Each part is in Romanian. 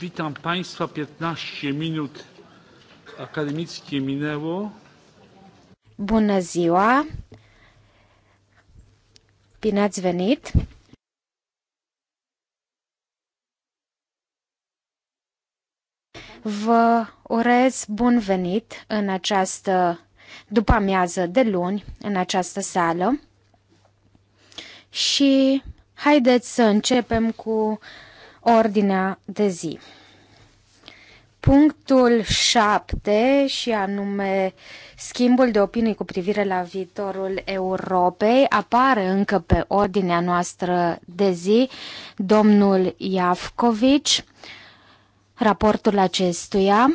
witam państwa minut akademickie minęło. Bună ziua! Bine ați venit! Vă urez bun venit în această după amiază de luni, în această sală. Și haideți să începem cu uh, ordinea de zi. Punctul 7 și anume schimbul de opinii cu privire la viitorul Europei apare încă pe ordinea noastră de zi. Domnul Iavcovici, raportul acestuia,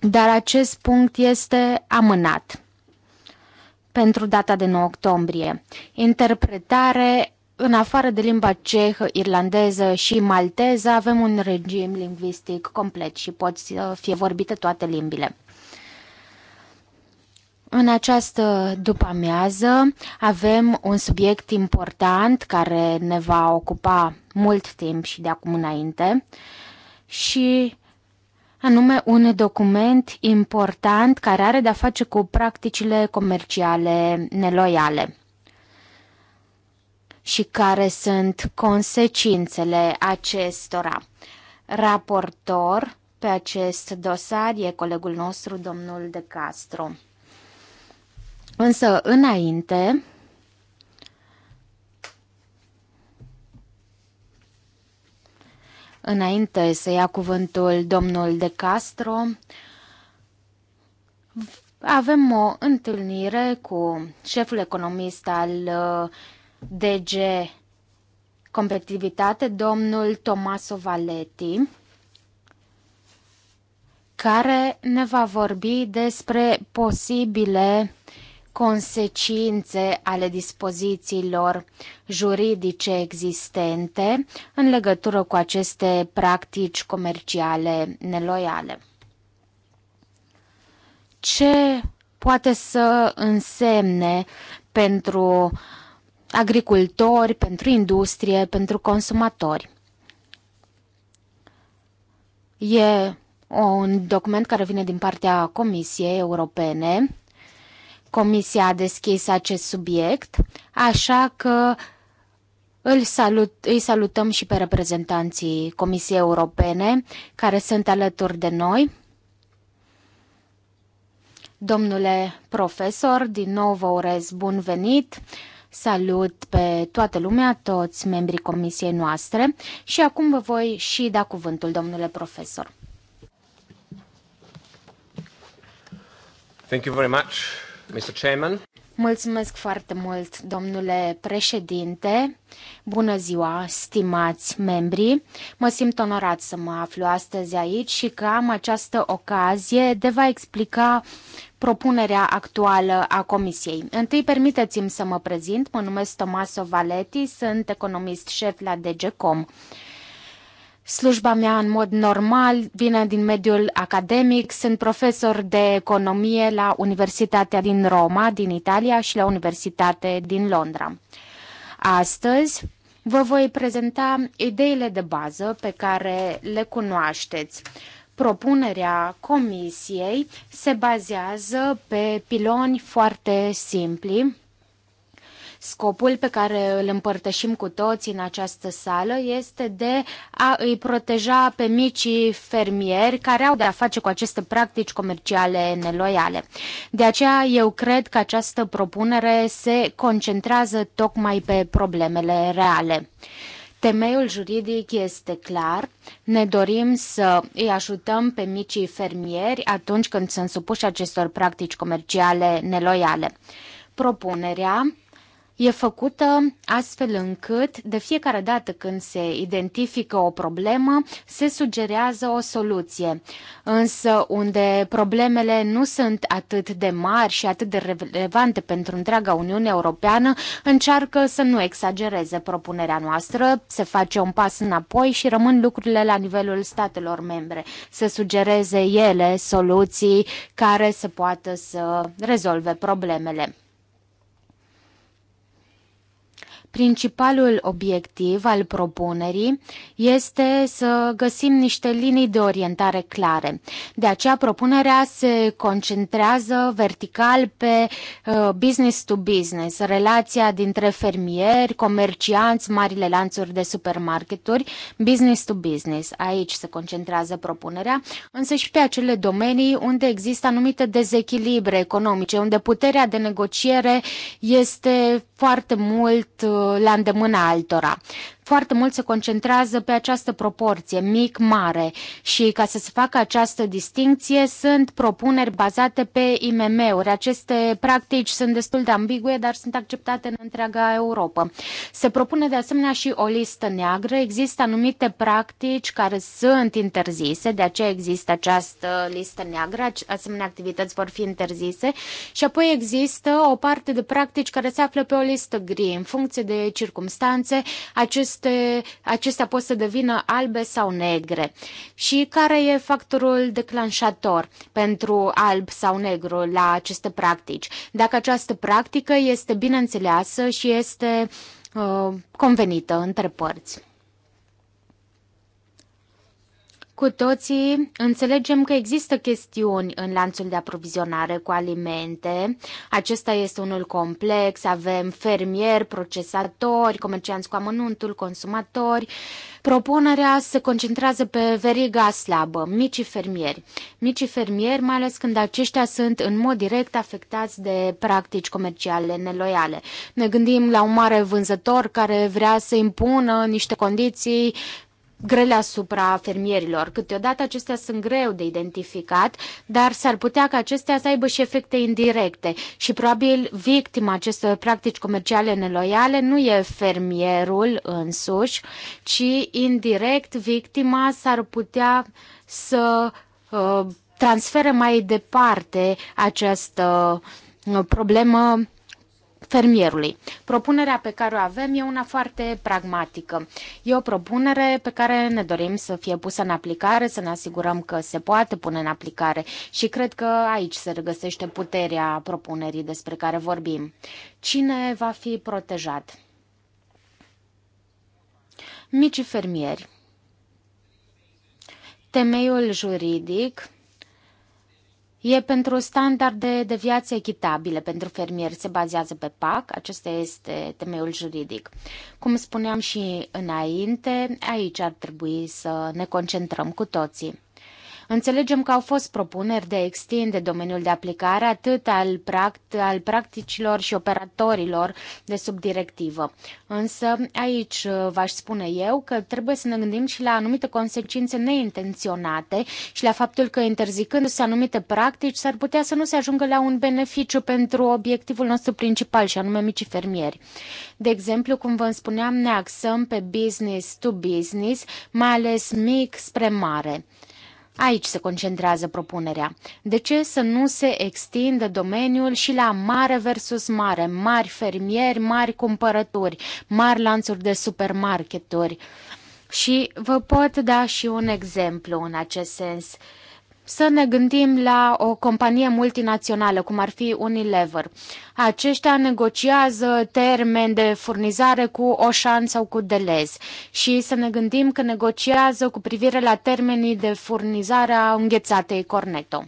dar acest punct este amânat pentru data de 9 octombrie. Interpretare în afară de limba cehă, irlandeză și malteză, avem un regim lingvistic complet și pot uh, fi vorbite toate limbile. În această după-amiază avem un subiect important care ne va ocupa mult timp și de acum înainte și anume un document important care are de-a face cu practicile comerciale neloiale și care sunt consecințele acestora. Raportor pe acest dosar e colegul nostru, domnul De Castro. Însă, înainte, înainte să ia cuvântul domnul De Castro, avem o întâlnire cu șeful economist al uh, DG Competitivitate, domnul Tomaso Valetti, care ne va vorbi despre posibile consecințe ale dispozițiilor juridice existente în legătură cu aceste practici comerciale neloiale. Ce poate să însemne pentru uh, agricultori, pentru industrie, pentru consumatori. E un document care vine din partea Comisiei Europene. Comisia a deschis acest subiect, așa că îl salut, îi salutăm și pe reprezentanții Comisiei Europene care sunt alături de noi. Domnule profesor, din nou vă urez bun venit. Salut pe toată lumea, toți membrii comisiei noastre și acum vă voi și da cuvântul, domnule profesor. Thank you very much, Mr. Chairman. Mulțumesc foarte mult, domnule președinte. Bună ziua, stimați membri. Mă simt onorat să mă aflu astăzi aici și că am această ocazie de va explica propunerea actuală a Comisiei. Întâi, permiteți-mi să mă prezint. Mă numesc Tomaso Valetti, sunt economist șef la DGCOM. Slujba mea în mod normal vine din mediul academic, sunt profesor de economie la Universitatea din Roma, din Italia și la Universitate din Londra. Astăzi vă voi prezenta ideile de bază pe care le cunoașteți. Propunerea comisiei se bazează pe piloni foarte simpli, Scopul pe care îl împărtășim cu toți în această sală este de a îi proteja pe micii fermieri care au de-a face cu aceste practici comerciale neloiale. De aceea eu cred că această propunere se concentrează tocmai pe problemele reale. Temeiul juridic este clar. Ne dorim să îi ajutăm pe micii fermieri atunci când sunt supuși acestor practici comerciale neloiale. Propunerea e făcută astfel încât de fiecare dată când se identifică o problemă, se sugerează o soluție. Însă unde problemele nu sunt atât de mari și atât de relevante pentru întreaga Uniune Europeană, încearcă să nu exagereze propunerea noastră, se face un pas înapoi și rămân lucrurile la nivelul statelor membre, să sugereze ele soluții care să poată să rezolve problemele. Principalul obiectiv al propunerii este să găsim niște linii de orientare clare. De aceea propunerea se concentrează vertical pe uh, business to business, relația dintre fermieri, comercianți, marile lanțuri de supermarketuri, business to business. Aici se concentrează propunerea, însă și pe acele domenii unde există anumite dezechilibre economice, unde puterea de negociere este foarte mult uh, la îndemâna altora foarte mult se concentrează pe această proporție mic-mare și ca să se facă această distinție sunt propuneri bazate pe IMM-uri. Aceste practici sunt destul de ambigue, dar sunt acceptate în întreaga Europa. Se propune de asemenea și o listă neagră. Există anumite practici care sunt interzise, de aceea există această listă neagră, asemenea activități vor fi interzise și apoi există o parte de practici care se află pe o listă gri. În funcție de circumstanțe, acest aceste, acestea pot să devină albe sau negre și care e factorul declanșator pentru alb sau negru la aceste practici. Dacă această practică este bine înțeleasă și este uh, convenită între părți. Cu toții înțelegem că există chestiuni în lanțul de aprovizionare cu alimente. Acesta este unul complex, avem fermieri, procesatori, comercianți cu amănuntul, consumatori. Propunerea se concentrează pe veriga slabă, micii fermieri. Micii fermieri, mai ales când aceștia sunt în mod direct afectați de practici comerciale neloiale. Ne gândim la un mare vânzător care vrea să impună niște condiții grele asupra fermierilor. Câteodată acestea sunt greu de identificat, dar s-ar putea ca acestea să aibă și efecte indirecte și probabil victima acestor practici comerciale neloiale nu e fermierul însuși, ci indirect victima s-ar putea să uh, transfere mai departe această uh, problemă fermierului. Propunerea pe care o avem e una foarte pragmatică. E o propunere pe care ne dorim să fie pusă în aplicare, să ne asigurăm că se poate pune în aplicare și cred că aici se regăsește puterea propunerii despre care vorbim. Cine va fi protejat? Micii fermieri. Temeiul juridic E pentru standarde de viață echitabile pentru fermieri. Se bazează pe PAC, acesta este temeiul juridic. Cum spuneam și înainte, aici ar trebui să ne concentrăm cu toții. Înțelegem că au fost propuneri de a extinde domeniul de aplicare atât al, pract- al practicilor și operatorilor de sub directivă. Însă aici uh, v-aș spune eu că trebuie să ne gândim și la anumite consecințe neintenționate și la faptul că interzicându-se anumite practici s-ar putea să nu se ajungă la un beneficiu pentru obiectivul nostru principal și anume micii fermieri. De exemplu, cum vă spuneam, ne axăm pe business to business, mai ales mic spre mare. Aici se concentrează propunerea. De ce să nu se extindă domeniul și la mare versus mare, mari fermieri, mari cumpărături, mari lanțuri de supermarketuri? Și vă pot da și un exemplu în acest sens. Să ne gândim la o companie multinațională, cum ar fi Unilever. Aceștia negociază termeni de furnizare cu Oșan sau cu delez, și să ne gândim că negociază cu privire la termenii de furnizare a înghețatei Corneto.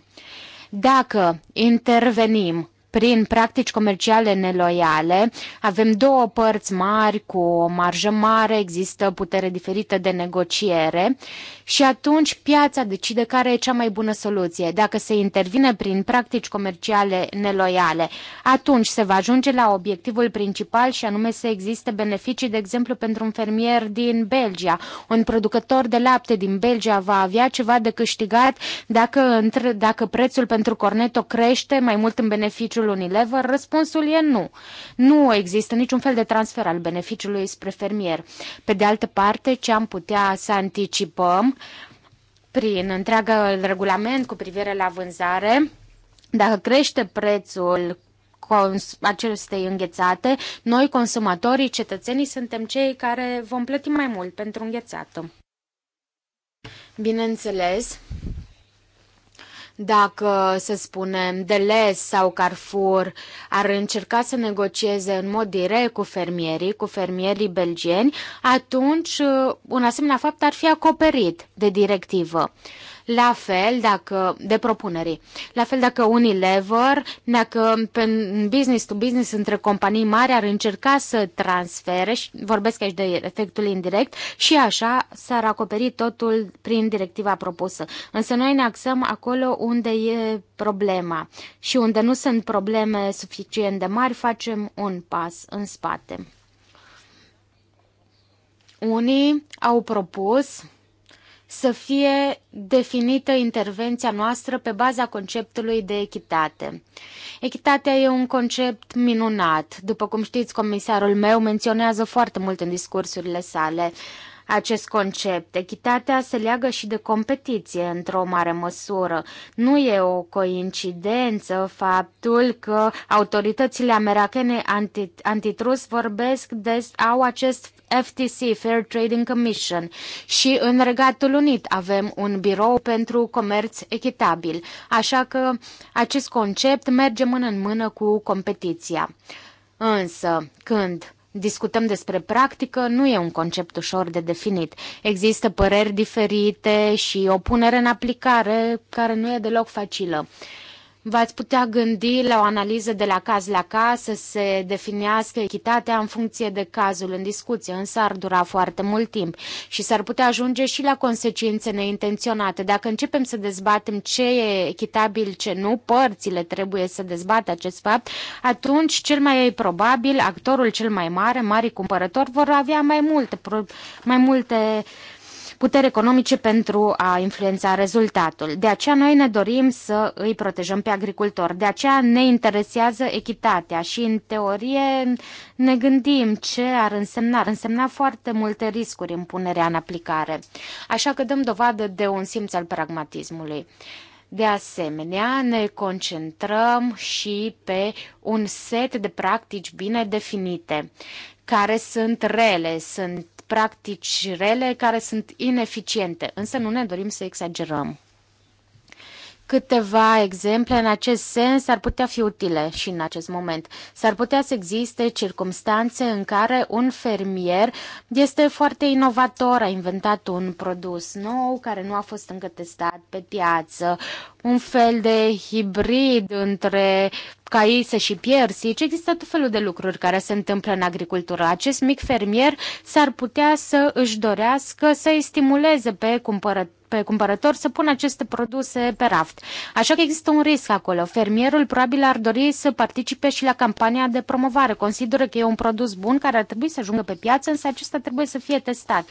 Dacă intervenim prin practici comerciale neloiale. Avem două părți mari cu o marjă mare, există putere diferită de negociere și atunci piața decide care e cea mai bună soluție. Dacă se intervine prin practici comerciale neloiale, atunci se va ajunge la obiectivul principal și anume să existe beneficii, de exemplu, pentru un fermier din Belgia. Un producător de lapte din Belgia va avea ceva de câștigat dacă, dacă prețul pentru corneto crește mai mult în beneficiu beneficiul Unilever? Răspunsul e nu. Nu există niciun fel de transfer al beneficiului spre fermier. Pe de altă parte, ce am putea să anticipăm prin întreaga regulament cu privire la vânzare, dacă crește prețul acestei înghețate, noi, consumatorii, cetățenii, suntem cei care vom plăti mai mult pentru înghețată. Bineînțeles, dacă, să spunem, Deleuze sau Carrefour ar încerca să negocieze în mod direct cu fermierii, cu fermierii belgieni, atunci uh, un asemenea fapt ar fi acoperit de directivă. La fel dacă, de propunerii. La fel dacă Unilever, dacă pe business to business între companii mari ar încerca să transfere, și vorbesc aici de efectul indirect, și așa s-ar acoperi totul prin directiva propusă. Însă noi ne axăm acolo unde e problema și unde nu sunt probleme suficient de mari, facem un pas în spate. Unii au propus să fie definită intervenția noastră pe baza conceptului de echitate. Echitatea e un concept minunat. După cum știți, comisarul meu menționează foarte mult în discursurile sale acest concept. Echitatea se leagă și de competiție într-o mare măsură. Nu e o coincidență faptul că autoritățile americane antitrust vorbesc des, au acest FTC, Fair Trading Commission, și în Regatul Unit avem un birou pentru comerț echitabil, așa că acest concept merge mână în mână cu competiția. Însă, când discutăm despre practică, nu e un concept ușor de definit. Există păreri diferite și o punere în aplicare care nu e deloc facilă. V-ați putea gândi la o analiză de la caz la caz, să se definească echitatea în funcție de cazul în discuție, însă ar dura foarte mult timp și s-ar putea ajunge și la consecințe neintenționate. Dacă începem să dezbatem ce e echitabil, ce nu, părțile trebuie să dezbată acest fapt, atunci cel mai probabil actorul cel mai mare, mari cumpărători, vor avea mai multe, mai multe puteri economice pentru a influența rezultatul. De aceea noi ne dorim să îi protejăm pe agricultori. De aceea ne interesează echitatea și în teorie ne gândim ce ar însemna. Ar însemna foarte multe riscuri în punerea în aplicare. Așa că dăm dovadă de un simț al pragmatismului. De asemenea, ne concentrăm și pe un set de practici bine definite, care sunt rele, sunt practici rele care sunt ineficiente, însă nu ne dorim să exagerăm. Câteva exemple în acest sens ar putea fi utile și în acest moment. S-ar putea să existe circumstanțe în care un fermier este foarte inovator, a inventat un produs nou care nu a fost încă testat pe piață, un fel de hibrid între caise și piersici. Deci există tot felul de lucruri care se întâmplă în agricultură. Acest mic fermier s-ar putea să își dorească să-i stimuleze pe cumpărători pe cumpărător să pună aceste produse pe raft. Așa că există un risc acolo. Fermierul probabil ar dori să participe și la campania de promovare. Consideră că e un produs bun care ar trebui să ajungă pe piață, însă acesta trebuie să fie testat.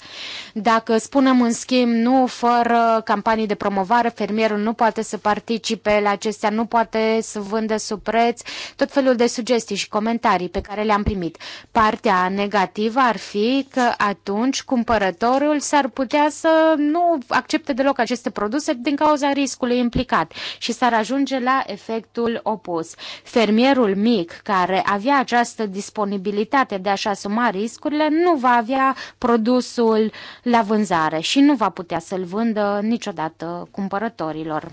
Dacă spunem în schimb nu fără campanii de promovare, fermierul nu poate să participe la acestea, nu poate să vândă sub preț, tot felul de sugestii și comentarii pe care le-am primit. Partea negativă ar fi că atunci cumpărătorul s-ar putea să nu accepte accepte deloc aceste produse din cauza riscului implicat și s-ar ajunge la efectul opus. Fermierul mic care avea această disponibilitate de a-și asuma riscurile nu va avea produsul la vânzare și nu va putea să-l vândă niciodată cumpărătorilor.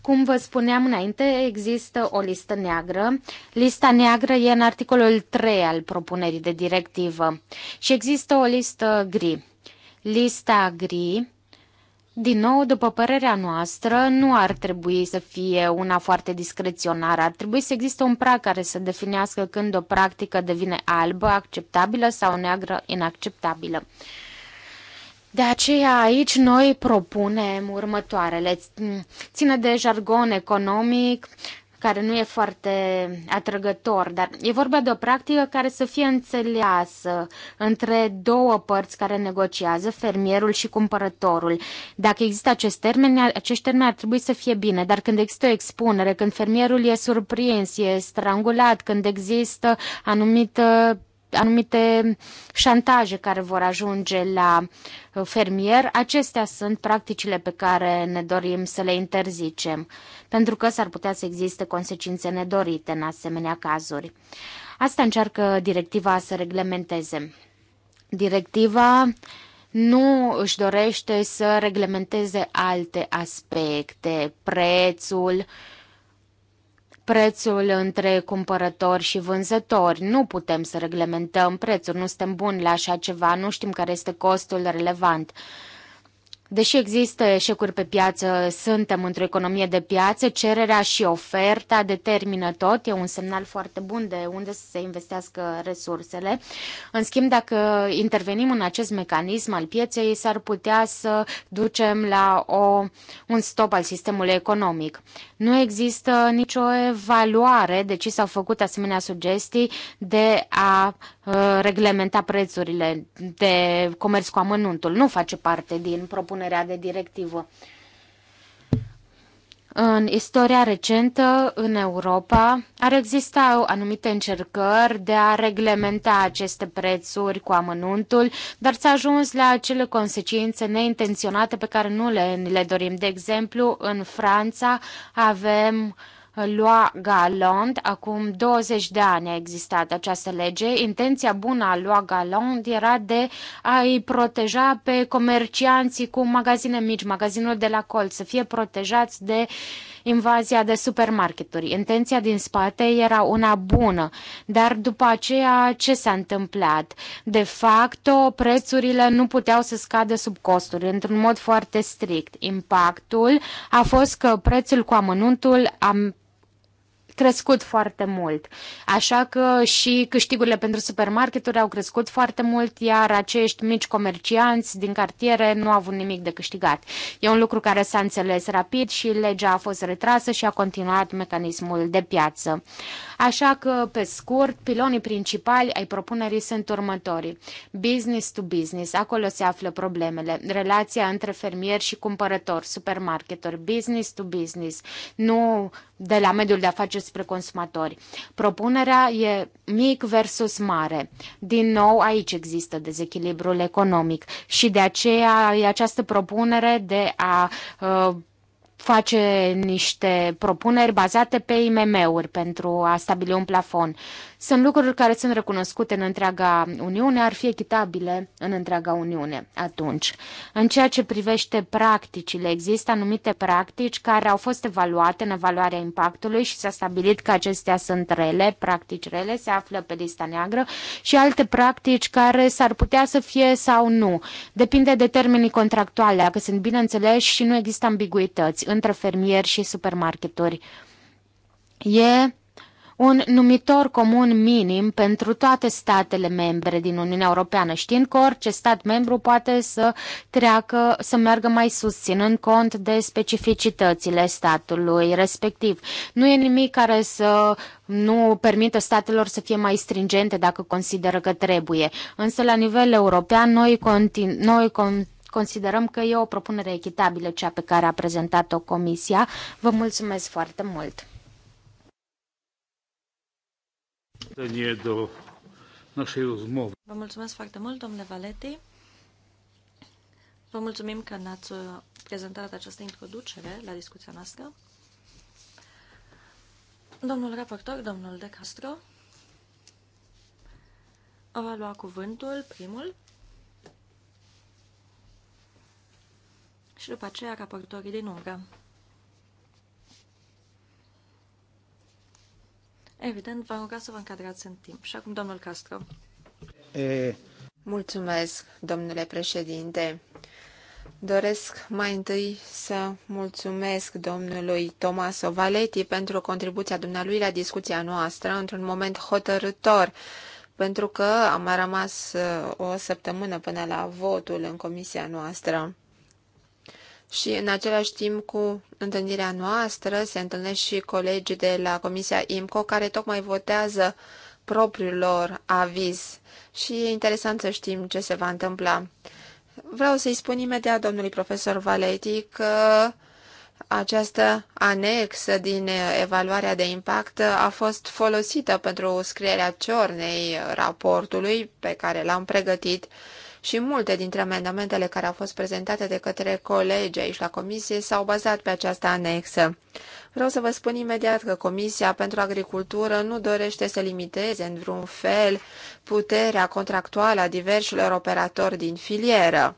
Cum vă spuneam înainte, există o listă neagră. Lista neagră e în articolul 3 al propunerii de directivă și există o listă gri. Lista gri din nou, după părerea noastră, nu ar trebui să fie una foarte discreționară. Ar trebui să existe un prag care să definească când o practică devine albă, acceptabilă sau neagră, inacceptabilă. De aceea aici noi propunem următoarele. Mm, Ține de jargon economic, care nu e foarte atrăgător, dar e vorba de o practică care să fie înțeleasă între două părți care negociază, fermierul și cumpărătorul. Dacă există acest termen, acești termeni ar trebui să fie bine, dar când există o expunere, când fermierul e surprins, e strangulat, când există anumită anumite șantaje care vor ajunge la uh, fermier. Acestea sunt practicile pe care ne dorim să le interzicem, pentru că s-ar putea să existe consecințe nedorite în asemenea cazuri. Asta încearcă directiva să reglementeze. Directiva nu își dorește să reglementeze alte aspecte, prețul, uh, prețul între cumpărători și vânzători. Nu putem să reglementăm prețul, nu suntem buni la așa ceva, nu știm care este costul relevant. Deși există eșecuri pe piață, suntem într-o economie de piață, cererea și oferta determină tot, e un semnal foarte bun de unde să se investească resursele. În schimb, dacă intervenim în acest mecanism al pieței, s-ar putea să ducem la o, un stop al sistemului economic. Nu există nicio evaluare, deci s-au făcut asemenea sugestii de a Uh, reglementa prețurile de comerț cu amănuntul. Nu face parte din propunerea de directivă. În istoria recentă, în Europa, ar exista anumite încercări de a reglementa aceste prețuri cu amănuntul, dar s-a ajuns la acele consecințe neintenționate pe care nu le, le dorim. De exemplu, în Franța avem uh, lua Galond. Acum 20 de ani a existat această lege. Intenția bună a lua Galond era de a-i proteja pe comercianții cu magazine mici, magazinul de la colț, să fie protejați de invazia de supermarketuri. Intenția din spate era una bună, dar după aceea ce s-a întâmplat? De facto, prețurile nu puteau să scadă sub costuri, într-un mod foarte strict. Impactul a fost că prețul cu amănuntul a crescut foarte mult. Așa că și câștigurile pentru supermarketuri au crescut foarte mult, iar acești mici comercianți din cartiere nu au avut nimic de câștigat. E un lucru care s-a înțeles rapid și legea a fost retrasă și a continuat mecanismul de piață. Așa că, pe scurt, pilonii principali ai propunerii sunt următorii. Business to business, acolo se află problemele. Relația între fermier și cumpărător, supermarketuri, business to business, nu de la mediul de afaceri spre consumatori. Propunerea e mic versus mare. Din nou, aici există dezechilibrul economic și de aceea e această propunere de a uh, face niște propuneri bazate pe IMM-uri pentru a stabili un plafon. Sunt lucruri care sunt recunoscute în întreaga Uniune, ar fi echitabile în întreaga Uniune atunci. În ceea ce privește practicile, există anumite practici care au fost evaluate în evaluarea impactului și s-a stabilit că acestea sunt rele, practici rele, se află pe lista neagră și alte practici care s-ar putea să fie sau nu. Depinde de termenii contractuale, dacă sunt bine înțeleși și nu există ambiguități între fermieri și supermarketuri. E un numitor comun minim pentru toate statele membre din Uniunea Europeană, știind că orice stat membru poate să treacă, să meargă mai sus, ținând cont de specificitățile statului respectiv. Nu e nimic care să nu permită statelor să fie mai stringente dacă consideră că trebuie. Însă, la nivel european, noi, continu- noi con- Considerăm că e o propunere echitabilă cea pe care a prezentat-o Comisia. Vă mulțumesc foarte mult! Vă mulțumesc foarte mult, domnule Valeti. Vă mulțumim că ne-ați uh, prezentat această introducere la discuția noastră. Domnul raportor, domnul De Castro, va lua cuvântul primul și după aceea raportorii din urgă. Evident, vă rog să vă încadrați în timp. Și acum, domnul Castro. E... Mulțumesc, domnule președinte. Doresc mai întâi să mulțumesc domnului Tomas Ovaletti pentru contribuția dumnealui la discuția noastră într-un moment hotărător, pentru că am mai rămas uh, o săptămână până la votul în comisia noastră și în același timp cu întâlnirea noastră se întâlnesc și colegii de la Comisia IMCO care tocmai votează propriul lor aviz și e interesant să știm ce se va întâmpla. Vreau să-i spun imediat domnului profesor Valeti că această anexă din evaluarea de impact a fost folosită pentru scrierea ciornei raportului pe care l-am pregătit și multe dintre amendamentele care au fost prezentate de către colegi aici la comisie s-au bazat pe această anexă. Vreau să vă spun imediat că Comisia pentru Agricultură nu dorește să limiteze în vreun fel puterea contractuală a diversilor operatori din filieră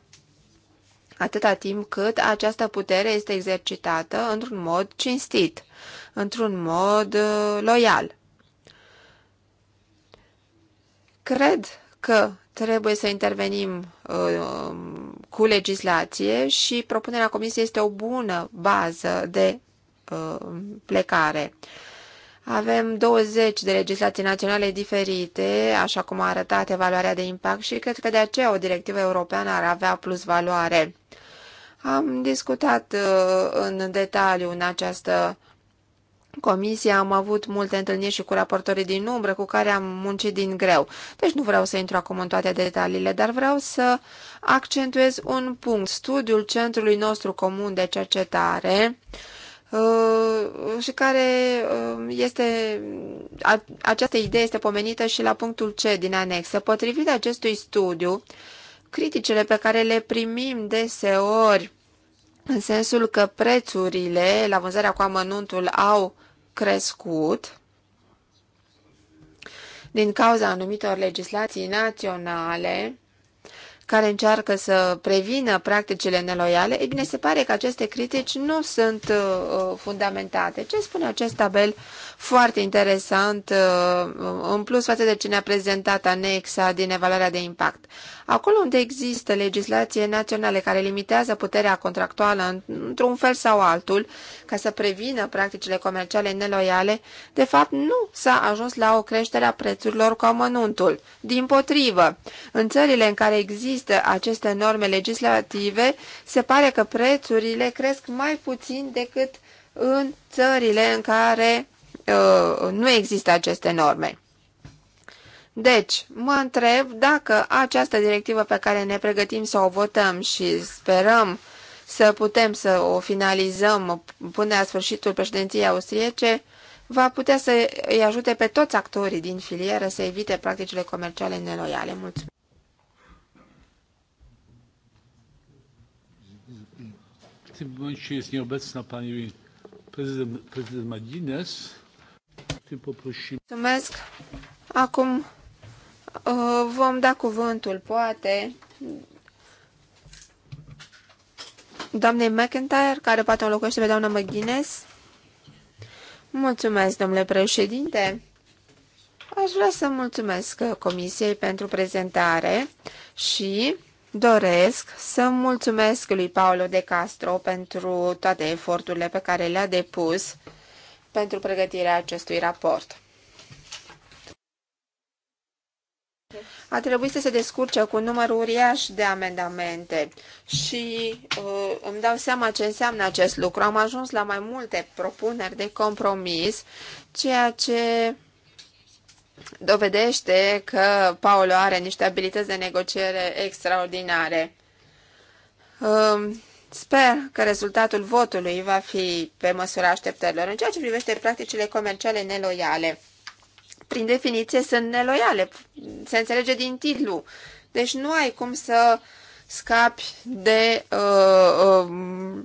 atâta timp cât această putere este exercitată într-un mod cinstit, într-un mod uh, loial. Cred că trebuie să intervenim uh, cu legislație și propunerea Comisiei este o bună bază de uh, plecare. Avem 20 de legislații naționale diferite, așa cum a arătat evaluarea de impact și cred că de aceea o directivă europeană ar avea plus valoare. Am discutat uh, în detaliu în această comisia am avut multe întâlniri și cu raportorii din umbră, cu care am muncit din greu. Deci nu vreau să intru acum în toate detaliile, dar vreau să accentuez un punct. Studiul centrului nostru comun de cercetare uh, și care uh, este, această idee este pomenită și la punctul C din anexă. Potrivit acestui studiu, criticile pe care le primim deseori în sensul că prețurile la vânzarea cu amănuntul au crescut din cauza anumitor legislații naționale care încearcă să prevină practicile neloiale, e bine, se pare că aceste critici nu sunt uh, fundamentate. Ce spune acest tabel foarte interesant, uh, în plus față de ce ne-a prezentat anexa din evaluarea de impact. Acolo unde există legislație naționale care limitează puterea contractuală într-un fel sau altul, ca să prevină practicile comerciale neloiale, de fapt nu s-a ajuns la o creștere a prețurilor cu amănuntul. Din potrivă, în țările în care există aceste norme legislative, se pare că prețurile cresc mai puțin decât în țările în care Uh, nu există aceste norme. Deci, mă întreb dacă această directivă pe care ne pregătim să o votăm și sperăm să putem să o finalizăm până la sfârșitul președinției austriece, va putea să îi ajute pe toți actorii din filieră să evite practicile comerciale neloiale. Mulțumesc! W tym momencie jest nieobecna pani prezydent, prezydent Magines. Mulțumesc. Acum uh, vom da cuvântul, poate, doamnei McIntyre, care poate locuiește pe doamna McGuinness. Mulțumesc, domnule președinte. Aș vrea să mulțumesc Comisiei pentru prezentare și doresc să mulțumesc lui Paolo De Castro pentru toate eforturile pe care le-a depus pentru pregătirea acestui raport. A trebuit să se descurce cu un număr uriaș de amendamente și uh, îmi dau seama ce înseamnă acest lucru. Am ajuns la mai multe propuneri de compromis, ceea ce dovedește că Paolo are niște abilități de negociere extraordinare. Uh, Sper că rezultatul votului va fi pe măsura așteptărilor în ceea ce privește practicile comerciale neloiale. Prin definiție sunt neloiale, se înțelege din titlu. Deci nu ai cum să scapi de uh, uh,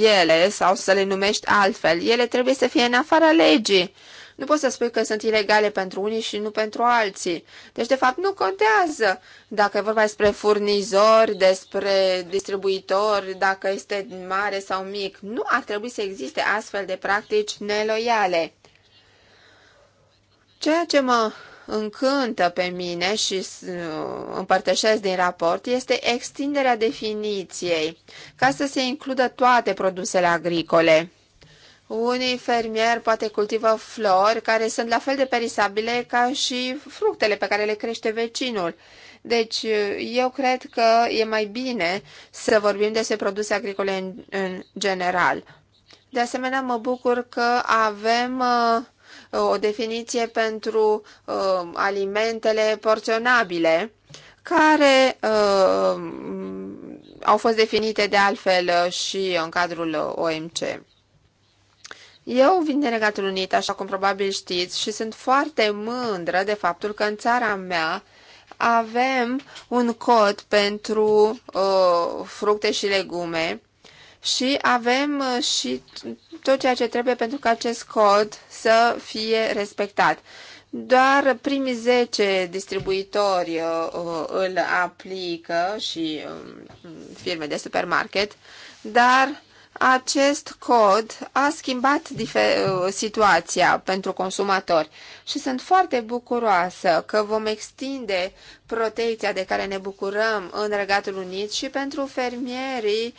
ele sau să le numești altfel. Ele trebuie să fie în afara legii. Nu poți să spui că sunt ilegale pentru unii și nu pentru alții. Deci, de fapt, nu contează dacă e vorba despre furnizori, despre distribuitori, dacă este mare sau mic. Nu ar trebui să existe astfel de practici neloiale. Ceea ce mă încântă pe mine și uh, împărtășesc din raport este extinderea definiției, ca să se includă toate produsele agricole. Unii fermieri poate cultivă flori care sunt la fel de perisabile ca și fructele pe care le crește vecinul. Deci, eu cred că e mai bine să vorbim despre produse agricole în, în general. De asemenea, mă bucur că avem uh, o definiție pentru uh, alimentele porționabile, care uh, au fost definite de altfel uh, și în cadrul uh, OMC. Eu vin din Regatul Unit, așa cum probabil știți, și sunt foarte mândră de faptul că în țara mea avem un cod pentru uh, fructe și legume și avem uh, și tot ceea ce trebuie pentru ca acest cod să fie respectat. Doar primii 10 distribuitori uh, uh, îl aplică și uh, firme de supermarket, dar acest cod a schimbat situația pentru consumatori și sunt foarte bucuroasă că vom extinde protecția de care ne bucurăm în Regatul Unit și pentru fermierii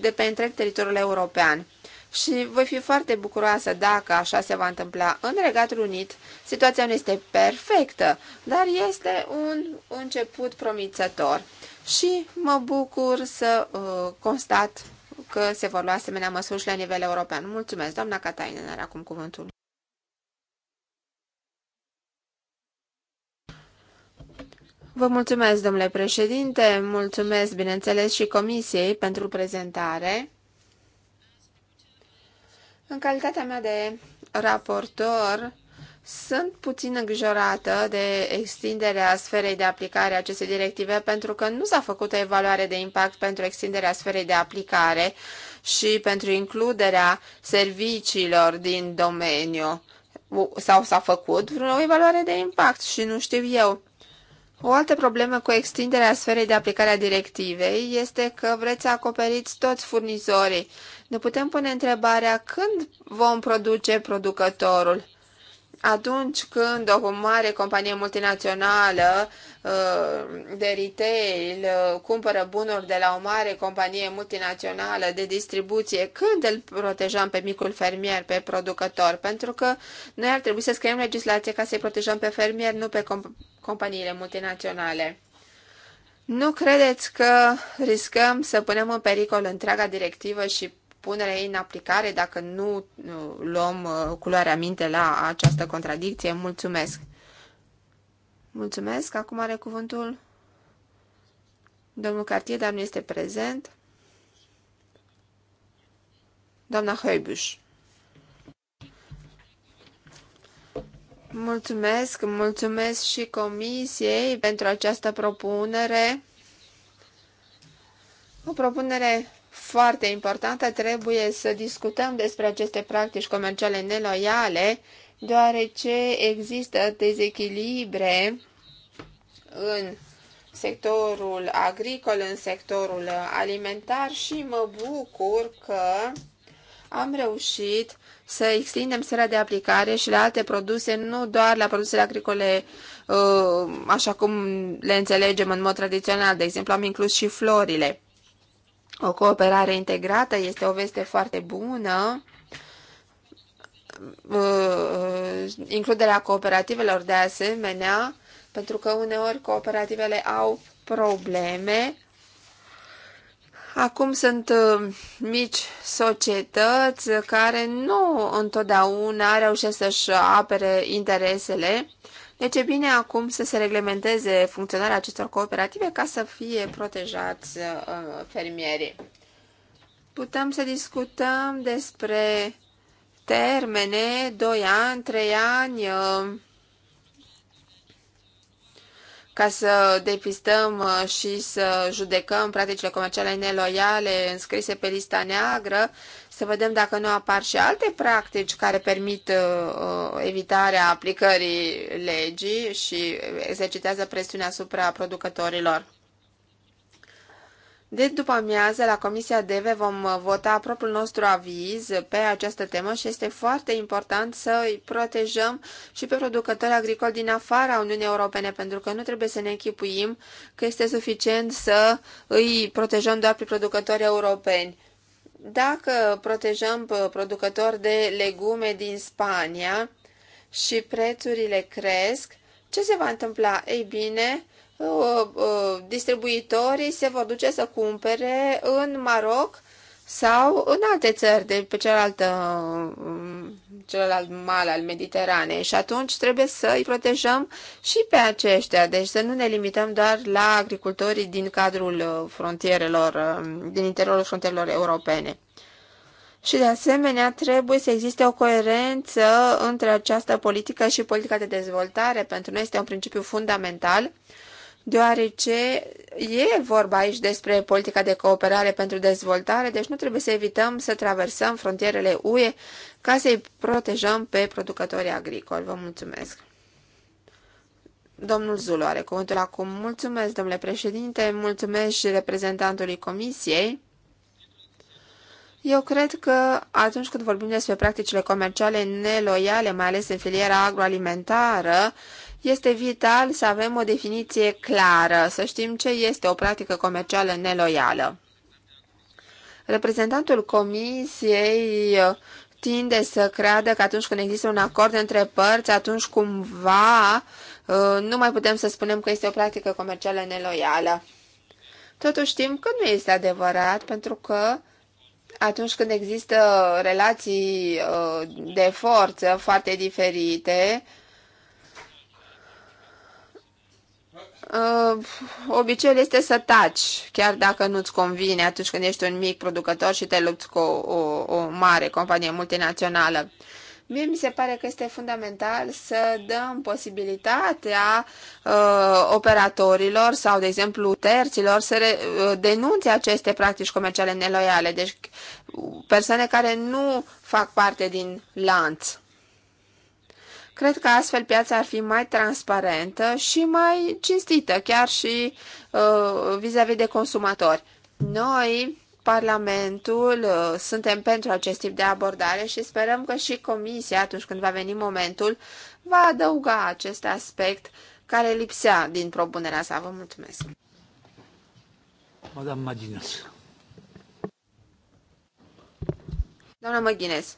de pe întreg teritoriul european. Și voi fi foarte bucuroasă dacă așa se va întâmpla în Regatul Unit. Situația nu este perfectă, dar este un început promițător. Și mă bucur să uh, constat că se vor lua asemenea măsuri și la nivel european. Mulțumesc, doamna Catainen, are acum cuvântul. Vă mulțumesc, domnule președinte, mulțumesc, bineînțeles, și comisiei pentru prezentare. În calitatea mea de raportor, sunt puțin îngrijorată de extinderea sferei de aplicare a acestei directive pentru că nu s-a făcut o evaluare de impact pentru extinderea sferei de aplicare și pentru includerea serviciilor din domeniu. Sau s-a făcut o evaluare de impact și nu știu eu. O altă problemă cu extinderea sferei de aplicare a directivei este că vreți să acoperiți toți furnizorii. Ne putem pune întrebarea când vom produce producătorul atunci când o mare companie multinațională uh, de retail uh, cumpără bunuri de la o mare companie multinațională de distribuție, când îl protejăm pe micul fermier, pe producător? Pentru că noi ar trebui să scriem legislație ca să-i protejăm pe fermier, nu pe comp- companiile multinaționale. Nu credeți că riscăm să punem în pericol întreaga directivă și punerea în aplicare dacă nu luăm uh, culoarea minte la această contradicție. Mulțumesc! Mulțumesc! Acum are cuvântul domnul Cartier, dar nu este prezent. Doamna Hăibuș. Mulțumesc, mulțumesc și comisiei pentru această propunere. O propunere foarte importantă. Trebuie să discutăm despre aceste practici comerciale neloiale, deoarece există dezechilibre în sectorul agricol, în sectorul alimentar și mă bucur că am reușit să extindem sfera de aplicare și la alte produse, nu doar la produsele agricole uh, așa cum le înțelegem în mod tradițional. De exemplu, am inclus și florile. O cooperare integrată este o veste foarte bună. Uh, uh, includerea cooperativelor de asemenea, pentru că uneori cooperativele au probleme. Acum sunt uh, mici societăți care nu întotdeauna reușesc să-și apere interesele deci e bine acum să se reglementeze funcționarea acestor cooperative ca să fie protejați uh, fermierii. Putem să discutăm despre termene, 2 ani, 3 ani, uh, ca să depistăm uh, și să judecăm practicile comerciale neloiale înscrise pe lista neagră să vedem dacă nu apar și alte practici care permit uh, uh, evitarea aplicării legii și exercitează presiunea asupra producătorilor. De după amiază, la Comisia DEVE vom uh, vota propriul nostru aviz pe această temă și este foarte important să îi protejăm și pe producători agricoli din afara Uniunii Europene, pentru că nu trebuie să ne închipuim că este suficient să îi protejăm doar pe producători europeni. Dacă protejăm uh, producători de legume din Spania și prețurile cresc, ce se va întâmpla? Ei bine, uh, uh, distribuitorii se vor duce să cumpere în Maroc sau în alte țări de pe cealaltă, celălalt mal al Mediteranei și atunci trebuie să îi protejăm și pe aceștia, deci să nu ne limităm doar la agricultorii din cadrul uh, frontierelor, uh, din interiorul frontierelor europene. Și de asemenea trebuie să existe o coerență între această politică și politica de dezvoltare. Pentru noi este un principiu fundamental deoarece e vorba aici despre politica de cooperare pentru dezvoltare, deci nu trebuie să evităm să traversăm frontierele UE ca să-i protejăm pe producătorii agricoli. Vă mulțumesc! Domnul Zulu are cuvântul acum. Mulțumesc, domnule președinte, mulțumesc și reprezentantului comisiei. Eu cred că atunci când vorbim despre practicile comerciale neloiale, mai ales în filiera agroalimentară, este vital să avem o definiție clară, să știm ce este o practică comercială neloială. Reprezentantul comisiei tinde să creadă că atunci când există un acord între părți, atunci cumva uh, nu mai putem să spunem că este o practică comercială neloială. Totuși știm că nu este adevărat, pentru că atunci când există relații uh, de forță foarte diferite, Uh, obiceiul este să taci, chiar dacă nu-ți convine atunci când ești un mic producător și te lupți cu o, o, o mare companie multinațională. Mie mi se pare că este fundamental să dăm posibilitatea uh, operatorilor sau, de exemplu, terților să re, uh, denunțe aceste practici comerciale neloiale, deci persoane care nu fac parte din lanț. Cred că astfel piața ar fi mai transparentă și mai cinstită, chiar și uh, vis-a-vis uh, vis, de consumatori. Noi, Parlamentul, uh, suntem pentru acest tip de abordare și sperăm că și Comisia, atunci când va veni momentul, va adăuga acest aspect care lipsea din propunerea sa. Vă mulțumesc! Madame Maginas. Doamna Măghinez.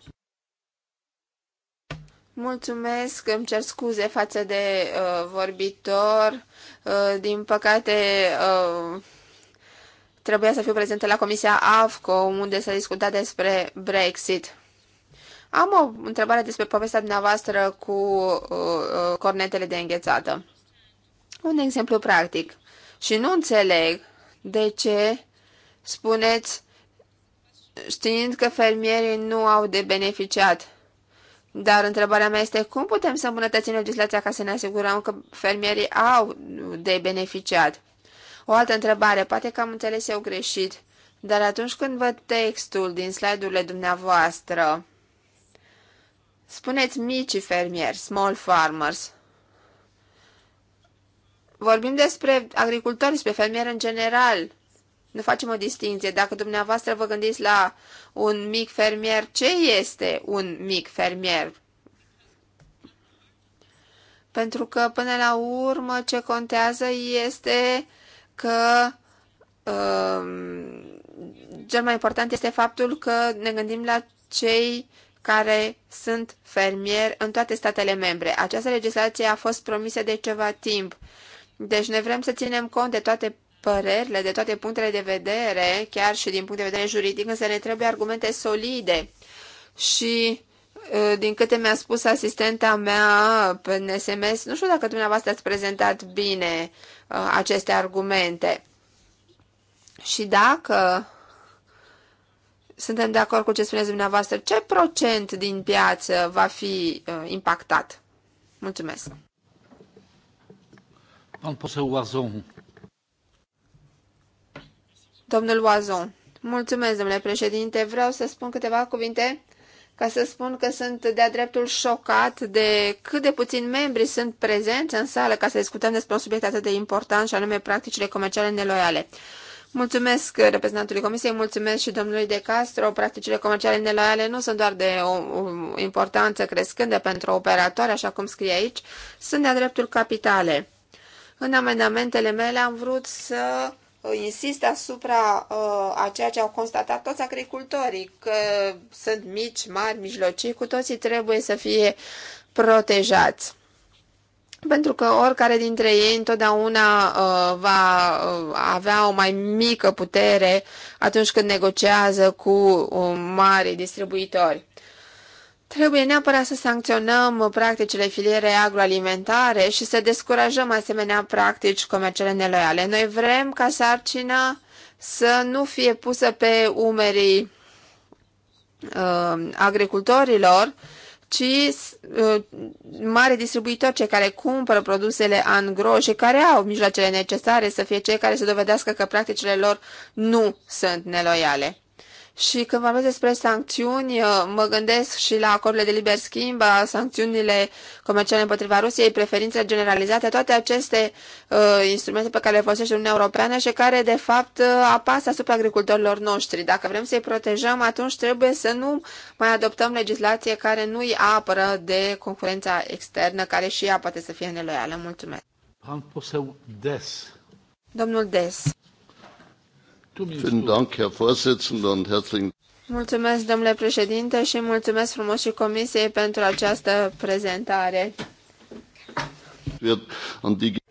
Mulțumesc, îmi cer scuze față de uh, vorbitor. Uh, din păcate, uh, trebuia să fiu prezentă la Comisia AFCO, unde s-a discutat despre Brexit. Am o întrebare despre povestea dumneavoastră cu uh, uh, cornetele de înghețată. Un exemplu practic. Și nu înțeleg de ce spuneți știind că fermierii nu au de beneficiat dar întrebarea mea este cum putem să îmbunătățim legislația ca să ne asigurăm că fermierii au de beneficiat. O altă întrebare, poate că am înțeles eu greșit, dar atunci când văd textul din slide-urile dumneavoastră, spuneți micii fermieri, small farmers, vorbim despre agricultori, despre fermieri în general, nu facem o distinție. Dacă dumneavoastră vă gândiți la un mic fermier, ce este un mic fermier? Pentru că, până la urmă, ce contează este că um, cel mai important este faptul că ne gândim la cei care sunt fermieri în toate statele membre. Această legislație a fost promisă de ceva timp. Deci ne vrem să ținem cont de toate părerile de toate punctele de vedere, chiar și din punct de vedere juridic, însă ne trebuie argumente solide. Și din câte mi-a spus asistenta mea pe SMS, nu știu dacă dumneavoastră ați prezentat bine aceste argumente. Și dacă suntem de acord cu ce spuneți dumneavoastră, ce procent din piață va fi impactat? Mulțumesc. Pan poseł Łazon. Domnul Oazon. Mulțumesc, domnule președinte. Vreau să spun câteva cuvinte ca să spun că sunt de-a dreptul șocat de cât de puțini membri sunt prezenți în sală ca să discutăm despre un subiect atât de important și anume practicile comerciale neloiale. Mulțumesc reprezentantului Comisiei, mulțumesc și domnului De Castro. Practicile comerciale neloiale nu sunt doar de o, o importanță crescândă pentru operatori, așa cum scrie aici, sunt de-a dreptul capitale. În amendamentele mele am vrut să Uh, insist asupra uh, a ceea ce au constatat toți agricultorii, că sunt mici, mari, mijlocii, cu toții trebuie să fie protejați. Pentru că oricare dintre ei întotdeauna uh, va uh, avea o mai mică putere atunci când negociază cu uh, mari distribuitori. Trebuie neapărat să sancționăm practicile filiere agroalimentare și să descurajăm asemenea practici comerciale neloiale. Noi vrem ca sarcina să nu fie pusă pe umerii uh, agricultorilor, ci uh, mari distribuitori, cei care cumpără produsele angro și care au mijloacele necesare să fie cei care să dovedească că practicile lor nu sunt neloiale. Și când vorbesc despre sancțiuni, uh, mă gândesc și la acordurile de liber schimb, uh, sancțiunile comerciale împotriva Rusiei, preferințele generalizate, toate aceste uh, instrumente pe care le folosește Uniunea Europeană și care, de fapt, uh, apasă asupra agricultorilor noștri. Dacă vrem să-i protejăm, atunci trebuie să nu mai adoptăm legislație care nu îi apără de concurența externă, care și ea poate să fie neloială. Mulțumesc. Domnul Des. Mulțumesc, domnule președinte, și mulțumesc frumos și comisiei pentru această prezentare.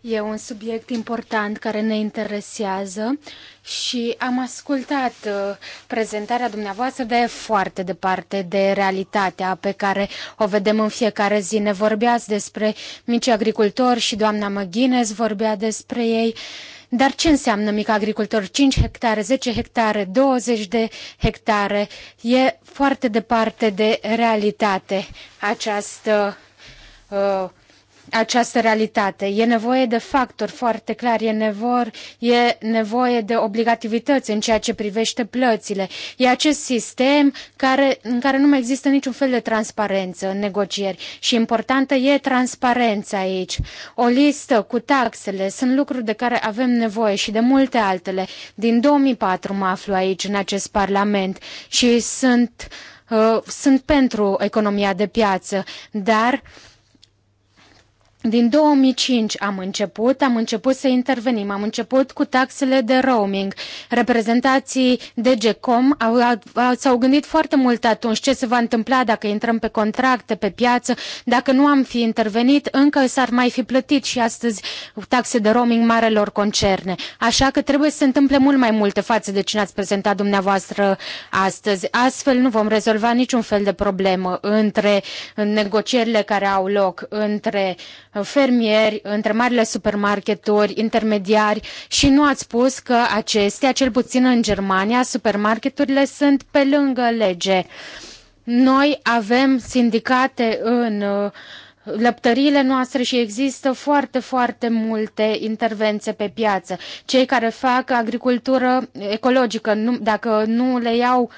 E un subiect important care ne interesează și am ascultat uh, prezentarea dumneavoastră, dar e foarte departe de realitatea pe care o vedem în fiecare zi. Ne vorbeați despre mici agricultori și doamna McGuinness vorbea despre ei. Dar ce înseamnă mic agricultor? 5 hectare, 10 hectare, 20 de hectare? E foarte departe de realitate această uh, această realitate. E nevoie de factori foarte clar, e, nevor, e nevoie de obligativități în ceea ce privește plățile. E acest sistem care, în care nu mai există niciun fel de transparență în negocieri și importantă e transparența aici. O listă cu taxele sunt lucruri de care avem nevoie și de multe altele. Din 2004 mă aflu aici, în acest parlament și sunt, uh, sunt pentru economia de piață, dar uh, din 2005 am început, am început să intervenim, am început cu taxele de roaming. Reprezentații de GECOM s-au gândit foarte mult atunci ce se va întâmpla dacă intrăm pe contracte, pe piață, dacă nu am fi intervenit, încă s-ar mai fi plătit și astăzi taxe de roaming marelor concerne. Așa că trebuie să se întâmple mult mai multe față de cine ați prezentat dumneavoastră astăzi. Astfel nu vom rezolva niciun fel de problemă între negocierile care au loc între fermieri, între marile supermarketuri, intermediari și nu ați spus că acestea, cel puțin în Germania, supermarketurile sunt pe lângă lege. Noi avem sindicate în uh, lăptăriile noastre și există foarte, foarte multe intervenții pe piață. Cei care fac agricultură ecologică, nu, dacă nu le iau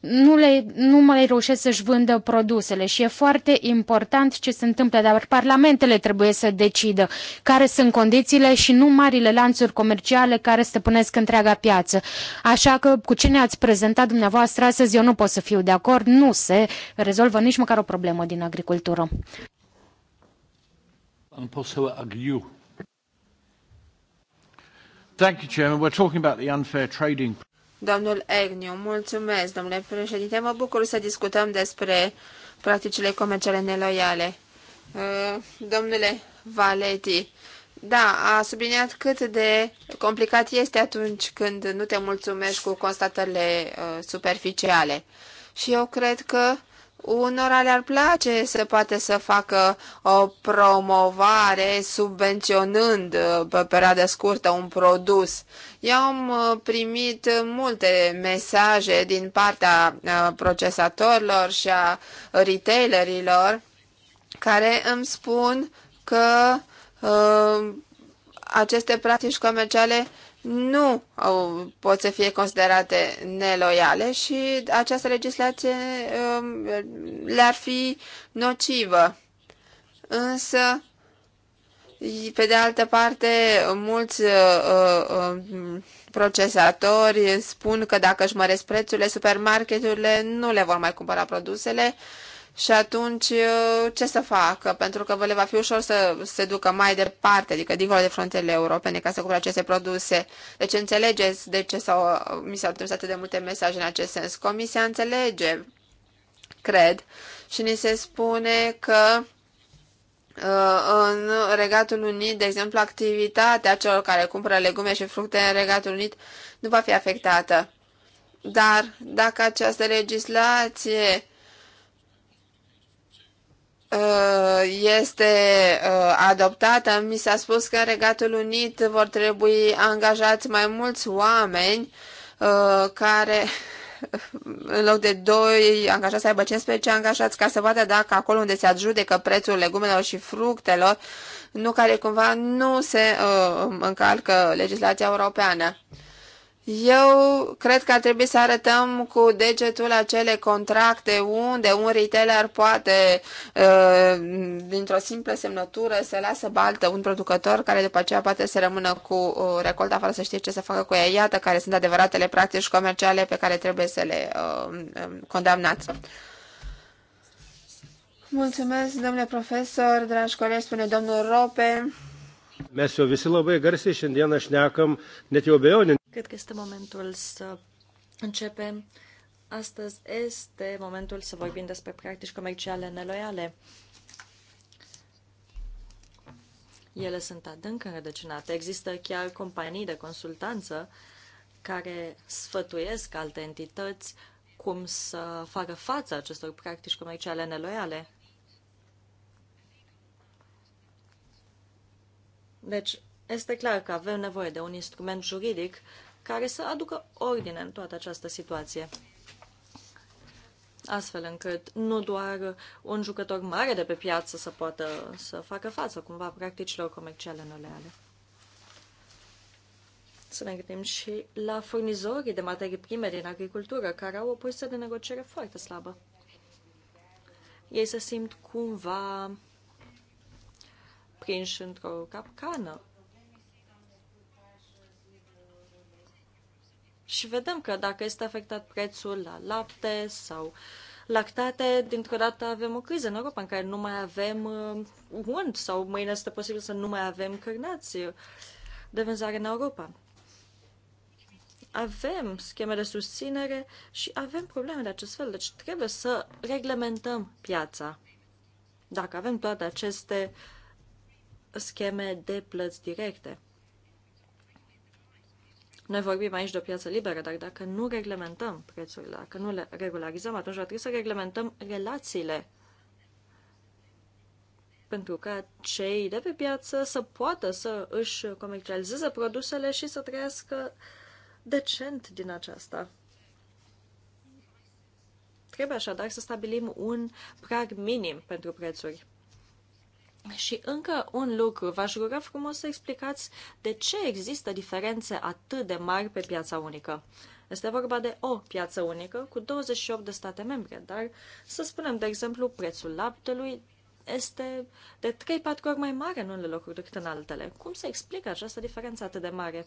nu, le, nu mai reușesc să-și vândă produsele și e foarte important ce se întâmplă, dar parlamentele trebuie să decidă care sunt condițiile și nu marile lanțuri comerciale care stăpânesc întreaga piață. Așa că cu ce ne-ați prezentat dumneavoastră astăzi eu nu pot să fiu de acord, nu se rezolvă nici măcar o problemă din agricultură. Thank you, Chairman. We're talking about the unfair trading. Domnul Erniu, mulțumesc, domnule președinte. Mă bucur să discutăm despre practicile comerciale neloiale. Uh, domnule Valeti, da, a subliniat cât de complicat este atunci când nu te mulțumești cu constatările uh, superficiale. Și eu cred că Unora le-ar place să poate să facă o promovare subvenționând uh, pe perioadă scurtă un produs. Eu am uh, primit multe mesaje din partea uh, procesatorilor și a retailerilor care îmi spun că uh, aceste practici comerciale uh, nu au, pot să fie considerate neloiale și această legislație um, le-ar fi nocivă. Însă, pe de altă parte, mulți uh, uh, um, procesatori spun că dacă își măresc prețurile, supermarketurile nu le vor mai cumpăra produsele și atunci, uh, ce să facă? Pentru că vă le va fi ușor să se ducă mai departe, adică dincolo de frontele europene, ca să cumpere aceste produse. Deci înțelegeți de ce s-au, uh, mi s-au trimis atât de multe mesaje în acest sens. Comisia înțelege, cred, și ni se spune că uh, în Regatul Unit, de exemplu, activitatea celor care cumpără legume și fructe în Regatul Unit nu va fi afectată. Dar dacă această legislație Uh, este uh, adoptată, mi s-a spus că în Regatul Unit vor trebui angajați mai mulți oameni uh, care în loc de 2 angajați să aibă 15 angajați ca să vadă dacă acolo unde se adjudecă prețul legumelor și fructelor, nu care cumva nu se uh, încalcă legislația europeană. Eu cred că ar trebui să arătăm cu degetul acele contracte unde un retailer poate, ă, dintr-o simplă semnătură, să lasă baltă un producător care după aceea poate să rămână cu recolta fără să știe ce să facă cu ea. Iată care sunt adevăratele practici comerciale pe care trebuie să le ă, ă, condamnați. Mulțumesc, domnule profesor, dragi colegi, spune domnul Rope. Mes jau visi labai garsiai šiandieną šnekam, net jau abejonių Cred că este momentul să începem. Astăzi este momentul să vorbim despre practici comerciale neloiale. Ele sunt adânc înrădăcinate. Există chiar companii de consultanță care sfătuiesc alte entități cum să facă față acestor practici comerciale neloiale. Deci, este clar că avem nevoie de un instrument juridic care să aducă ordine în toată această situație. Astfel încât nu doar un jucător mare de pe piață să poată să facă față cumva practicilor comerciale neloiale. Să ne gândim și la furnizorii de materii prime din agricultură, care au o poziție de negociere foarte slabă. Ei se simt cumva prinși într-o capcană Și vedem că dacă este afectat prețul la lapte sau lactate, dintr-o dată avem o criză în Europa în care nu mai avem uh, unt sau mâine este posibil să nu mai avem cărnați de vânzare în Europa. Avem scheme de susținere și avem probleme de acest fel, deci trebuie să reglementăm piața. Dacă avem toate aceste scheme de plăți directe. Noi vorbim aici de o piață liberă, dar dacă nu reglementăm prețurile, dacă nu le regularizăm, atunci va trebui să reglementăm relațiile pentru ca cei de pe piață să poată să își comercializeze produsele și să trăiască decent din aceasta. Trebuie așadar să stabilim un prag minim pentru prețuri. Și încă un lucru, v-aș ruga frumos să explicați de ce există diferențe atât de mari pe piața unică. Este vorba de o piață unică cu 28 de state membre, dar să spunem, de exemplu, prețul laptelui este de 3-4 ori mai mare în unele locuri decât în altele. Cum se explică această diferență atât de mare?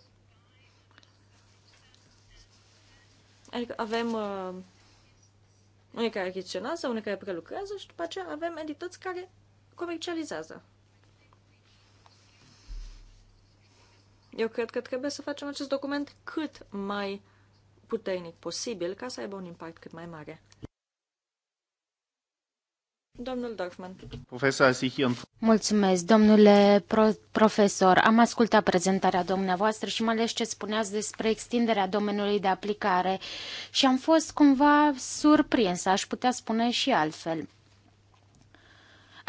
Adică avem uh, unii care achiziționează, unii care prelucrează și după aceea avem entități care comercializează. Eu cred că trebuie să facem acest document cât mai puternic posibil ca să aibă un impact cât mai mare. Domnul Dorfman. Profesor Sichien. Mulțumesc, domnule pro- profesor. Am ascultat prezentarea dumneavoastră și mai ales ce spuneați despre extinderea domeniului de aplicare și am fost cumva surprins, aș putea spune și altfel.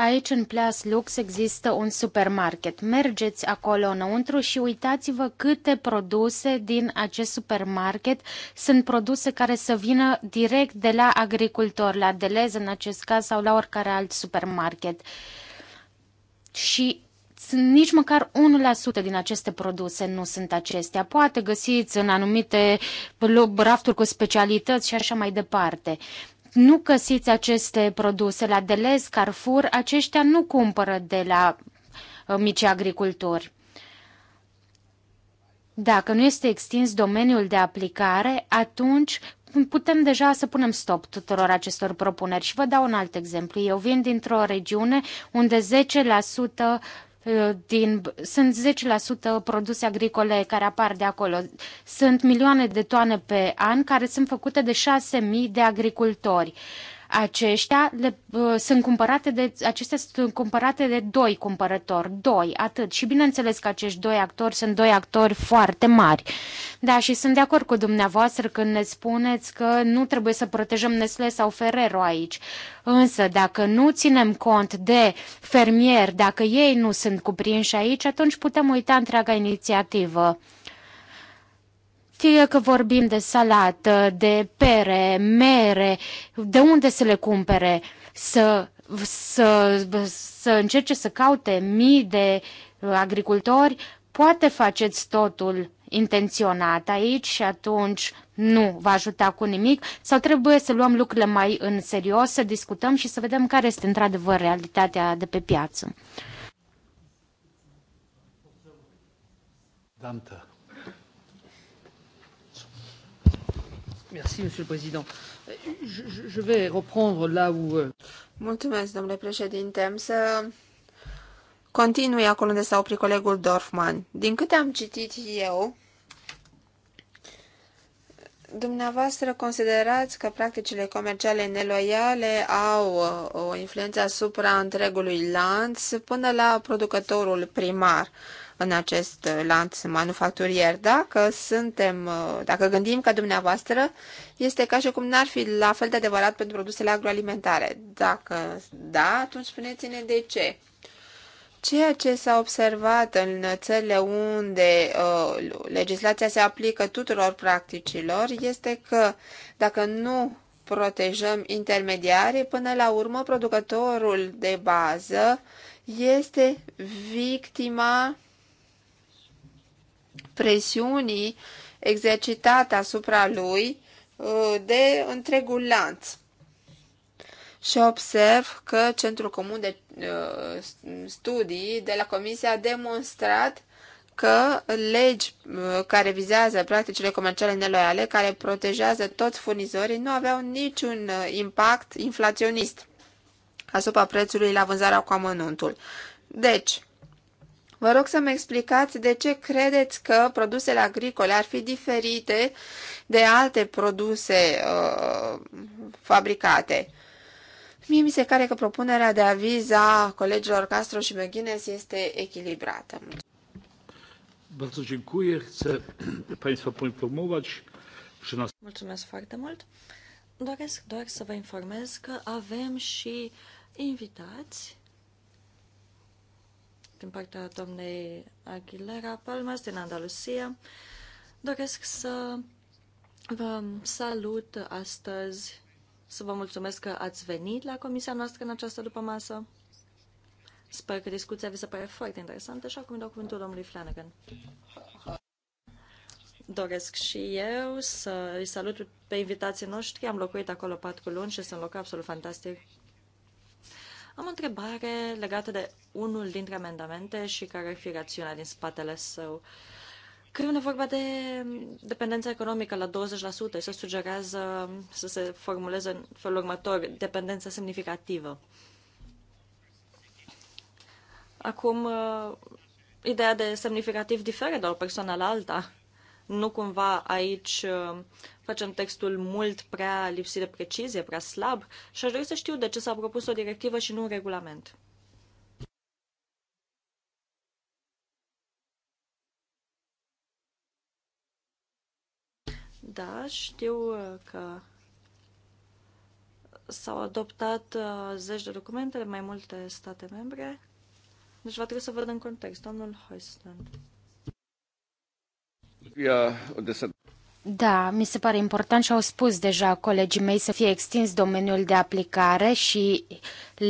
Aici, în Plas Lux, există un supermarket. Mergeți acolo înăuntru și uitați-vă câte produse din acest supermarket sunt produse care să vină direct de la agricultor, la Delez în acest caz sau la oricare alt supermarket. Și nici măcar 1% din aceste produse nu sunt acestea. Poate găsiți în anumite rafturi cu specialități și așa mai departe nu găsiți aceste produse la Delez, Carrefour, aceștia nu cumpără de la uh, mici agricultori. Dacă nu este extins domeniul de aplicare, atunci putem deja să punem stop tuturor acestor propuneri. Și vă dau un alt exemplu. Eu vin dintr-o regiune unde 10% Uh, din, sunt 10% produse agricole care apar de acolo. Sunt milioane de toane pe an care sunt făcute de 6.000 de agricultori. Uh, aceștia le, uh, sunt cumpărate de, acestea sunt cumpărate de doi cumpărători, doi, atât. Și bineînțeles că acești doi actori sunt doi actori foarte mari. Da, și sunt de acord cu dumneavoastră când ne spuneți că nu trebuie să protejăm Nestle sau Ferrero aici. Însă, dacă nu ținem cont de fermieri, dacă ei nu sunt cuprinși aici, atunci putem uita întreaga inițiativă. Fie că vorbim de salată, de pere, mere, de unde să le cumpere, să, să, să încerce să caute mii de uh, agricultori, poate faceți totul intenționat aici și atunci nu va ajuta cu nimic sau trebuie să luăm lucrurile mai în serios, să discutăm și să vedem care este într-adevăr realitatea de pe piață. Dantă. Merci, Monsieur le Président. Je, je vais reprendre là où... Euh, Mulțumesc, domnule președinte. Am să continui acolo unde s-a oprit colegul Dorfman. Din câte am citit eu, dumneavoastră considerați că practicile comerciale neloiale au uh, o influență asupra întregului lanț până la producătorul primar în acest uh, lanț manufacturier. Dacă suntem, uh, dacă gândim că dumneavoastră, este ca și cum n-ar fi la fel de adevărat pentru produsele agroalimentare. Dacă da, atunci spuneți-ne de ce. Ceea ce s-a observat în țările unde uh, legislația se aplică tuturor practicilor este că dacă nu protejăm intermediarii, până la urmă producătorul de bază este victima presiunii exercitate asupra lui uh, de întregul lanț. Și observ că Centrul Comun de uh, Studii de la Comisia a demonstrat că legi uh, care vizează practicile comerciale neloiale, care protejează toți furnizorii, nu aveau niciun impact inflaționist asupra prețului la vânzarea cu amănuntul. Deci, Vă rog să-mi explicați de ce credeți că produsele agricole ar fi diferite de alte produse uh, fabricate. Mie mi se pare că propunerea de aviz a colegilor Castro și McGuinness este echilibrată. Bardzo dziękuję. Chcę Państwa poinformować, że nas... Mulțumesc foarte mult. Doresc doar să vă informez că avem și invitați din partea doamnei Aguilera Palmas din Andalusia. Doresc să vă salut astăzi, să vă mulțumesc că ați venit la comisia noastră în această dupămasă. Sper că discuția vi se pare foarte interesantă și acum dau cuvântul domnului Flanagan. Doresc și eu să îi salut pe invitații noștri. Am locuit acolo patru luni și sunt loc absolut fantastic am o întrebare legată de unul dintre amendamente și care ar fi rațiunea din spatele său. Când vine vorba de dependența economică la 20%, se sugerează să se formuleze în felul următor, dependență semnificativă. Acum, uh, ideea de semnificativ diferă de la o persoană la alta. Nu cumva aici uh, facem textul mult prea lipsit de precizie, prea slab și aș dori să știu de ce s-a propus o directivă și nu un regulament. Da, știu uh, că s-au adoptat uh, zeci de documente de mai multe state membre. Deci va trebui să văd în context. Domnul Yeah, da, mi se pare important și au spus deja colegii mei să fie extins domeniul de aplicare și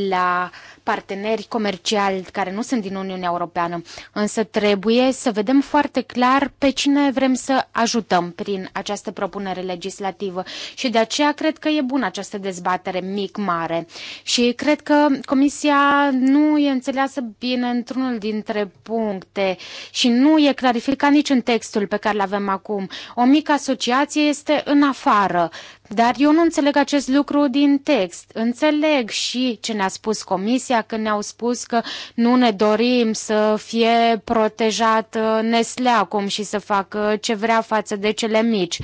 la parteneri comerciali care nu sunt din Uniunea Europeană. Însă trebuie să vedem foarte clar pe cine vrem să ajutăm prin această propunere legislativă și de aceea cred că e bună această dezbatere mic-mare și cred că Comisia nu e înțeleasă bine într-unul dintre puncte și nu e clarificat nici în textul pe care îl avem acum. O mică asociație este în afară. Dar eu nu înțeleg acest lucru din text. Înțeleg și ce ne-a spus comisia când ne-au spus că nu ne dorim să fie protejat uh, Neslea acum și să facă ce vrea față de cele mici.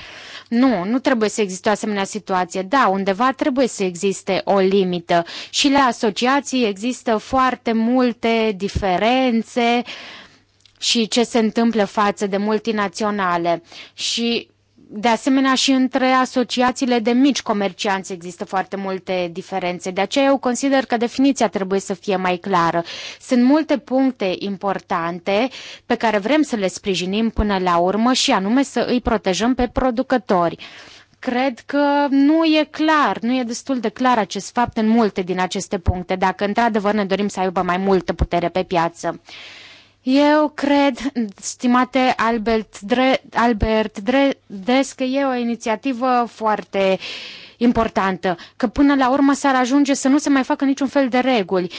Nu, nu trebuie să existe o asemenea situație. Da, undeva trebuie să existe o limită. Și la asociații există foarte multe diferențe și ce se întâmplă față de multinaționale. Și de asemenea, și între asociațiile de mici comercianți există foarte multe diferențe. De aceea eu consider că definiția trebuie să fie mai clară. Sunt multe puncte importante pe care vrem să le sprijinim până la urmă și anume să îi protejăm pe producători. Cred că nu e clar, nu e destul de clar acest fapt în multe din aceste puncte, dacă într-adevăr ne dorim să aibă mai multă putere pe piață. Eu cred, stimate Albert, Dre, Albert Dre, des că e o inițiativă foarte importantă, că până la urmă s-ar ajunge să nu se mai facă niciun fel de reguli,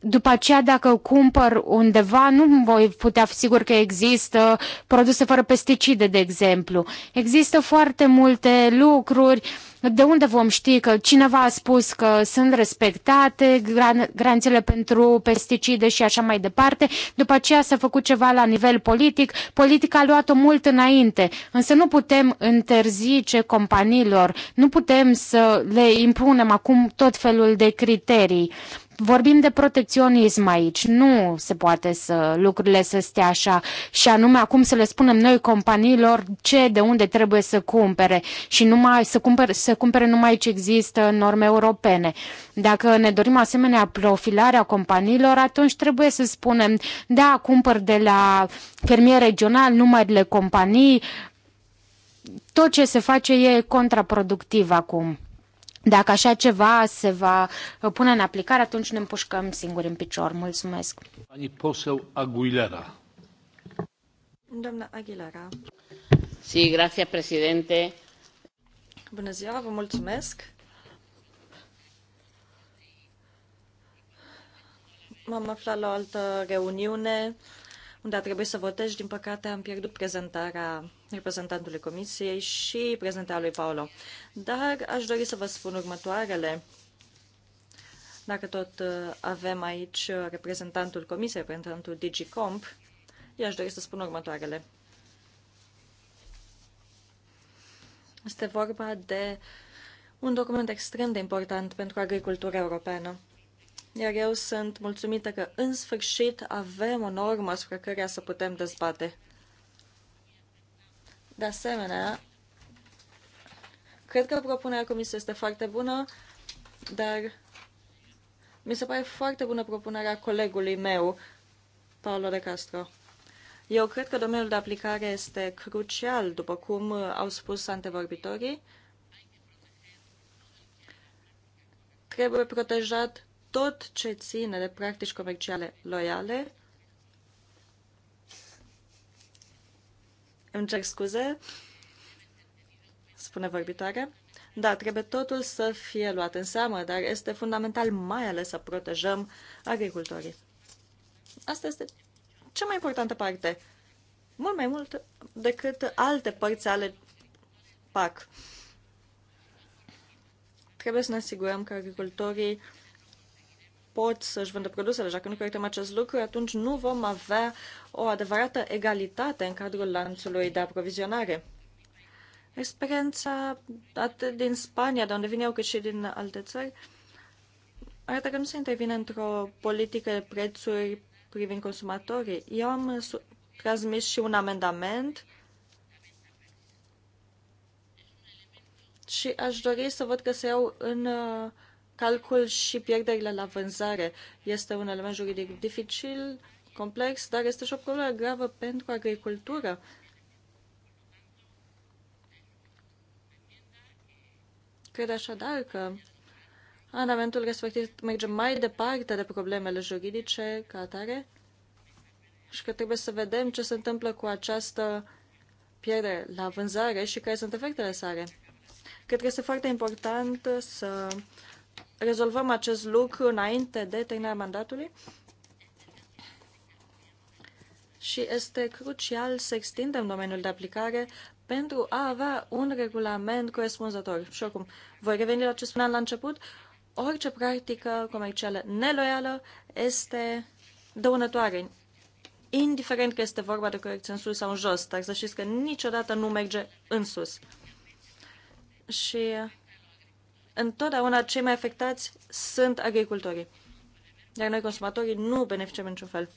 după aceea, dacă cumpăr undeva, nu voi putea fi sigur că există produse fără pesticide, de exemplu. Există foarte multe lucruri de unde vom ști că cineva a spus că sunt respectate gran, granțele pentru pesticide și așa mai departe? După aceea s-a făcut ceva la nivel politic. Politica a luat-o mult înainte, însă nu putem interzice companiilor, nu putem să le impunem acum tot felul de criterii. Vorbim de protecționism aici. Nu se poate să lucrurile să stea așa. Și anume acum să le spunem noi companiilor ce de unde trebuie să cumpere și numai să cumpere, să cumpere numai ce există norme europene. Dacă ne dorim asemenea profilarea companiilor, atunci trebuie să spunem da, cumpăr de la fermier regional numerele companii. Tot ce se face e contraproductiv acum. Dacă așa ceva se va pune în aplicare, atunci ne împușcăm singuri în picior. Mulțumesc. Ani poseu Aguilera. Doamna Aguilera. Sí, gracias, presidente. Bună ziua, vă mulțumesc. M-am aflat la o altă reuniune unde a trebuit să votez. Din păcate am pierdut prezentarea reprezentantului comisiei și prezentarea lui Paolo. Dar aș dori să vă spun următoarele. Dacă tot uh, avem aici uh, reprezentantul comisiei, reprezentantul DigiComp, i-aș dori să spun următoarele. Este vorba de un document extrem de important pentru agricultura europeană iar eu sunt mulțumită că în sfârșit avem o normă asupra căreia să putem dezbate. De asemenea, cred că propunerea comisiei este foarte bună, dar mi se pare foarte bună propunerea colegului meu, Paolo de Castro. Eu cred că domeniul de aplicare este crucial, după cum au spus antevorbitorii. Trebuie protejat tot ce ține de practici comerciale loiale. Îmi cer scuze, spune vorbitoare. Da, trebuie totul să fie luat în seamă, dar este fundamental mai ales să protejăm agricultorii. Asta este cea mai importantă parte, mult mai mult decât alte părți ale PAC. Trebuie să ne asigurăm că agricultorii uh, pot să-și vândă produsele. Dacă nu corectăm acest lucru, atunci nu vom avea o adevărată egalitate în cadrul lanțului de aprovizionare. Experiența atât din Spania, de unde vin eu, cât și din alte țări, arată că nu se intervine într-o politică de prețuri privind consumatorii. Eu am transmis și un amendament și aș dori să văd că se iau în uh, calcul și pierderile la vânzare. Este un element juridic dificil, complex, dar este și o problemă gravă pentru agricultură. Cred așadar că amendamentul respectiv merge mai departe de problemele juridice ca atare și că trebuie să vedem ce se întâmplă cu această pierdere la vânzare și care sunt efectele sale. Cred că este foarte important să rezolvăm acest lucru înainte de terminarea mandatului și este crucial să extindem domeniul de aplicare pentru a avea un regulament corespunzător. Și oricum, voi reveni la ce spuneam la început, orice practică comercială neloială este dăunătoare, indiferent că este vorba de corecție în sus sau în jos, dar să știți că niciodată nu merge în sus. Și întotdeauna cei mai afectați sunt agricultorii. Iar noi, consumatorii, nu beneficiem în niciun fel.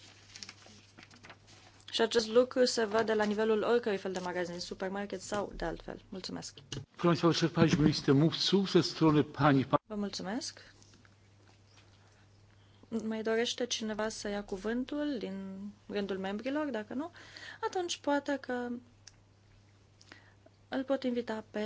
Și acest lucru se vede la nivelul oricărui fel de magazin, supermarket sau de altfel. Mulțumesc. Vă mulțumesc. Mai dorește cineva să ia cuvântul din rândul membrilor? Dacă nu, atunci poate că îl pot invita pe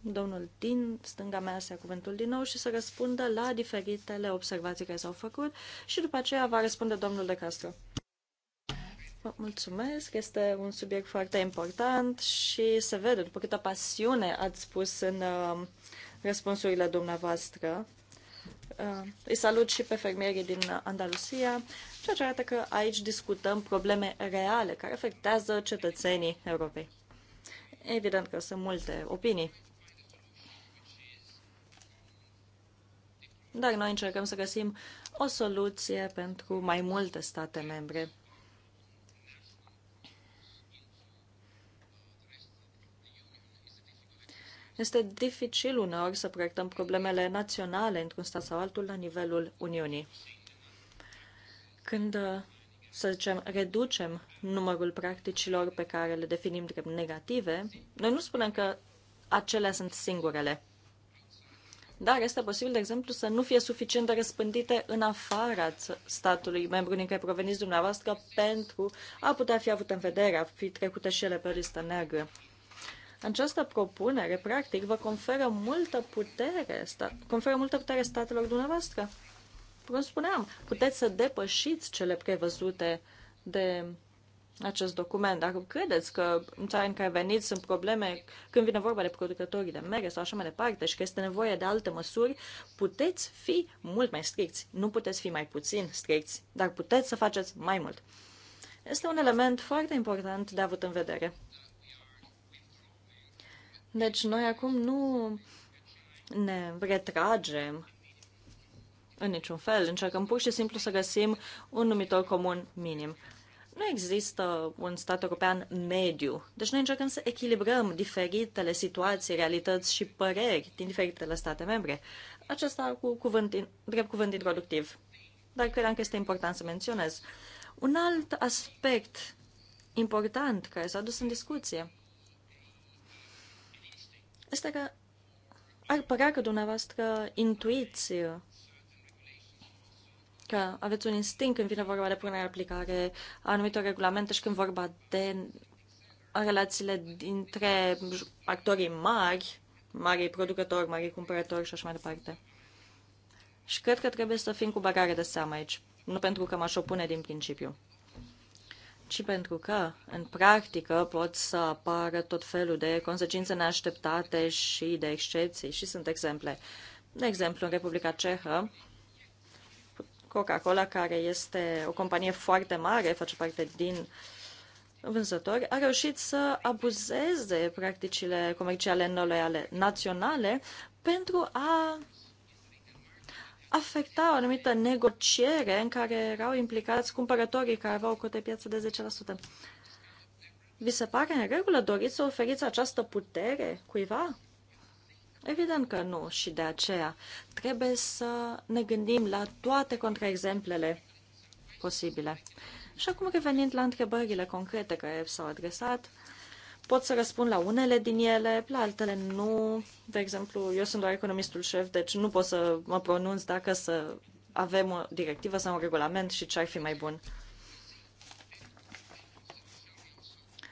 domnul din stânga mea să ia cuvântul din nou și să răspundă la diferitele observații care s-au făcut și după aceea va răspunde domnul de Castro. Vă mulțumesc, este un subiect foarte important și se vede după câtă pasiune ați spus în uh, răspunsurile dumneavoastră. Uh, îi salut și pe fermierii din Andalusia, ceea ce arată că aici discutăm probleme reale care afectează cetățenii Europei. Evident că sunt multe opinii dar noi încercăm să găsim o soluție pentru mai multe state membre. Este dificil uneori să proiectăm problemele naționale într-un stat sau altul la nivelul Uniunii. Când, să zicem, reducem numărul practicilor pe care le definim drept negative, noi nu spunem că acelea sunt singurele. Dar este posibil, de exemplu, să nu fie suficient de răspândite în afara statului membru din care proveniți dumneavoastră pentru a putea fi avut în vedere, a fi trecute și ele pe o listă neagră. Această propunere, practic, vă conferă multă putere, stat, conferă multă putere statelor dumneavoastră. Cum spuneam, puteți să depășiți cele prevăzute de acest document. Dacă credeți că în țara în care veniți sunt probleme când vine vorba de producătorii de mere sau așa mai departe și că este nevoie de alte măsuri, puteți fi mult mai stricți. Nu puteți fi mai puțin stricți, dar puteți să faceți mai mult. Este un element foarte important de avut în vedere. Deci noi acum nu ne retragem în niciun fel. Încercăm pur și simplu să găsim un numitor comun minim. Nu există un stat european mediu. Deci noi încercăm să echilibrăm diferitele situații, realități și păreri din diferitele state membre. Acesta cu cuvânt, drept cuvânt introductiv. Dar credeam că este important să menționez. Un alt aspect important care s-a dus în discuție este că ar părea că dumneavoastră intuiți că aveți un instinct când vine vorba de punerea aplicare a anumitor regulamente și când vorba de relațiile dintre actorii mari, mari producători, mari cumpărători și așa mai departe. Și cred că trebuie să fim cu bagare de seamă aici. Nu pentru că m-aș opune din principiu, ci pentru că, în practică, pot să apară tot felul de consecințe neașteptate și de excepții. Și sunt exemple. De exemplu, în Republica Cehă, Coca-Cola, care este o companie foarte mare, face parte din vânzători, a reușit să abuzeze practicile comerciale neloiale naționale pentru a afecta o anumită negociere în care erau implicați cumpărătorii care aveau o cote piață de 10%. Vi se pare în regulă? Doriți să oferiți această putere cuiva? Evident că nu și de aceea trebuie să ne gândim la toate contraexemplele posibile. Și acum revenind la întrebările concrete care s-au adresat, pot să răspund la unele din ele, la altele nu. De exemplu, eu sunt doar economistul șef, deci nu pot să mă pronunț dacă să avem o directivă sau un regulament și ce ar fi mai bun.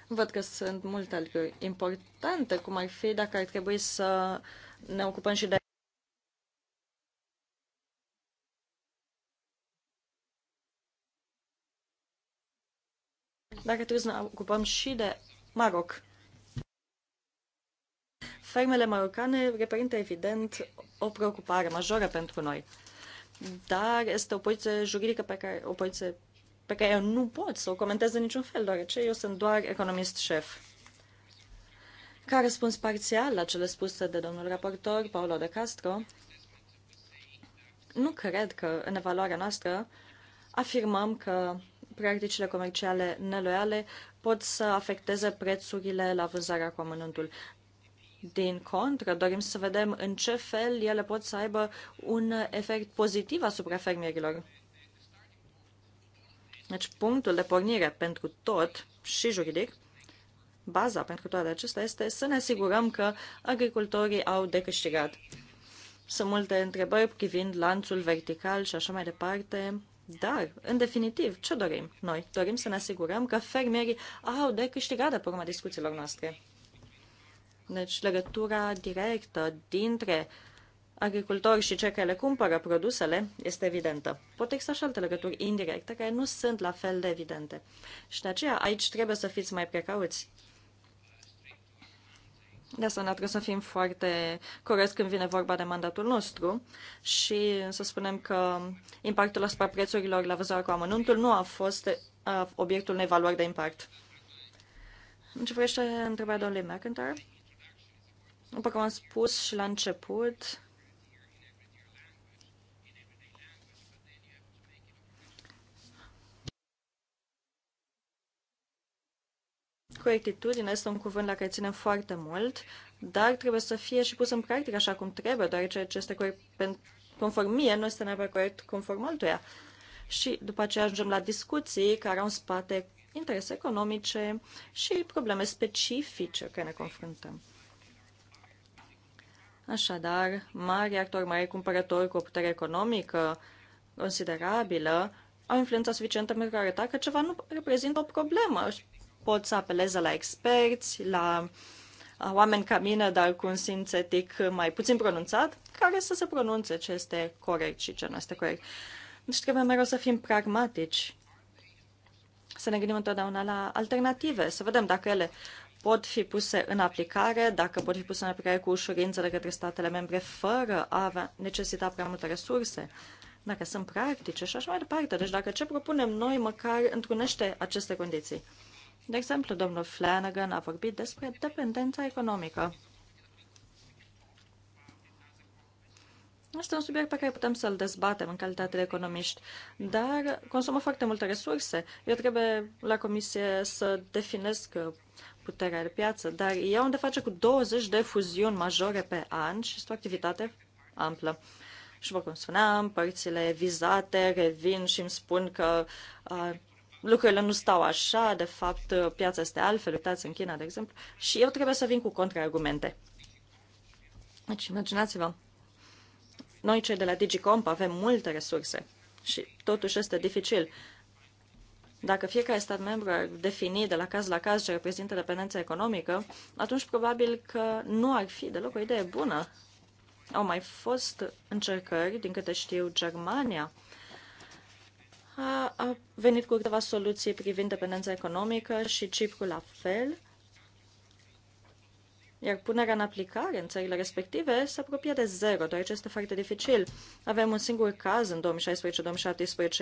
Văd că sunt multe lucruri importante, cum ar fi dacă ar trebui să ne ocupăm și de dacă trebuie să ne ocupăm și de Maroc. Fermele marocane reprezintă evident o preocupare majoră pentru noi, dar este o poziție juridică pe care, o poziție pe care eu nu pot să o comentez în niciun fel, deoarece eu sunt doar economist șef. Ca răspuns parțial la cele spuse de domnul raportor Paolo de Castro, nu cred că în evaluarea noastră afirmăm că practicile comerciale neloiale pot să afecteze prețurile la vânzarea cu amănântul. Din contră, dorim să vedem în ce fel ele pot să aibă un efect pozitiv asupra fermierilor. Deci punctul de pornire pentru tot și juridic, baza pentru toate acestea este să ne asigurăm că agricultorii au de câștigat. Sunt multe întrebări privind lanțul vertical și așa mai departe, dar, în definitiv, ce dorim noi? Dorim să ne asigurăm că fermierii au de câștigat de pe urma discuțiilor noastre. Deci legătura directă dintre uh, agricultori și cei care le cumpără produsele este evidentă. Pot exista și alte legături indirecte care nu sunt la fel de evidente. Și de aceea aici trebuie să fiți mai precauți. De ne trebuie să fim foarte corecți când vine vorba de mandatul nostru și să spunem că impactul asupra prețurilor la vânzarea cu amănuntul nu a fost obiectul unei valori de impact. În ce vrește întrebarea domnului McIntyre, după cum am spus și la început, Corectitudine este un cuvânt la care ținem foarte mult, dar trebuie să fie și pus în practică așa cum trebuie, deoarece ce este corect conform mie nu este neapărat corect conform altuia. Și după aceea ajungem la discuții care au în spate interese economice și probleme specifice care ne confruntăm. Așadar, mari actori, mari cumpărători cu o putere economică considerabilă au influența suficientă pentru a arăta că ceva nu reprezintă o problemă pot să apeleze la experți, la uh, oameni ca mine, dar cu un sintetic mai puțin pronunțat, care să se pronunțe ce este corect și ce nu este corect. Deci trebuie mereu să fim pragmatici, să ne gândim întotdeauna la alternative, să vedem dacă ele pot fi puse în aplicare, dacă pot fi puse în aplicare cu ușurință de către statele membre, fără a avea, necesita prea multe resurse, dacă sunt practice și așa mai departe. Deci dacă ce propunem noi măcar întrunește aceste condiții. De exemplu, domnul Flanagan a vorbit despre dependența economică. Este un subiect pe care putem să-l dezbatem în calitate de economiști, dar consumă foarte multe resurse. Eu trebuie la comisie să definesc puterea de piață, dar ea unde face cu 20 de fuziuni majore pe an și este o activitate amplă. Și vă cum spuneam, părțile vizate revin și îmi spun că uh, lucrurile nu stau așa, de fapt piața este altfel, uitați în China, de exemplu, și eu trebuie să vin cu contraargumente. Deci, imaginați-vă, noi cei de la Digicomp avem multe resurse și totuși este dificil. Dacă fiecare stat membru ar defini de la caz la caz ce reprezintă dependența economică, atunci probabil că nu ar fi deloc o idee bună. Au mai fost încercări, din câte știu, Germania, a, a venit cu câteva soluții privind dependența economică și Cipru la fel, iar punerea în aplicare în țările respective se apropie de zero, deoarece este foarte dificil. Avem un singur caz în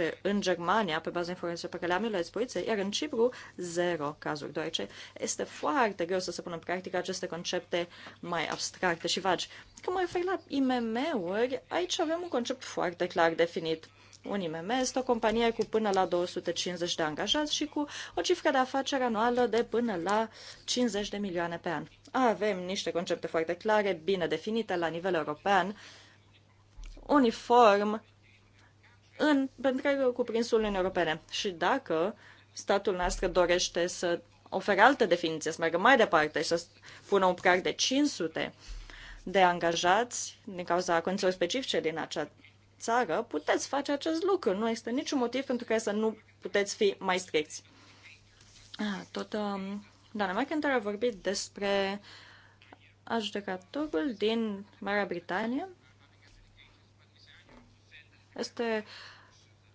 2016-2017 în Germania, pe baza informației pe care le-am eu la expoziție, iar în Cipru, zero cazuri, deoarece este foarte greu să se pună în practică aceste concepte mai abstracte și vagi. Când mă refer la IMM-uri, aici avem un concept foarte clar definit. Un IMM este o companie cu până la 250 de angajați și cu o cifră de afaceri anuală de până la 50 de milioane pe an. Avem niște concepte foarte clare, bine definite la nivel european, uniform în, pentru cuprinsul Uniunii Europene. Și dacă statul nostru dorește să ofere altă definiție, să meargă mai departe și să pună un prag de 500 de angajați din cauza condițiilor specifice din acea țară, puteți face acest lucru. Nu există niciun motiv pentru care să nu puteți fi mai stricți. Ah, tot um, Dana McIntyre a vorbit despre judecătorul din Marea Britanie. Este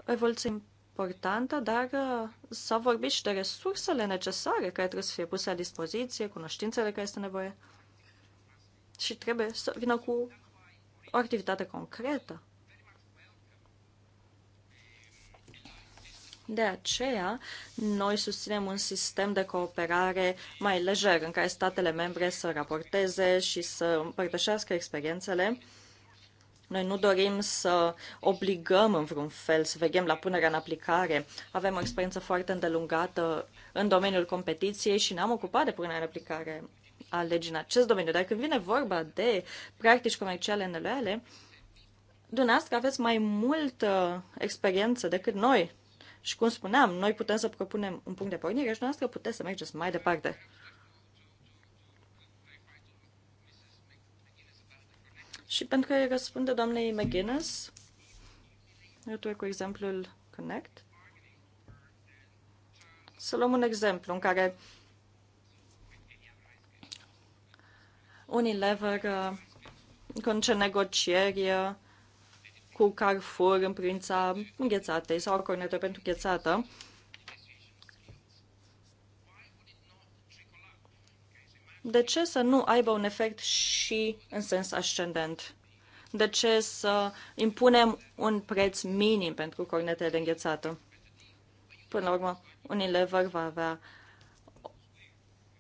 o evoluție importantă, dar uh, s-a vorbit și de resursele necesare care trebuie să fie puse la dispoziție, cunoștințele care este nevoie și trebuie să vină cu o activitate concretă. De aceea, noi susținem un sistem de cooperare mai lejer, în care statele membre să raporteze și să împărtășească experiențele. Noi nu dorim să obligăm în vreun fel, să veghem la punerea în aplicare. Avem o experiență foarte îndelungată în domeniul competiției și ne-am ocupat de punerea în aplicare a legii în acest domeniu. Dar când vine vorba de practici comerciale neloiale, dumneavoastră aveți mai multă experiență decât noi și cum spuneam, noi putem să propunem un punct de pornire și noastră puteți să mergeți mai departe. Și pentru că răspunde doamnei McGuinness, eu cu exemplul Connect, să luăm un exemplu în care Unilever uh, conce negocieri uh, cu Carrefour în prința înghețatei sau cornetă pentru ghețată. De ce să nu aibă un efect și în sens ascendent? De ce să impunem un preț minim pentru cornetele înghețată? Până la urmă, Unilever va avea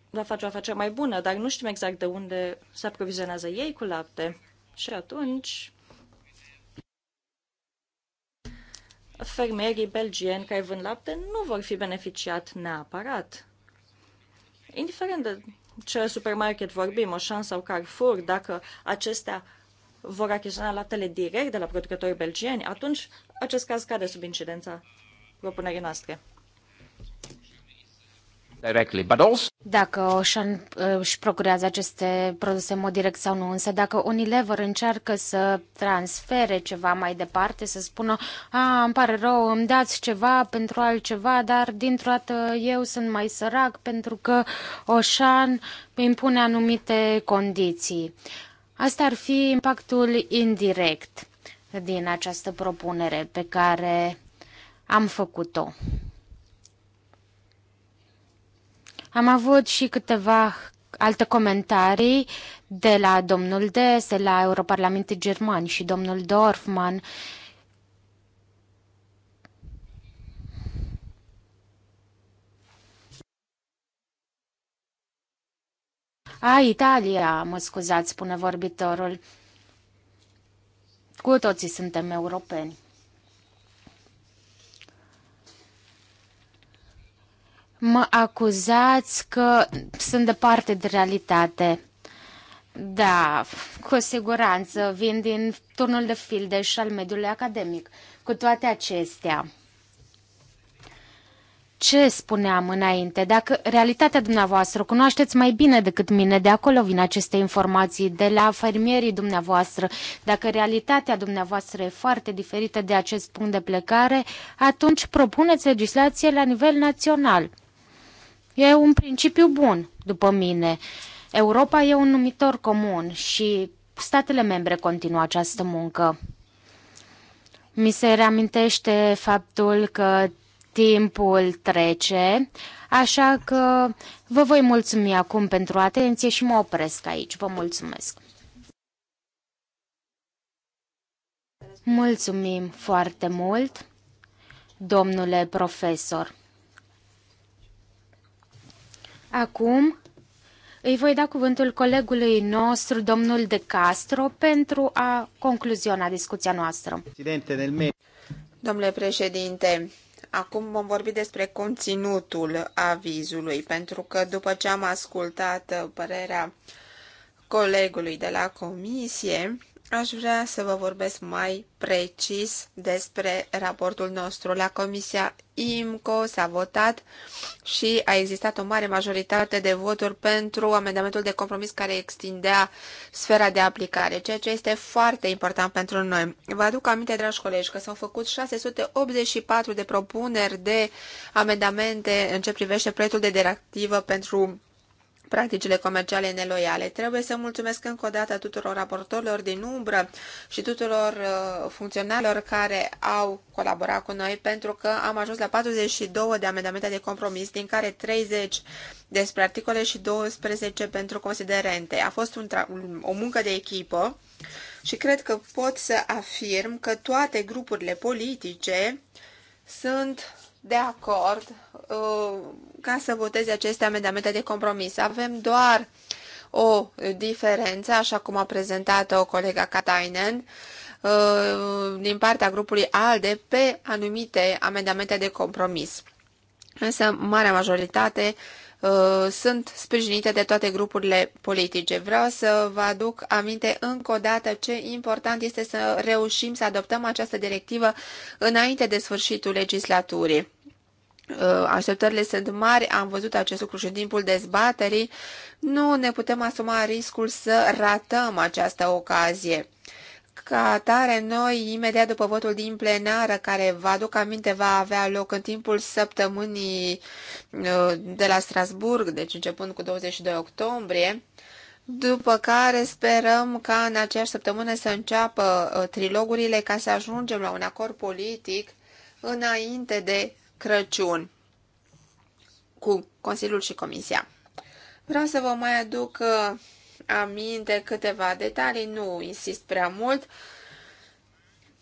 va face o afacere mai bună, dar nu știm exact de unde se aprovizionează ei cu lapte. Și atunci fermierii belgieni care vând lapte nu vor fi beneficiat neapărat. Indiferent de ce supermarket vorbim, Oșan sau Carrefour, dacă acestea vor achiziționa laptele direct de la producători belgieni, atunci acest caz cade sub incidența propunerii noastre directly, but also... Dacă oșan uh, își procurează aceste produse în mod direct sau nu, însă dacă Unilever încearcă să transfere ceva mai departe, să spună, a, îmi pare rău, îmi dați ceva pentru altceva, dar dintr-o dată eu sunt mai sărac pentru că oșan impune anumite condiții. Asta ar fi impactul indirect din această propunere pe care am făcut-o. Am avut și câteva alte comentarii de la domnul Dese, la europarlamentul german și domnul Dorfman. A, Italia, mă scuzați, spune vorbitorul. Cu toții suntem europeni. mă acuzați că sunt departe de realitate. Da, cu siguranță, vin din turnul de filde și al mediului academic. Cu toate acestea, ce spuneam înainte, dacă realitatea dumneavoastră o cunoașteți mai bine decât mine, de acolo vin aceste informații, de la fermierii dumneavoastră, dacă realitatea dumneavoastră e foarte diferită de acest punct de plecare, atunci propuneți legislație la nivel național. E un principiu bun, după mine. Europa e un numitor comun și statele membre continuă această muncă. Mi se reamintește faptul că timpul trece, așa că vă voi mulțumi acum pentru atenție și mă opresc aici. Vă mulțumesc! Mulțumim foarte mult, domnule profesor! Acum îi voi da cuvântul colegului nostru, domnul De Castro, pentru a concluziona discuția noastră. Domnule președinte, acum vom vorbi despre conținutul avizului, pentru că după ce am ascultat părerea colegului de la comisie, Aș vrea să vă vorbesc mai precis despre raportul nostru. La Comisia IMCO s-a votat și a existat o mare majoritate de voturi pentru amendamentul de compromis care extindea sfera de aplicare, ceea ce este foarte important pentru noi. Vă aduc aminte, dragi colegi, că s-au făcut 684 de propuneri de amendamente în ce privește proiectul de directivă pentru practicile comerciale neloiale. Trebuie să mulțumesc încă o dată tuturor raportorilor din umbră și tuturor uh, funcționarilor care au colaborat cu noi pentru că am ajuns la 42 de amendamente de compromis, din care 30 despre articole și 12 pentru considerente. A fost un o muncă de echipă și cred că pot să afirm că toate grupurile politice sunt de acord uh, ca să voteze aceste amendamente de compromis. Avem doar o diferență, așa cum a prezentat-o colega Katainen, uh, din partea grupului ALDE pe anumite amendamente de compromis. Însă, marea majoritate Uh, sunt sprijinite de toate grupurile politice. Vreau să vă aduc aminte încă o dată ce important este să reușim să adoptăm această directivă înainte de sfârșitul legislaturii. Uh, așteptările sunt mari, am văzut acest lucru și în timpul dezbaterii. Nu ne putem asuma riscul să ratăm această ocazie. Ca atare, noi, imediat după votul din plenară, care vă aduc aminte, va avea loc în timpul săptămânii uh, de la Strasburg, deci începând cu 22 octombrie, după care sperăm ca în aceeași săptămână să înceapă uh, trilogurile ca să ajungem la un acord politic înainte de Crăciun cu Consiliul și Comisia. Vreau să vă mai aduc uh, aminte câteva detalii, nu insist prea mult.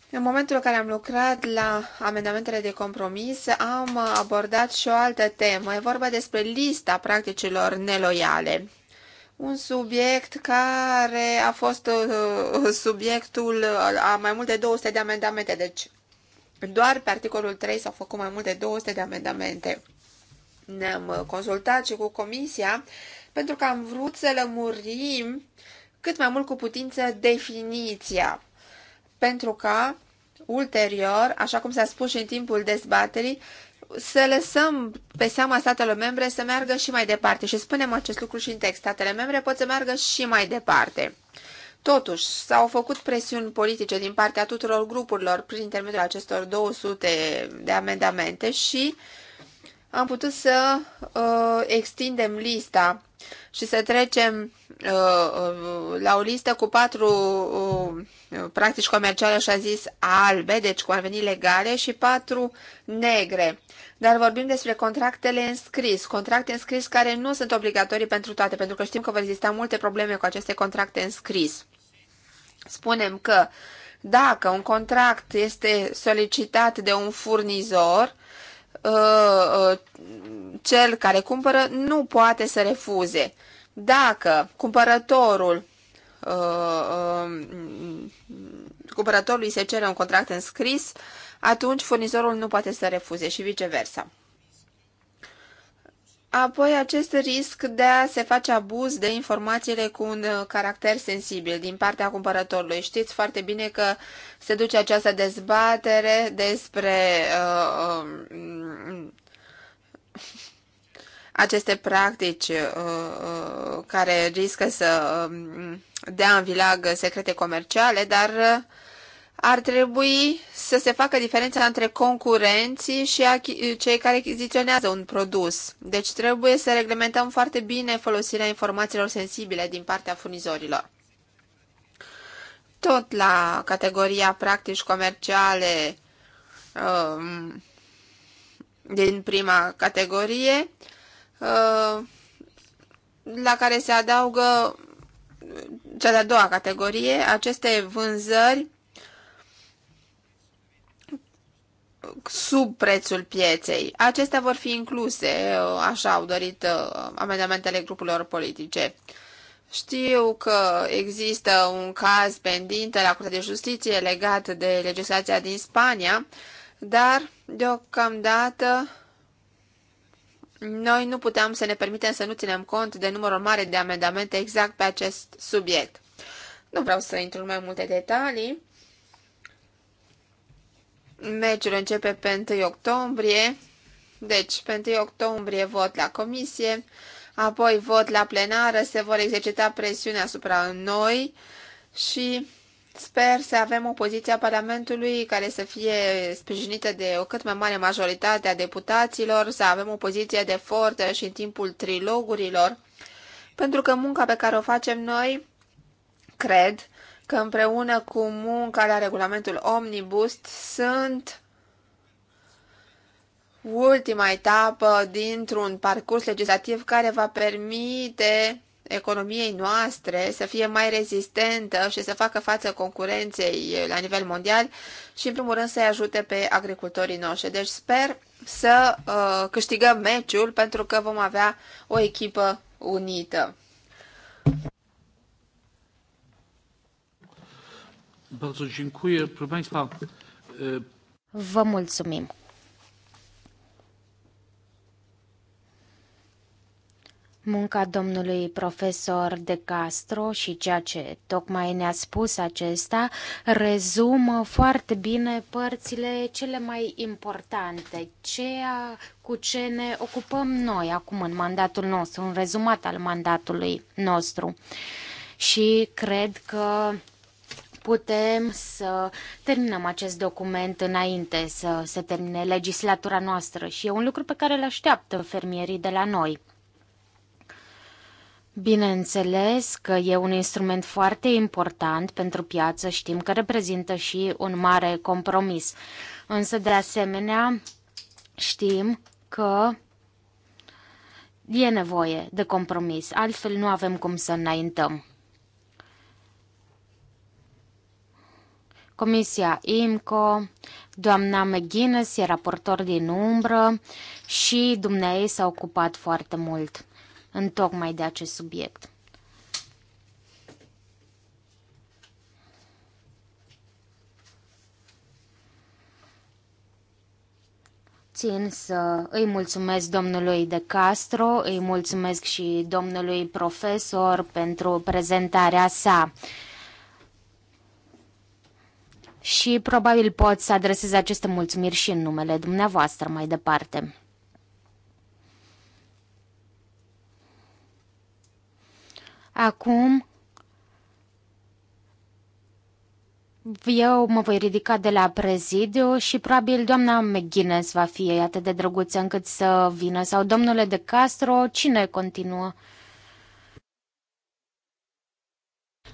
În momentul în care am lucrat la amendamentele de compromis, am abordat și o altă temă. E vorba despre lista practicilor neloiale. Un subiect care a fost uh, subiectul uh, a mai mult de 200 de amendamente, deci doar pe articolul 3 s-au făcut mai mult de 200 de amendamente. Ne-am consultat și cu comisia pentru că am vrut să lămurim cât mai mult cu putință definiția, pentru că ulterior, așa cum s-a spus și în timpul dezbaterii, să lăsăm pe seama statelor membre să meargă și mai departe și spunem acest lucru și în text. Statele membre pot să meargă și mai departe. Totuși, s-au făcut presiuni politice din partea tuturor grupurilor prin intermediul acestor 200 de amendamente și uh, am putut să uh, extindem lista și să trecem uh, la o listă cu patru uh, practici comerciale, așa zis, albe, deci cu ar veni legale, și patru negre. Dar vorbim despre contractele înscris, contracte înscris care nu sunt obligatorii pentru toate, pentru că știm că vor exista multe probleme cu aceste contracte înscris. Spunem că dacă un contract este solicitat de un furnizor, Uh, uh, cel care cumpără nu poate să refuze. Dacă cumpărătorul uh, um, cumpărătorului se cere un contract înscris, atunci furnizorul nu poate să refuze și viceversa. Apoi acest risc de a se face abuz de informațiile cu un uh, caracter sensibil din partea cumpărătorului. Știți foarte bine că se duce această dezbatere despre uh, uh, aceste practici uh, uh, care riscă să um, dea în vilag secrete comerciale, dar uh, ar trebui să se facă diferența între concurenții și cei care achiziționează un produs. Deci trebuie să reglementăm foarte bine folosirea informațiilor sensibile din partea furnizorilor. Tot la categoria practici comerciale um, din prima categorie, uh, la care se adaugă cea de-a doua categorie, aceste vânzări sub prețul pieței. Acestea vor fi incluse, uh, așa au dorit uh, amendamentele grupurilor politice. Știu că există un caz pendinte la Curtea de Justiție legat de legislația din Spania, dar deocamdată noi nu puteam să ne permitem să nu ținem cont de numărul mare de amendamente exact pe acest subiect. Nu vreau să intru în mai multe detalii, Meciul începe pe 1 octombrie, deci pe 1 octombrie vot la comisie, apoi vot la plenară, se vor exercita presiunea asupra noi și sper să avem o poziție a Parlamentului care să fie sprijinită de o cât mai mare majoritate a deputaților, să avem o poziție de forță și în timpul trilogurilor, pentru că munca pe care o facem noi, cred, că împreună cu munca la regulamentul Omnibus sunt ultima etapă dintr-un parcurs legislativ care va permite economiei noastre să fie mai rezistentă și să facă față concurenței la nivel mondial și, în primul rând, să-i ajute pe agricultorii noștri. Deci sper să uh, câștigăm meciul pentru că vom avea o echipă unită. Vă mulțumim. Munca domnului profesor De Castro și ceea ce tocmai ne-a spus acesta rezumă foarte bine părțile cele mai importante, ceea cu ce ne ocupăm noi acum în mandatul nostru, un rezumat al mandatului nostru. Și cred că putem să terminăm acest document înainte să se termine legislatura noastră și e un lucru pe care îl așteaptă fermierii de la noi. Bineînțeles că e un instrument foarte important pentru piață, știm că reprezintă și un mare compromis. Însă, de asemenea, știm că e nevoie de compromis, altfel nu avem cum să înaintăm. Comisia IMCO, doamna McGuinness e raportor din umbră și dumneai s-a ocupat foarte mult în tocmai de acest subiect. țin să îi mulțumesc domnului De Castro, îi mulțumesc și domnului profesor pentru prezentarea sa și probabil pot să adresez aceste mulțumiri și în numele dumneavoastră mai departe. Acum Eu mă voi ridica de la prezidiu și probabil doamna McGuinness va fi atât de drăguță încât să vină. Sau domnule de Castro, cine continuă?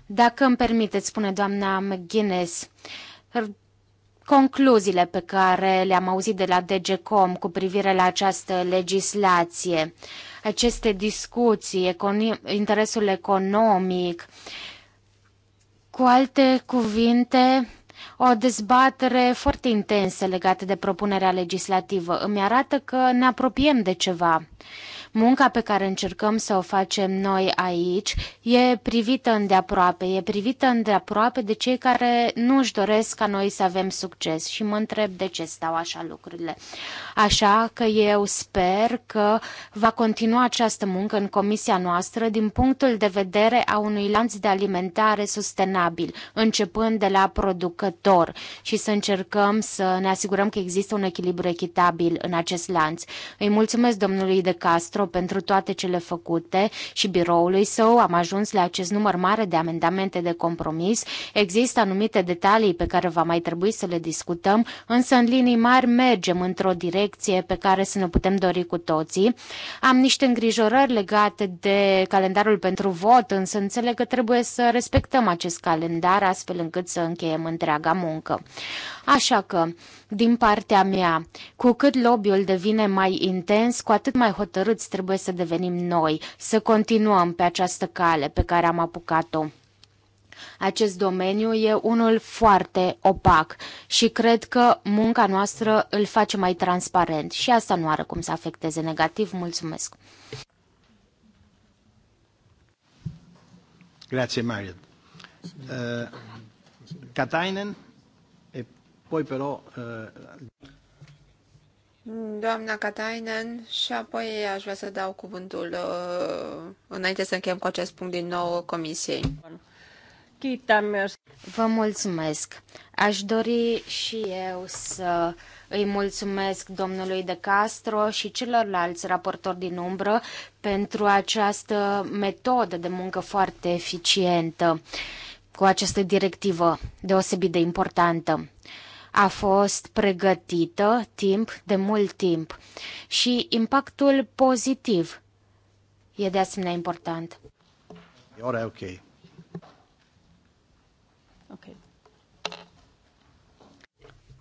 Dacă îmi permiteți, spune doamna McGuinness, concluziile pe care le-am auzit de la DGCOM cu privire la această legislație, aceste discuții, econi- interesul economic, cu alte cuvinte, o dezbatere foarte intensă legată de propunerea legislativă. Îmi arată că ne apropiem de ceva. Munca pe care încercăm să o facem noi aici e privită îndeaproape, e privită îndeaproape de cei care nu își doresc ca noi să avem succes și mă întreb de ce stau așa lucrurile. Așa că eu sper că va continua această muncă în comisia noastră din punctul de vedere a unui lanț de alimentare sustenabil, începând de la producător și să încercăm să ne asigurăm că există un echilibru echitabil în acest lanț. Îi mulțumesc domnului De Castro euro pentru toate cele făcute și biroului său. Am ajuns la acest număr mare de amendamente de compromis. Există anumite detalii pe care va mai trebui să le discutăm, însă în linii mari mergem într-o direcție pe care să ne putem dori cu toții. Am niște îngrijorări legate de calendarul pentru vot, însă înțeleg că trebuie să respectăm acest calendar astfel încât să încheiem întreaga muncă. Așa că, din partea mea, cu cât lobby-ul devine mai intens, cu atât mai hotărâți trebuie să devenim noi, să continuăm pe această cale pe care am apucat-o. Acest domeniu e unul foarte opac și cred că munca noastră îl face mai transparent și asta nu are cum să afecteze negativ. Mulțumesc! Grazie, Mario. Uh, eh, Katainen? apoi però... Eh, doamna Katainen, și apoi aș vrea să dau cuvântul eh, înainte să încheiem cu acest punct din nou Comisiei. Vă mulțumesc. Aș dori și eu să îi mulțumesc domnului De Castro și celorlalți raportori din umbră pentru această metodă de muncă foarte eficientă cu această directivă deosebit de importantă a fost pregătită timp de mult timp și impactul pozitiv e de asemenea important. Ora e ok. Ok.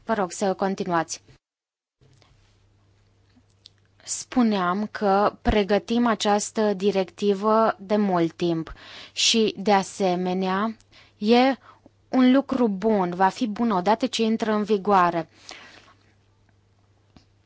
Vă rog să continuați. Spuneam că pregătim această directivă de mult timp și, de asemenea, e un lucru bun, va fi bun odată ce intră în vigoare.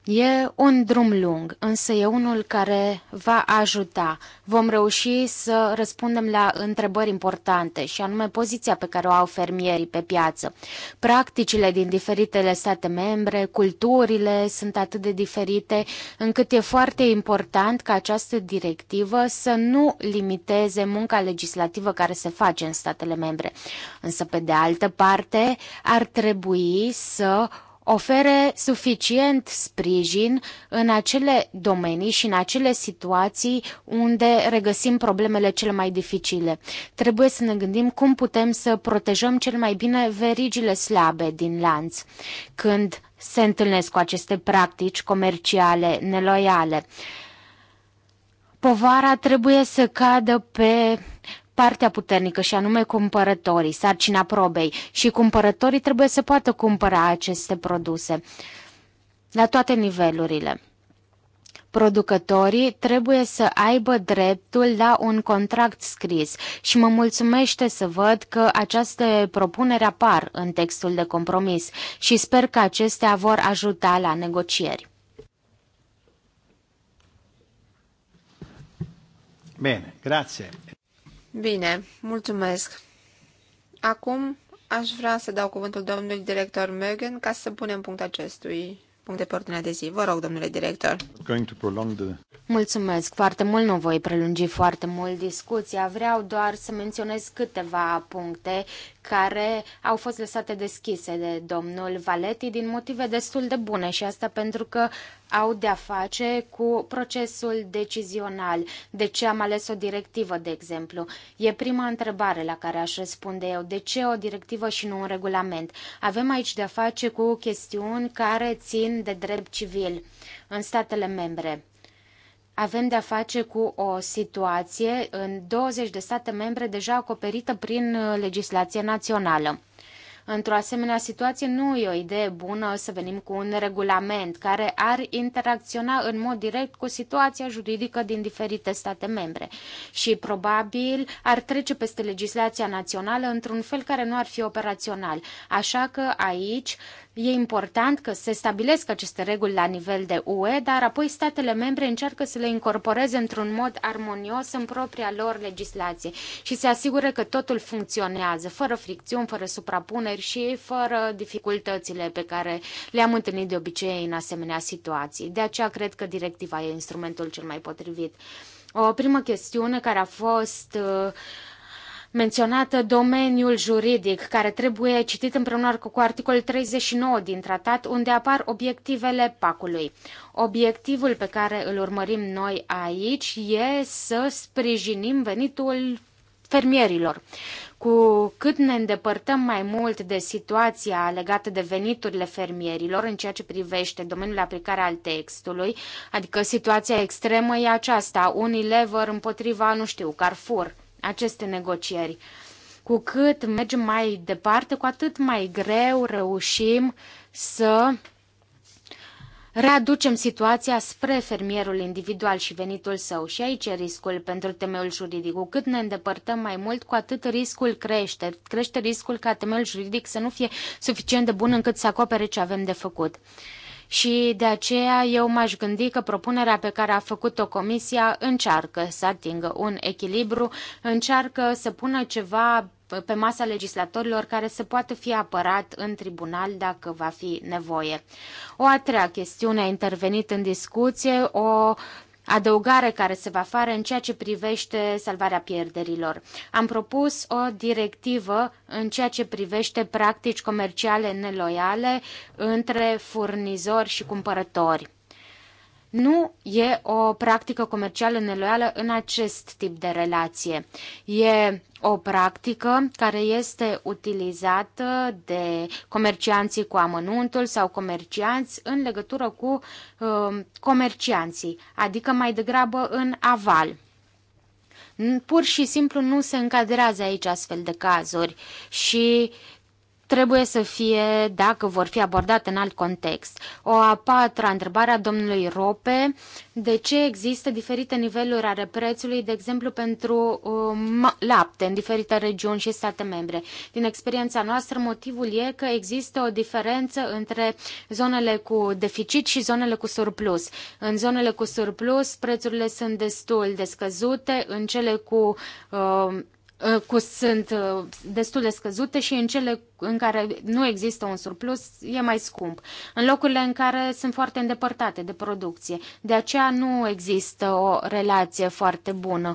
E un drum lung, însă e unul care va ajuta. Vom reuși să răspundem la întrebări importante, și anume poziția pe care o au fermierii pe piață. Practicile din diferitele state membre, culturile sunt atât de diferite, încât e foarte important ca această directivă să nu limiteze munca legislativă care se face în statele membre. Însă, pe de altă parte, ar trebui să ofere suficient sprijin în acele domenii și în acele situații unde regăsim problemele cele mai dificile. Trebuie să ne gândim cum putem să protejăm cel mai bine verigile slabe din lanț când se întâlnesc cu aceste practici comerciale neloiale povara trebuie să cadă pe partea puternică și anume cumpărătorii, sarcina probei și cumpărătorii trebuie să poată cumpăra aceste produse la toate nivelurile. Producătorii trebuie să aibă dreptul la un contract scris și mă mulțumește să văd că aceste propuneri apar în textul de compromis și sper că acestea vor ajuta la negocieri. Bine, grazie. Bine, mulțumesc. Acum aș vrea să dau cuvântul domnului director Mögen ca să punem punct acestui punct de pe de zi. Vă rog, domnule director. Mulțumesc foarte mult, nu voi prelungi foarte mult discuția. Vreau doar să menționez câteva puncte care au fost lăsate deschise de domnul Valeti din motive destul de bune și asta pentru că au de-a face cu procesul decizional. De ce am ales o directivă, de exemplu? E prima întrebare la care aș răspunde eu. De ce o directivă și nu un regulament? Avem aici de-a face cu chestiuni care țin de drept civil în statele membre avem de-a face cu o situație în 20 de state membre deja acoperită prin uh, legislație națională. Într-o asemenea situație nu e o idee bună să venim cu un regulament care ar interacționa în mod direct cu situația juridică din diferite state membre și probabil ar trece peste legislația națională într-un fel care nu ar fi operațional. Așa că aici E important că se stabilesc aceste reguli la nivel de UE, dar apoi statele membre încearcă să le incorporeze într-un mod armonios în propria lor legislație și se asigură că totul funcționează, fără fricțiuni, fără suprapuneri și fără dificultățile pe care le-am întâlnit de obicei în asemenea situații. De aceea cred că directiva e instrumentul cel mai potrivit. O primă chestiune care a fost uh, menționată domeniul juridic, care trebuie citit împreună cu articolul 39 din tratat, unde apar obiectivele pacului. Obiectivul pe care îl urmărim noi aici e să sprijinim venitul fermierilor. Cu cât ne îndepărtăm mai mult de situația legată de veniturile fermierilor în ceea ce privește domeniul aplicare al textului, adică situația extremă e aceasta, Unilever împotriva, nu știu, Carrefour, aceste negocieri. Cu cât mergem mai departe, cu atât mai greu reușim să readucem situația spre fermierul individual și venitul său și aici e riscul pentru temeul juridic. Cu cât ne îndepărtăm mai mult, cu atât riscul crește. Crește riscul ca temeul juridic să nu fie suficient de bun încât să acopere ce avem de făcut și de aceea eu m-aș gândi că propunerea pe care a făcut-o comisia încearcă să atingă un echilibru, încearcă să pună ceva pe masa legislatorilor care să poată fi apărat în tribunal dacă va fi nevoie. O a treia chestiune a intervenit în discuție, o adăugare care se va face în ceea ce privește salvarea pierderilor. Am propus o directivă în ceea ce privește practici comerciale neloiale între furnizori și cumpărători. Nu e o practică comercială neloială în acest tip de relație. E o practică care este utilizată de comercianții cu amănuntul sau comercianți în legătură cu uh, comercianții, adică mai degrabă în aval. Pur și simplu nu se încadrează aici astfel de cazuri și uh, trebuie să fie, dacă vor fi abordate în alt context. O a patra întrebare a domnului Rope, de ce există diferite niveluri ale prețului, de exemplu pentru um, lapte în diferite regiuni și state membre? Din experiența noastră, motivul e că există o diferență între zonele cu deficit și zonele cu surplus. În zonele cu surplus, prețurile sunt destul de scăzute, în cele cu um, Uh, cu, sunt uh, destul de scăzute și în cele în care nu există un surplus e mai scump. În locurile în care sunt foarte îndepărtate de producție. De aceea nu există o relație foarte bună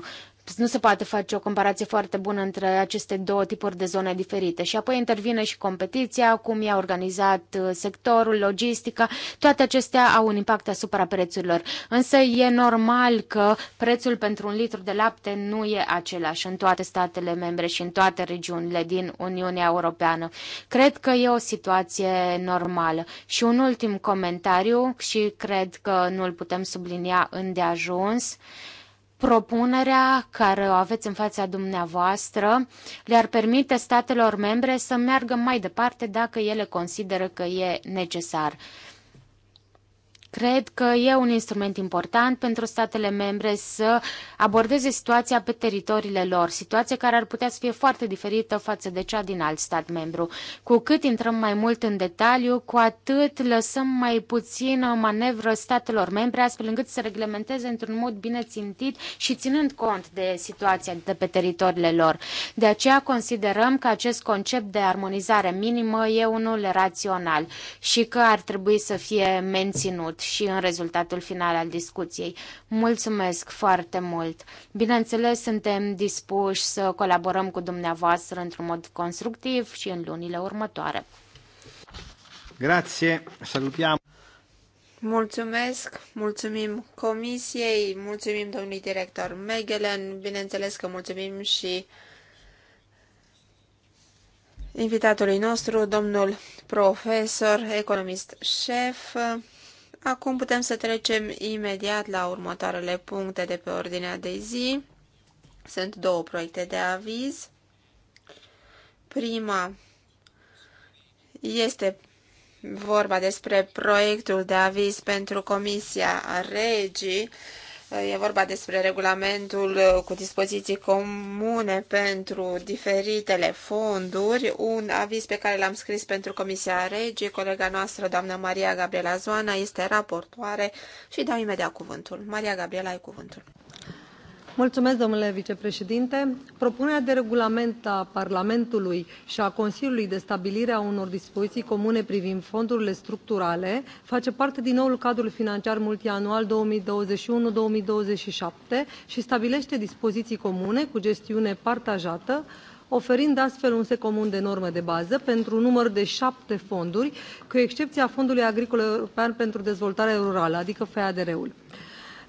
nu se poate face o comparație foarte bună între aceste două tipuri de zone diferite. Și apoi intervine și competiția, cum i-a organizat uh, sectorul, logistica, toate acestea au un impact asupra prețurilor. Însă e normal că prețul pentru un litru de lapte nu e același în toate statele membre și în toate regiunile din Uniunea Europeană. Cred că e o situație normală. Și un ultim comentariu și cred că nu îl putem sublinia îndeajuns propunerea care o aveți în fața dumneavoastră le-ar permite statelor membre să meargă mai departe dacă ele consideră că e necesar. Cred că e un instrument important pentru statele membre să abordeze situația pe teritoriile lor, situație care ar putea să fie foarte diferită față de cea din alt stat membru. Cu cât intrăm mai mult în detaliu, cu atât lăsăm mai puțină manevră statelor membre, astfel încât să reglementeze într-un mod bine țintit și ținând cont de situația de pe teritoriile lor. De aceea considerăm că acest concept de armonizare minimă e unul rațional și că ar trebui să fie menținut și în rezultatul final al discuției. Mulțumesc foarte mult! Bineînțeles, suntem dispuși să colaborăm cu dumneavoastră într-un mod constructiv și în lunile următoare. Grazie, salutiamo! Mulțumesc, mulțumim comisiei, mulțumim domnului director Megelen, bineînțeles că mulțumim și invitatului nostru, domnul profesor, economist șef. Acum putem să trecem imediat la următoarele puncte de pe ordinea de zi. Sunt două proiecte de aviz. Prima este vorba despre proiectul de aviz pentru Comisia Regii E vorba despre regulamentul cu dispoziții comune pentru diferitele fonduri, un aviz pe care l-am scris pentru Comisia Regii. Colega noastră, doamna Maria Gabriela Zoana, este raportoare și dau imediat cuvântul. Maria Gabriela, ai cuvântul. Mulțumesc, domnule vicepreședinte propunerea de regulament a parlamentului și a consiliului de stabilire a unor dispoziții comune privind fondurile structurale face parte din noul cadru financiar multianual două mii douăzeci și unu două mii douăzeci și șapte și stabilește dispoziții comune cu gestiune partajată oferind astfel un set comun de norme de bază pentru un număr de șapte fonduri cu excepția fondului agricol european pentru dezvoltare rurală adică feader ul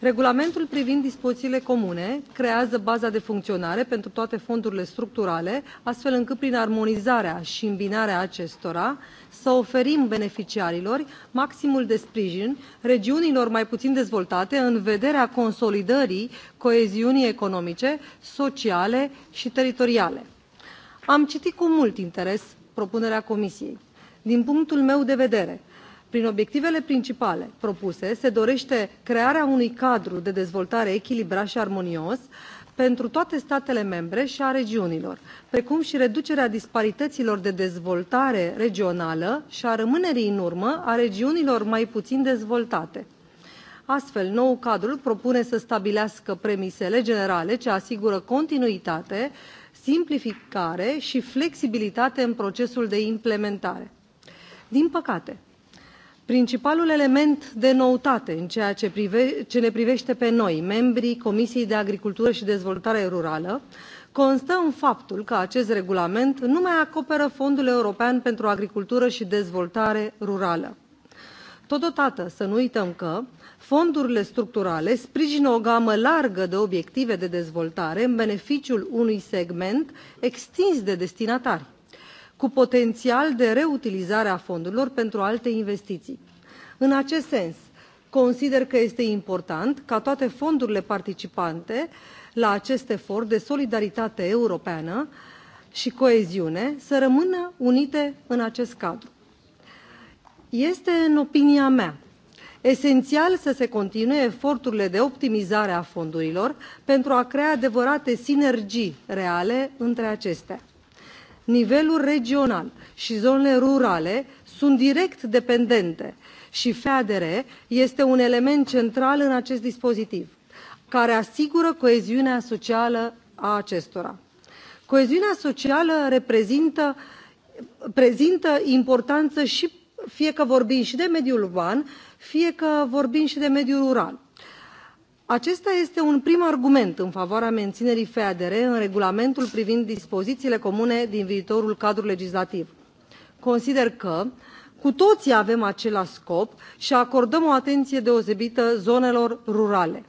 regulamentul privind dispozițiile comune creează baza de funcționare pentru toate fondurile structurale astfel încât prin armonizarea și îmbinarea acestora să oferim beneficiarilor maximul de sprijin regiunilor mai puțin dezvoltate în vederea consolidării coeziunii economice sociale și teritoriale. am citit cu mult interes propunerea comisiei. din punctul meu de vedere prin obiectivele principale propuse se dorește crearea unui cadru de dezvoltare echilibrat și armonios pentru toate statele membre și a regiunilor, precum și reducerea disparităților de dezvoltare regională și a rămânerii în urmă a regiunilor mai puțin dezvoltate. Astfel, noul cadru propune să stabilească premisele generale ce asigură continuitate, simplificare și flexibilitate în procesul de implementare. Din păcate, principalul element de noutate în ceea ce, prive, ce ne privește pe noi membrii comisiei pentru agricultură și dezvoltare rurală constă în faptul că acest regulament nu mai acoperă fondul european pentru agricultură și dezvoltare rurală. totodată să nu uităm că fondurile structurale sprijină o gamă largă de obiective de dezvoltare în beneficiul unui segment extins de destinatari cu potențial de reutilizare a fondurilor pentru alte investiții. În acest sens, consider că este important ca toate fondurile participante la acest efort de solidaritate europeană și coeziune să rămână unite în acest cadru. Este, în opinia mea, esențial să se continue eforturile de optimizare a fondurilor pentru a crea adevărate sinergii reale între acestea nivelul regional și zonele rurale sunt direct dependente și feader este un element central în acest dispozitiv care asigură coeziunea socială a acestora. coeziunea socială reprezintă prezintă importanță și fie că vorbim și de mediul urban fie că vorbim și de mediul rural acesta este un prim argument în favoarea menținerii feadr în regulamentul privind dispozițiile comune din viitorul cadru legislativ. consider că cu toții avem același scop și acordăm o atenție deosebită zonelor rurale.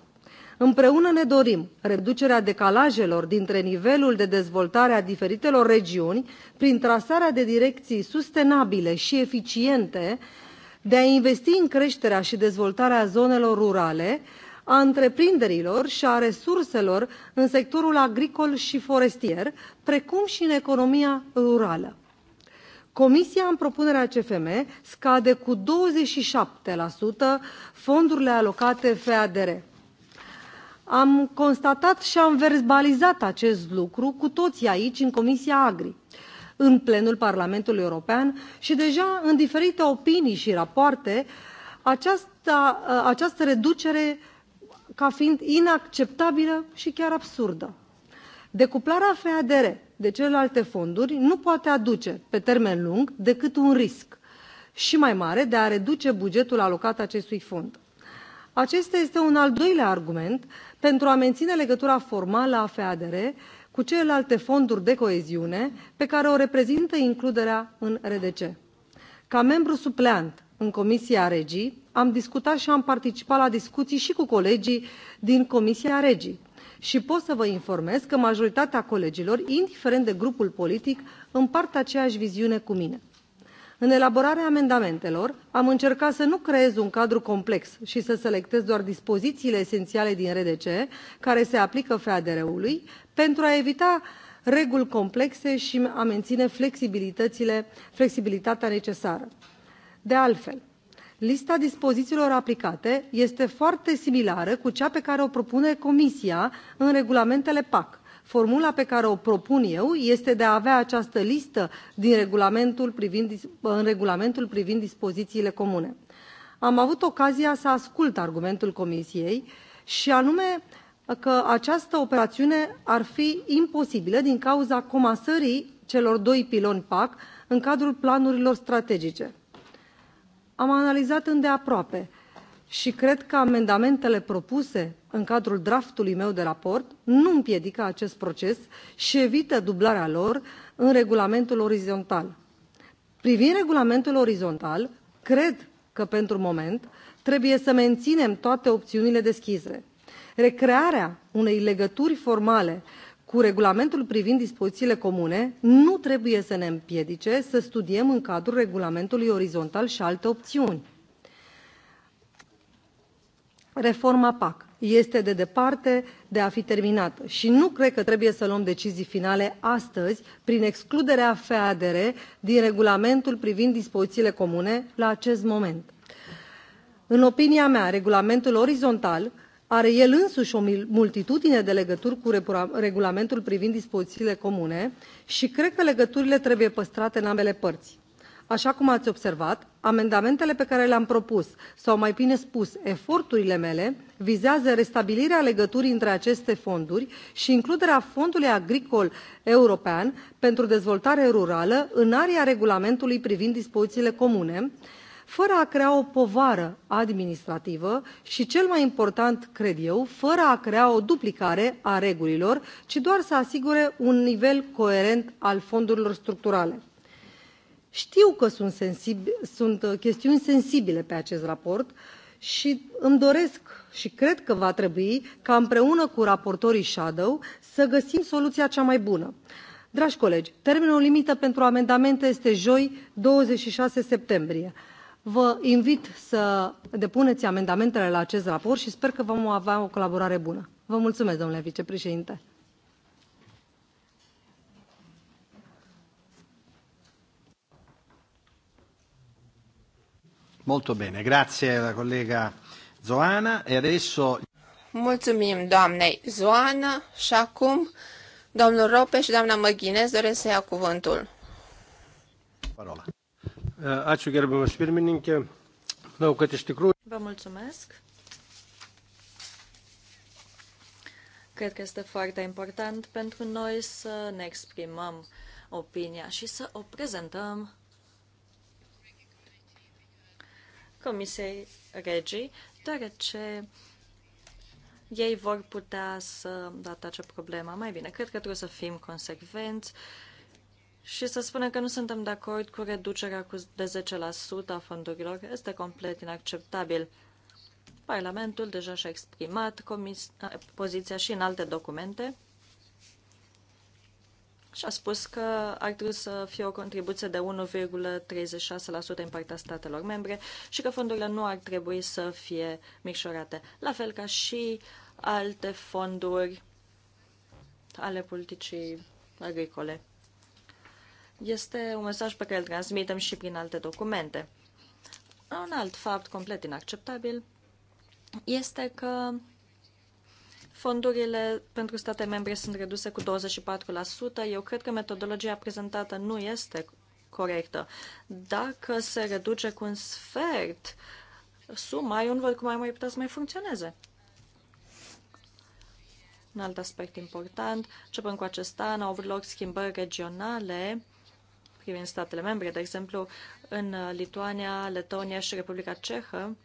împreună ne dorim reducerea decalajelor dintre nivelul de dezvoltare a diferitelor regiuni prin trasarea de direcții sustenabile și eficiente de a investi în creșterea și dezvoltarea zonelor rurale a întreprinderilor și a resurselor în sectorul agricol și forestier, precum și în economia rurală. Comisia, în propunerea CFM, scade cu 27% fondurile alocate FADR. Am constatat și am verbalizat acest lucru cu toții aici, în Comisia Agri, în plenul Parlamentului European și deja în diferite opinii și rapoarte, această, această reducere ca fiind inacceptabilă și chiar absurdă. Decuplarea FADR de celelalte fonduri nu poate aduce, pe termen lung, decât un risc și mai mare de a reduce bugetul alocat acestui fond. Acesta este un al doilea argument pentru a menține legătura formală a FADR cu celelalte fonduri de coeziune pe care o reprezintă includerea în RDC. Ca membru supleant în Comisia Regii, am discutat și am participat la discuții și cu colegii din Comisia Regi și pot să vă informez că majoritatea colegilor, indiferent de grupul politic, împart aceeași viziune cu mine. În elaborarea amendamentelor, am încercat să nu creez un cadru complex și să selectez doar dispozițiile esențiale din RDC care se aplică FADR-ului pentru a evita reguli complexe și a menține flexibilitățile, flexibilitatea necesară. De altfel, lista dispozițiilor aplicate este foarte similară cu cea pe care o propune comisia în regulamentele pac formula pe care o propun eu este de a avea această listă din regulamentul privind, în regulamentul privind dispozițiile comune. am avut ocazia să ascult argumentul comisiei și anume că această operațiune ar fi imposibilă din cauza comasării celor doi piloni pac în cadrul planurilor strategice am analizat îndeaproape și cred că amendamentele propuse în cadrul draftului meu de raport nu împiedică acest proces și evită dublarea lor în regulamentul orizontal. privind regulamentul orizontal cred că pentru moment trebuie să menținem toate opțiunile deschise. recrearea unei legături formale cu regulamentul privind dispozițiile comune nu trebuie să ne împiedice să studiem în cadrul regulamentului orizontal și alte opțiuni. Reforma PAC este de departe de a fi terminată și nu cred că trebuie să luăm decizii finale astăzi prin excluderea FADR din regulamentul privind dispozițiile comune la acest moment. În opinia mea, regulamentul orizontal are el însuși o multitudine de legături cu regulamentul privind dispozițiile comune și cred că legăturile trebuie păstrate în ambele părți. Așa cum ați observat, amendamentele pe care le-am propus, sau mai bine spus, eforturile mele, vizează restabilirea legăturii între aceste fonduri și includerea Fondului Agricol European pentru Dezvoltare Rurală în area regulamentului privind dispozițiile comune, fără a crea o povară administrativă și, cel mai important, cred eu, fără a crea o duplicare a regulilor, ci doar să asigure un nivel coerent al fondurilor structurale. Știu că sunt, sensib- sunt uh, chestiuni sensibile pe acest raport și îmi doresc și cred că va trebui ca împreună cu raportorii shadow să găsim soluția cea mai bună. Dragi colegi, termenul limită pentru amendamente este joi, 26 septembrie. Vă invit să depuneți amendamentele la acest raport și sper că vom avea o colaborare bună. Vă mulțumesc, domnule vicepreședinte. Molto bene, grazie collega Zoana e adesso... Mulțumim doamnei Zoana și acum domnul Rope și doamna Măghinez doresc să ia cuvântul. Parola. Ačiū gerbiamas pirmininkė. Manau, kad iš tikrųjų. Vă mulțumesc. Cred că este foarte important pentru noi să ne exprimăm opinia și să o prezentăm Comisiei Regii, deoarece ei vor putea să acea problema mai bine. Cred că trebuie să fim consecvenți și să spunem că nu suntem de acord cu reducerea cu de 10% a fondurilor este complet inacceptabil. Parlamentul deja și-a exprimat comis, poziția și în alte documente și a spus că ar trebui să fie o contribuție de 1,36% în partea statelor membre și că fondurile nu ar trebui să fie micșorate, la fel ca și alte fonduri ale politicii agricole. Este un mesaj pe care îl transmitem și prin alte documente. Un alt fapt complet inacceptabil este că fondurile pentru state membre sunt reduse cu 24%. Eu cred că metodologia prezentată nu este corectă. Dacă se reduce cu un sfert suma, eu nu văd cum ar mai putea să mai funcționeze. Un alt aspect important, începând cu acest an, au avut loc schimbări regionale privind statele membre. De exemplu, în Lituania, Letonia și Republica Cehă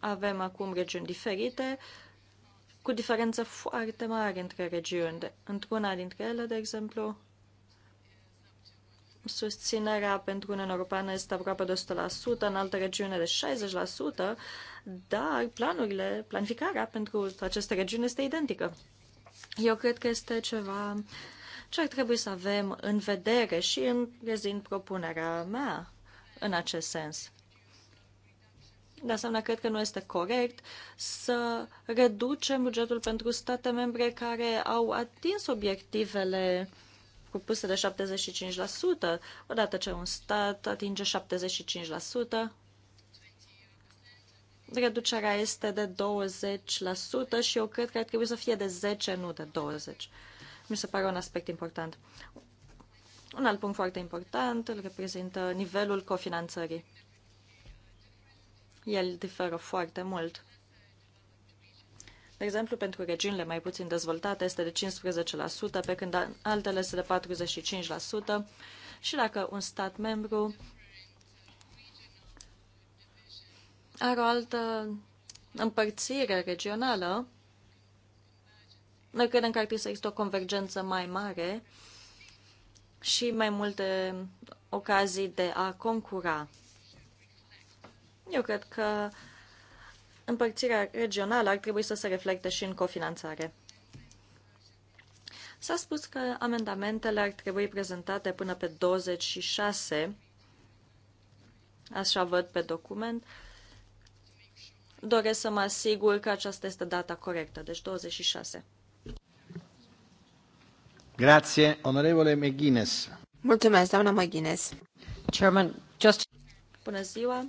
avem acum regiuni diferite, cu diferențe foarte mari între regiuni. Într-una dintre ele, de exemplu, susținerea pentru Uniunea Europeană este aproape de 100%, în alte regiune de 60%, dar planurile, planificarea pentru aceste regiuni este identică. Eu cred că este ceva ce ar trebui să avem în vedere și în prezint propunerea mea în acest sens. De asemenea, cred că nu este corect să reducem bugetul pentru state membre care au atins obiectivele propuse de 75%, odată ce un stat atinge 75%, reducerea este de 20% și eu cred că ar trebui să fie de 10, nu de 20%. Mi se pare un aspect important. Un alt punct foarte important îl reprezintă nivelul cofinanțării. El diferă foarte mult. De exemplu, pentru regiunile mai puțin dezvoltate este de 15%, pe când altele este de 45%. Și dacă un stat membru are o altă împărțire regională, noi credem că ar trebui să există o convergență mai mare și mai multe ocazii de a concura. Eu cred că împărțirea regională ar trebui să se reflecte și în cofinanțare. S-a spus că amendamentele ar trebui prezentate până pe 26, așa văd pe document. Doresc să mă asigur că aceasta este data corectă, deci 26. Grazie, onorevole McGuinness. Mulțumesc, doamna McGuinness. Chairman, just... Bună ziua.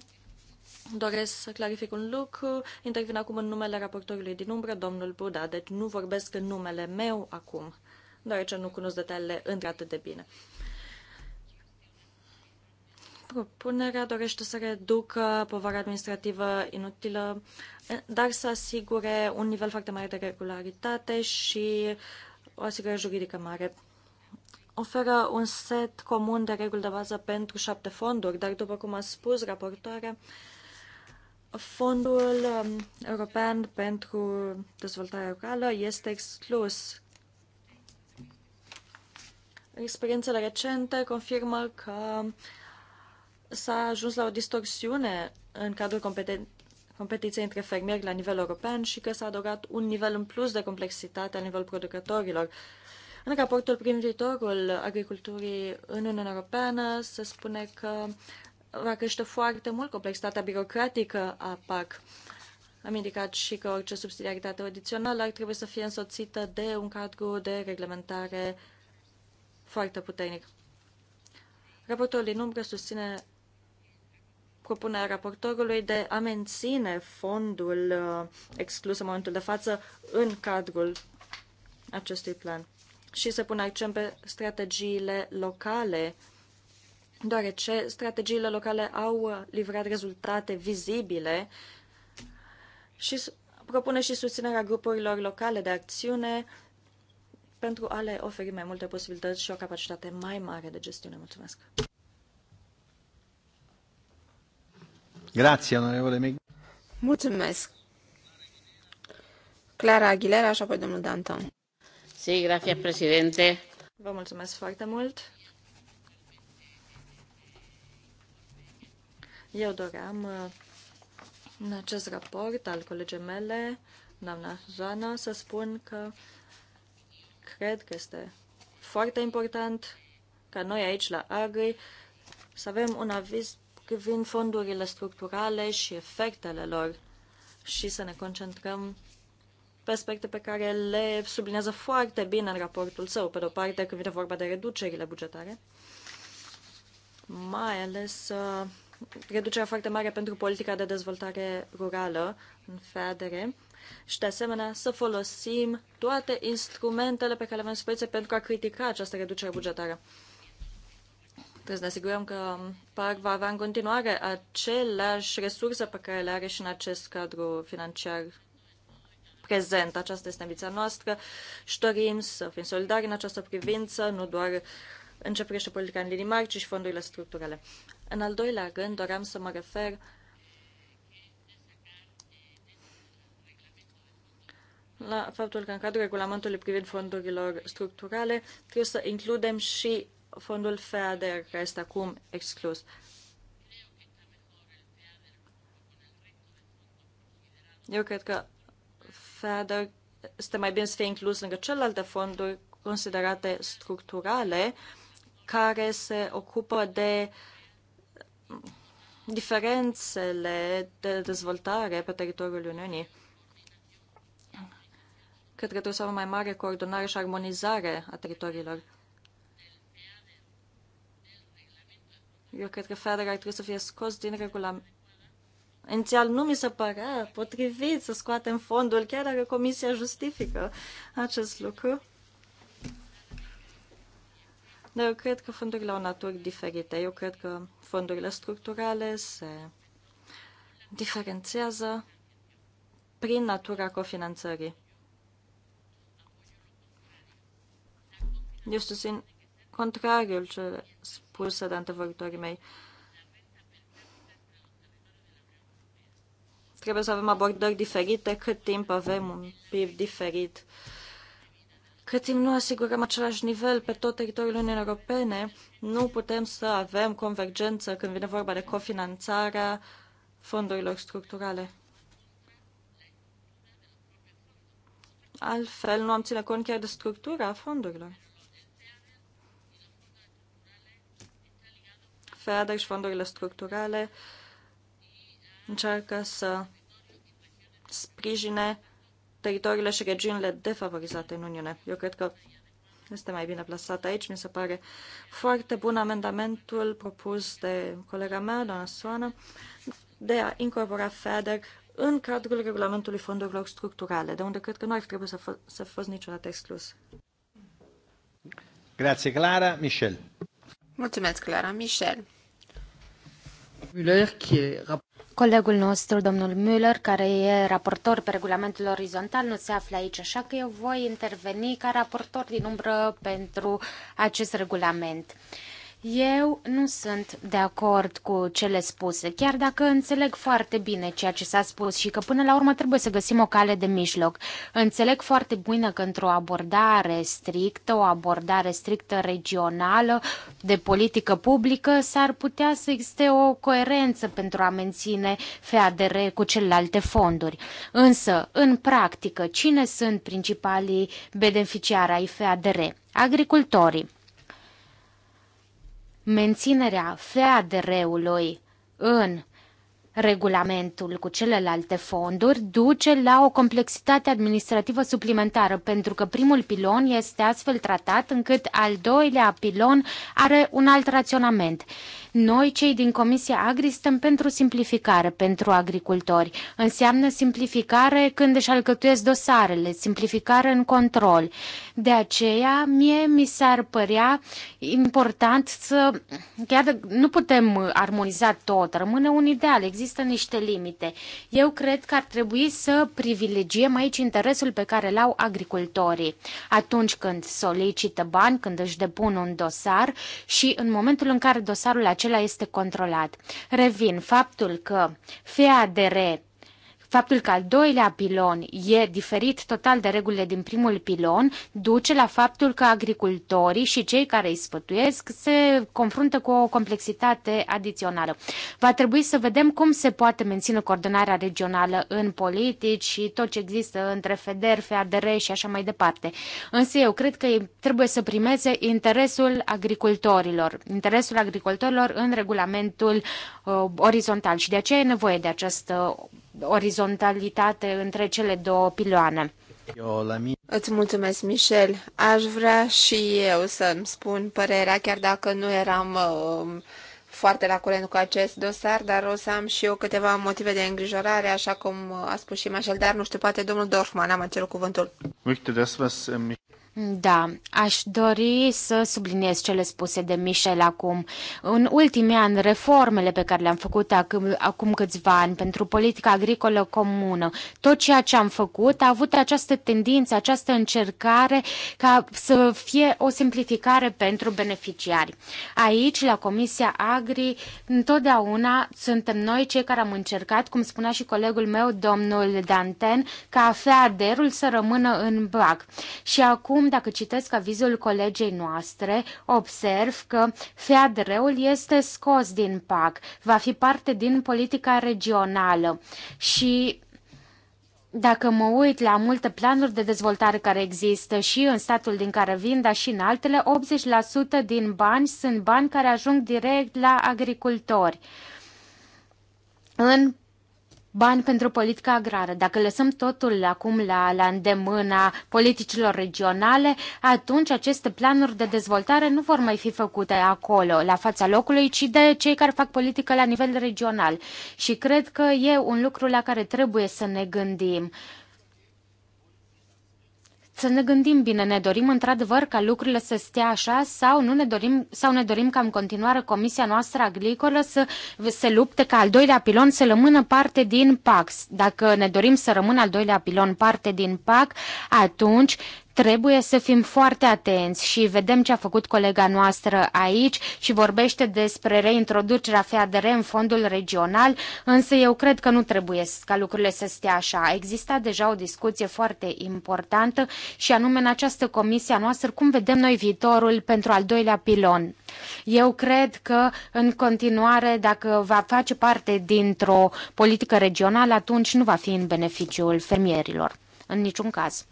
Doresc să clarific un lucru. Intervin acum în numele raportorului din umbră, domnul Buda, deci nu vorbesc în numele meu acum, deoarece nu cunosc detaliile între atât de bine. Propunerea dorește să reducă povara administrativă inutilă, dar să asigure un nivel foarte mare de regularitate și o asigură juridică mare. Oferă un set comun de reguli de bază pentru șapte fonduri, dar după cum a spus raportoarea, Fondul um, European pentru Dezvoltare locală este exclus. Experiențele recente confirmă că s-a ajuns la o distorsiune în cadrul competen- competiției între fermieri la nivel european și că s-a adăugat un nivel în plus de complexitate la nivelul producătorilor. În raportul prin viitorul agriculturii în Uniunea Europeană se spune că va crește foarte mult complexitatea birocratică a PAC. Am indicat și că orice subsidiaritate adițională ar trebui să fie însoțită de un cadru de reglementare foarte puternic. Raportul din umbră susține propunerea raportorului de a menține fondul uh, exclus în momentul de față în cadrul acestui plan și să pună accent pe strategiile locale, deoarece strategiile locale au uh, livrat rezultate vizibile și propune și susținerea grupurilor locale de acțiune pentru a le oferi mai multe posibilități și o capacitate mai mare de gestiune. Mulțumesc! Grazie, onorevole Mulțumesc. Clara Aguilera și apoi domnul Danton. Sí, gracias, presidente. Vă mulțumesc foarte mult. Eu doream uh, în acest raport al colegii mele, doamna Joana, să spun că cred că este foarte important ca noi aici la Agri să avem un aviz privind fondurile structurale și efectele lor și să ne concentrăm pe aspecte pe care le sublinează foarte bine în raportul său, pe de-o parte când vine vorba de reducerile bugetare, mai ales uh, reducerea foarte mare pentru politica de dezvoltare rurală în Federe și, de asemenea, să folosim toate instrumentele pe care le avem în pentru a critica această reducere bugetară. Trebuie să ne asigurăm că PAC va avea în continuare aceleași resurse pe care le are și în acest cadru financiar prezent. Aceasta este ambiția noastră și dorim să fim solidari în această privință, nu doar în ce privește politica în linii mari, ci și fondurile structurale. În al doilea rând, doream să mă refer la faptul că în cadrul regulamentului privind fondurilor structurale trebuie să includem și fondul FEADER, care este acum exclus. Eu cred că FEADER este mai bine să fie inclus lângă celelalte fonduri considerate structurale, care se ocupă de diferențele de dezvoltare pe teritoriul Uniunii. Cred că trebuie să avem mai mare coordonare și armonizare a teritoriilor. Eu cred că Federer ar trebui să fie scos din regulament. Inițial nu mi se părea potrivit să scoatem fondul, chiar dacă Comisia justifică acest lucru. Dar eu cred că fondurile au naturi diferite. Eu cred că fondurile structurale se diferențiază prin natura cofinanțării. Eu susțin contrariul ce spuse de antevorbitorii mei. Trebuie să avem abordări diferite cât timp avem un PIB diferit. Cât timp nu asigurăm același nivel pe tot teritoriul Uniunii Europene, nu putem să avem convergență când vine vorba de cofinanțarea fondurilor structurale. Altfel, nu am ține cont chiar de structura fondurilor. FEADER și fondurile structurale încearcă să sprijine teritoriile și regiunile defavorizate în Uniune. Eu cred că este mai bine plasat aici. Mi se pare foarte bun amendamentul propus de colega mea, doamna Soană, de a incorpora FEDER în cadrul regulamentului fondurilor structurale, de unde cred că nu ar trebui să, f- să fost niciodată exclus. Grazie, Clara. Michel. Mulțumesc, Clara. Michel. Müller, Colegul nostru, domnul Müller, care e raportor pe regulamentul orizontal, nu se află aici, așa că eu voi interveni ca raportor din umbră pentru acest regulament. Uh, eu nu sunt de acord cu cele spuse, chiar dacă înțeleg foarte bine ceea ce s-a spus și că până la urmă trebuie să găsim o cale de mijloc. Înțeleg foarte bine că într-o abordare strictă, o abordare strictă regională de politică publică, s-ar putea să existe o coerență pentru a menține FADR cu celelalte fonduri. Însă, în practică, cine sunt principalii beneficiari ai FADR? Agricultorii menținerea FEADR-ului în regulamentul cu celelalte fonduri duce la o complexitate administrativă suplimentară, pentru că primul pilon este astfel tratat încât al doilea pilon are un alt raționament. Noi, cei din Comisia Agri, stăm pentru simplificare pentru agricultori. Înseamnă simplificare când își alcătuiesc dosarele, simplificare în control. De aceea, mie mi s-ar părea important să... Chiar nu putem armoniza tot, rămâne un ideal, există niște limite. Eu cred că ar trebui să privilegiem aici interesul pe care l-au agricultorii atunci când solicită bani, când își depun un dosar și în momentul în care dosarul acesta acela este controlat. Revin, faptul că FADR Faptul că al doilea pilon e diferit total de regulile din primul pilon duce la faptul că agricultorii și cei care îi sfătuiesc se confruntă cu o complexitate adițională. Va trebui să vedem cum se poate menține coordonarea regională în politici și tot ce există între FEDER, FADR și așa mai departe. Însă eu cred că trebuie să primeze interesul agricultorilor, interesul agricultorilor în regulamentul uh, orizontal și de aceea e nevoie de această orizontalitate între cele două piloane. Îți mulțumesc, Michel. Aș vrea și eu să-mi spun părerea, chiar dacă nu eram um, foarte la curent cu acest dosar, dar o să am și eu câteva motive de îngrijorare, așa cum a spus și Michel, dar nu știu, poate domnul Dorfman, am acel cuvântul. Da, aș dori să subliniez cele spuse de Michel acum. În ultimii ani, reformele pe care le-am făcut acum, acum câțiva ani pentru politica agricolă comună, tot ceea ce am făcut a avut această tendință, această încercare ca să fie o simplificare pentru beneficiari. Aici, la Comisia Agri, întotdeauna suntem noi cei care am încercat, cum spunea și colegul meu, domnul Danten, ca FEADER-ul să rămână în BAC. Și acum Acum, dacă citesc avizul colegei noastre, observ că FEADR-ul este scos din PAC, va fi parte din politica regională și dacă mă uit la multe planuri de dezvoltare care există și în statul din care vin, dar și în altele, 80% din bani sunt bani care ajung direct la agricultori. În bani pentru politica agrară. Dacă lăsăm totul acum la, la îndemâna politicilor regionale, atunci aceste planuri de dezvoltare nu vor mai fi făcute acolo, la fața locului, ci de cei care fac politică la nivel regional. Și cred că e un lucru la care trebuie să ne gândim să ne gândim bine, ne dorim într-adevăr ca lucrurile să stea așa sau, nu ne dorim, sau ne dorim ca în continuare Comisia noastră agricolă să se lupte ca al doilea pilon să rămână parte din PAC. Dacă ne dorim să rămână al doilea pilon parte din PAC, atunci Trebuie să fim foarte atenți și vedem ce a făcut colega noastră aici și vorbește despre reintroducerea FADR în fondul regional, însă eu cred că nu trebuie ca lucrurile să stea așa. existat deja o discuție foarte importantă și anume în această comisie a noastră cum vedem noi viitorul pentru al doilea pilon. Eu cred că în continuare, dacă va face parte dintr-o politică regională, atunci nu va fi în beneficiul fermierilor, în niciun caz.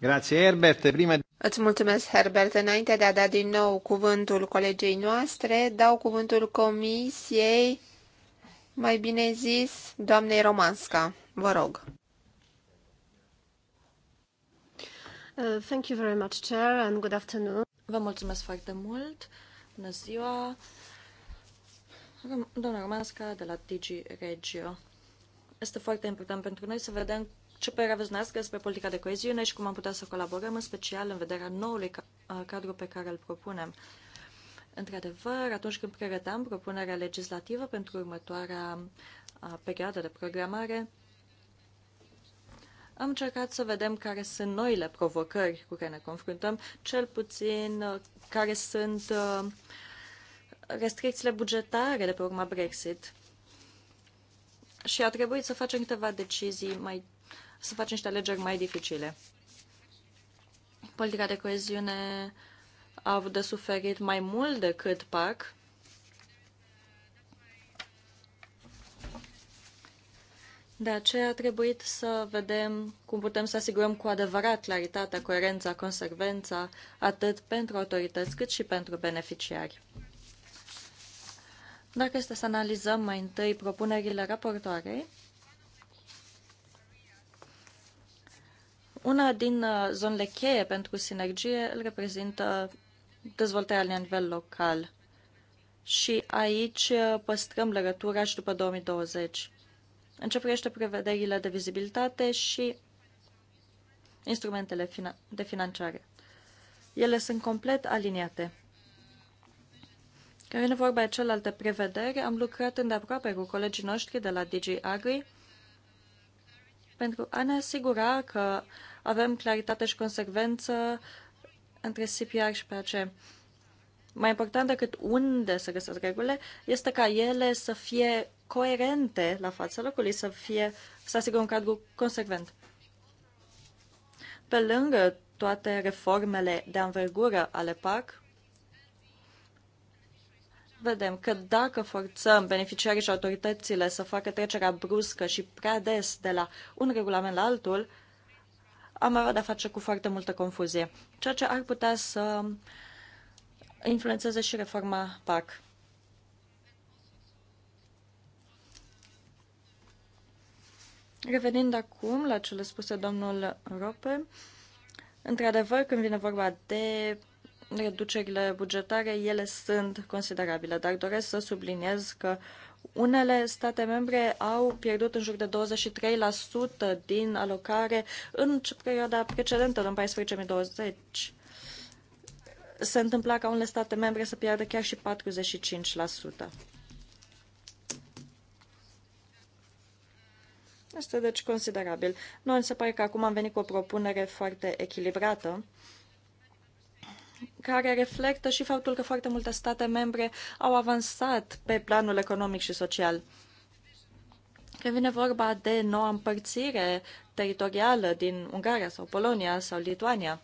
Herbert. Îți mulțumesc, Herbert. Înainte de a da din nou cuvântul colegei noastre, dau cuvântul comisiei, mai bine zis, doamnei Romanska. Vă rog. Uh, thank you very much, Chair, and good afternoon. Vă mulțumesc foarte mult. Bună ziua. Doamna Romanska de la Digi Regio. Este foarte important pentru noi să vedem ce părere aveți noastră despre politica de coeziune și cum am putea să colaborăm, în special în vederea noului uh, cadru pe care îl propunem. Într-adevăr, atunci când pregăteam propunerea legislativă pentru următoarea uh, perioadă de programare, am încercat să vedem care sunt noile provocări cu care ne confruntăm, cel puțin uh, care sunt restricțiile bugetare de pe urma Brexit. Și a trebuit să facem câteva decizii mai să faci niște alegeri mai dificile. Politica de coeziune a avut de suferit mai mult decât PAC. De aceea a trebuit să vedem cum putem să asigurăm cu adevărat claritatea, coerența, consecvența, atât pentru autorități cât și pentru beneficiari. Dacă este să analizăm mai întâi propunerile raportoarei, Una din uh, zonele cheie pentru sinergie îl reprezintă dezvoltarea la nivel local. Și aici uh, păstrăm legătura și după 2020. În ce privește prevederile de vizibilitate și instrumentele de finanțare. Ele sunt complet aliniate. Când vine vorba de celelalte prevederi, am lucrat îndeaproape cu colegii noștri de la DG Agri pentru a ne asigura că avem claritate și consecvență între CPR și PAC. Mai important decât unde se găsesc regulile, este ca ele să fie coerente la fața locului, să, fie, să asigure un cadru consecvent. Pe lângă toate reformele de anvergură ale PAC, vedem că dacă forțăm beneficiarii și autoritățile să facă trecerea bruscă și prea des de la un regulament la altul, am avea de-a face cu foarte multă confuzie, ceea ce ar putea să influențeze și reforma PAC. Revenind acum la cele spuse domnul Rope, într-adevăr, când vine vorba de reducerile bugetare, ele sunt considerabile, dar doresc să subliniez că unele state membre au pierdut în jur de 23% din alocare în perioada precedentă, în 14.020. Se întâmpla ca unele state membre să piardă chiar și 45%. Este deci considerabil. Noi se pare că acum am venit cu o propunere foarte echilibrată care reflectă și faptul că foarte multe state membre au avansat pe planul economic și social. Când vine vorba de noua împărțire teritorială din Ungaria sau Polonia sau Lituania,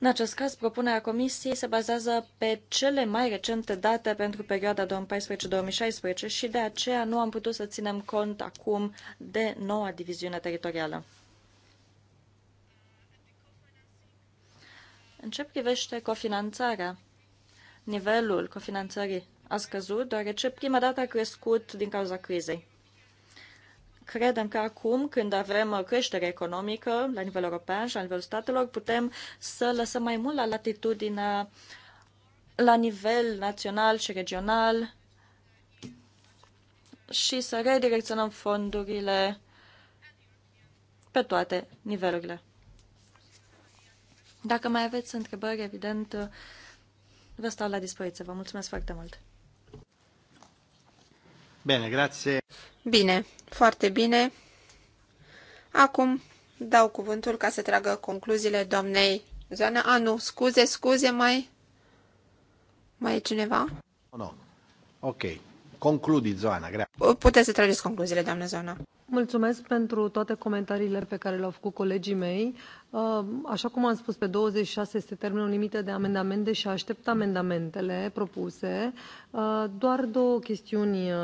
în acest caz, propunerea Comisiei se bazează pe cele mai recente date pentru perioada 2014-2016 și de aceea nu am putut să ținem cont acum de noua diviziune teritorială. În ce privește cofinanțarea, nivelul cofinanțării a scăzut, deoarece prima dată a crescut din cauza crizei. Credem că acum, când avem creștere economică la nivel european și la nivelul statelor, putem să lăsăm mai mult la latitudinea la nivel național și regional și să redirecționăm fondurile pe toate nivelurile. Dacă mai aveți întrebări, evident, vă stau la dispoziție. Vă mulțumesc foarte mult! Bine, grație! Bine, foarte bine! Acum dau cuvântul ca să tragă concluziile doamnei Zana. A, nu, scuze, scuze, mai... Mai e cineva? Nu. No. Ok. Concludi, Zoana, grea. Puteți să trageți concluziile, doamnă Zona mulțumesc pentru toate comentariile pe care le au făcut colegii mei. Uh, așa cum am spus pe douăzeci și șase este termenul limită de amendamente și aștept amendamentele propuse. Uh, doar două chestiuni uh,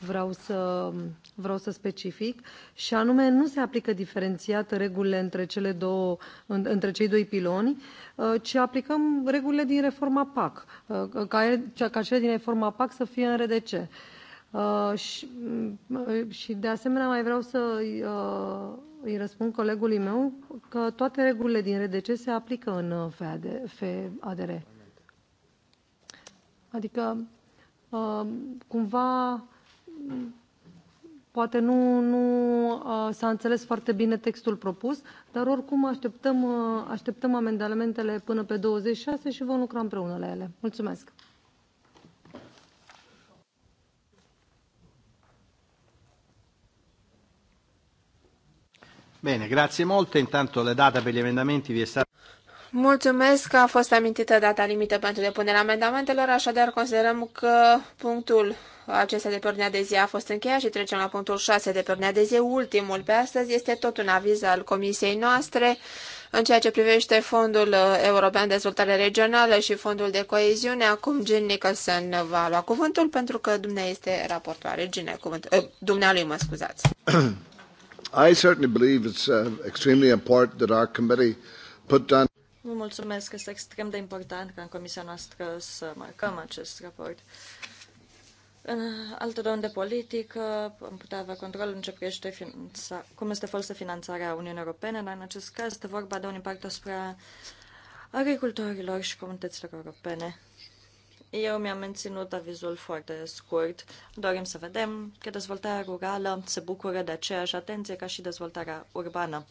vreau să, vreau să specific și anume nu se aplică diferențiat regulile între, cele două, între cei doi piloni, ci aplicăm regulile din reforma PAC, ca, cele din reforma PAC să fie în RDC Uh, și, mm, și de asemenea mai vreau să uh, îi răspund colegului meu că toate regulile din RDC se aplică în uh, FADR. Adică cumva poate nu, nu s-a înțeles foarte bine textul propus, dar oricum așteptăm, așteptăm amendamentele până pe 26 și vom lucra împreună la ele. Mulțumesc! Bine, grazie molte. Intanto la data per gli emendamenti vi è stata... Mulțumesc că a fost amintită data limită pentru depunerea amendamentelor, așadar considerăm că punctul acesta de pornea de zi a fost încheiat și trecem la punctul 6 de pornea de zi. Ultimul pe astăzi este tot un aviz al comisiei noastre în ceea ce privește Fondul European de Dezvoltare Regională și Fondul de Coeziune. Acum Jean Nicholson va lua cuvântul pentru că dumnea este raportoare. Gine, eh, cuvânt, dumnealui, mă scuzați. I certainly believe it's uh, extremely important that our committee put down Vă mulțumesc, este extrem de important ca în comisia noastră să marcăm acest raport. În alte domeni de politică am putea avea control în ce privește cum este folosită finanțarea Uniunii Europene, dar în acest caz este vorba de un impact asupra agricultorilor și comunităților europene. Eu mi-am menținut avizul foarte scurt. Dorim să vedem că dezvoltarea rurală se bucură de aceeași atenție ca și dezvoltarea urbană.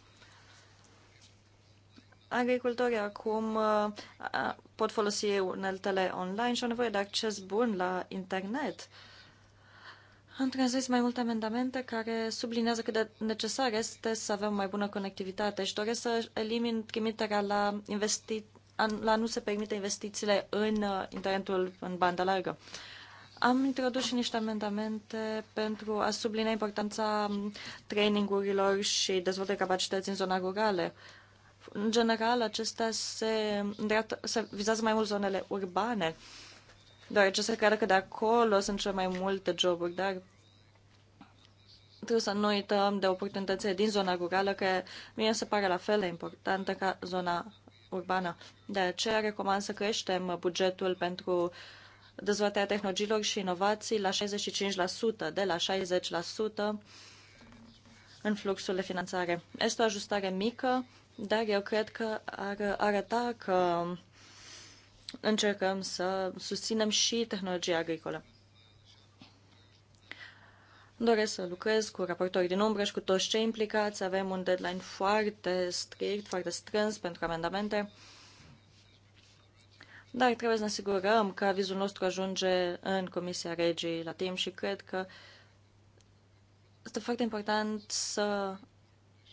Agricultorii acum uh, uh, pot folosi uneltele online și au nevoie de acces bun la internet. Am transmis mai multe amendamente care sublinează cât de necesar este să avem mai bună conectivitate și doresc să elimin trimiterea la investiții la nu se permite investițiile în uh, internetul în bandă largă. Am introdus și niște amendamente pentru a sublinia importanța trainingurilor și dezvoltării capacității în zona rurale. În general, acestea se, îndreaptă, se vizează mai mult zonele urbane, deoarece se crede că de acolo sunt cele mai multe joburi, dar trebuie să nu uităm de oportunitățile din zona rurală, care mie se pare la fel de importantă ca zona urbană. De aceea recomand să creștem bugetul pentru dezvoltarea tehnologiilor și inovații la 65%, de la 60% în fluxul de finanțare. Este o ajustare mică, dar eu cred că ar arăta că încercăm să susținem și tehnologia agricolă. Doresc să lucrez cu raportorii din umbră și cu toți cei implicați. Avem un deadline foarte strict, foarte strâns pentru amendamente. Dar trebuie să ne asigurăm că avizul nostru ajunge în Comisia Regii la timp și cred că este foarte important să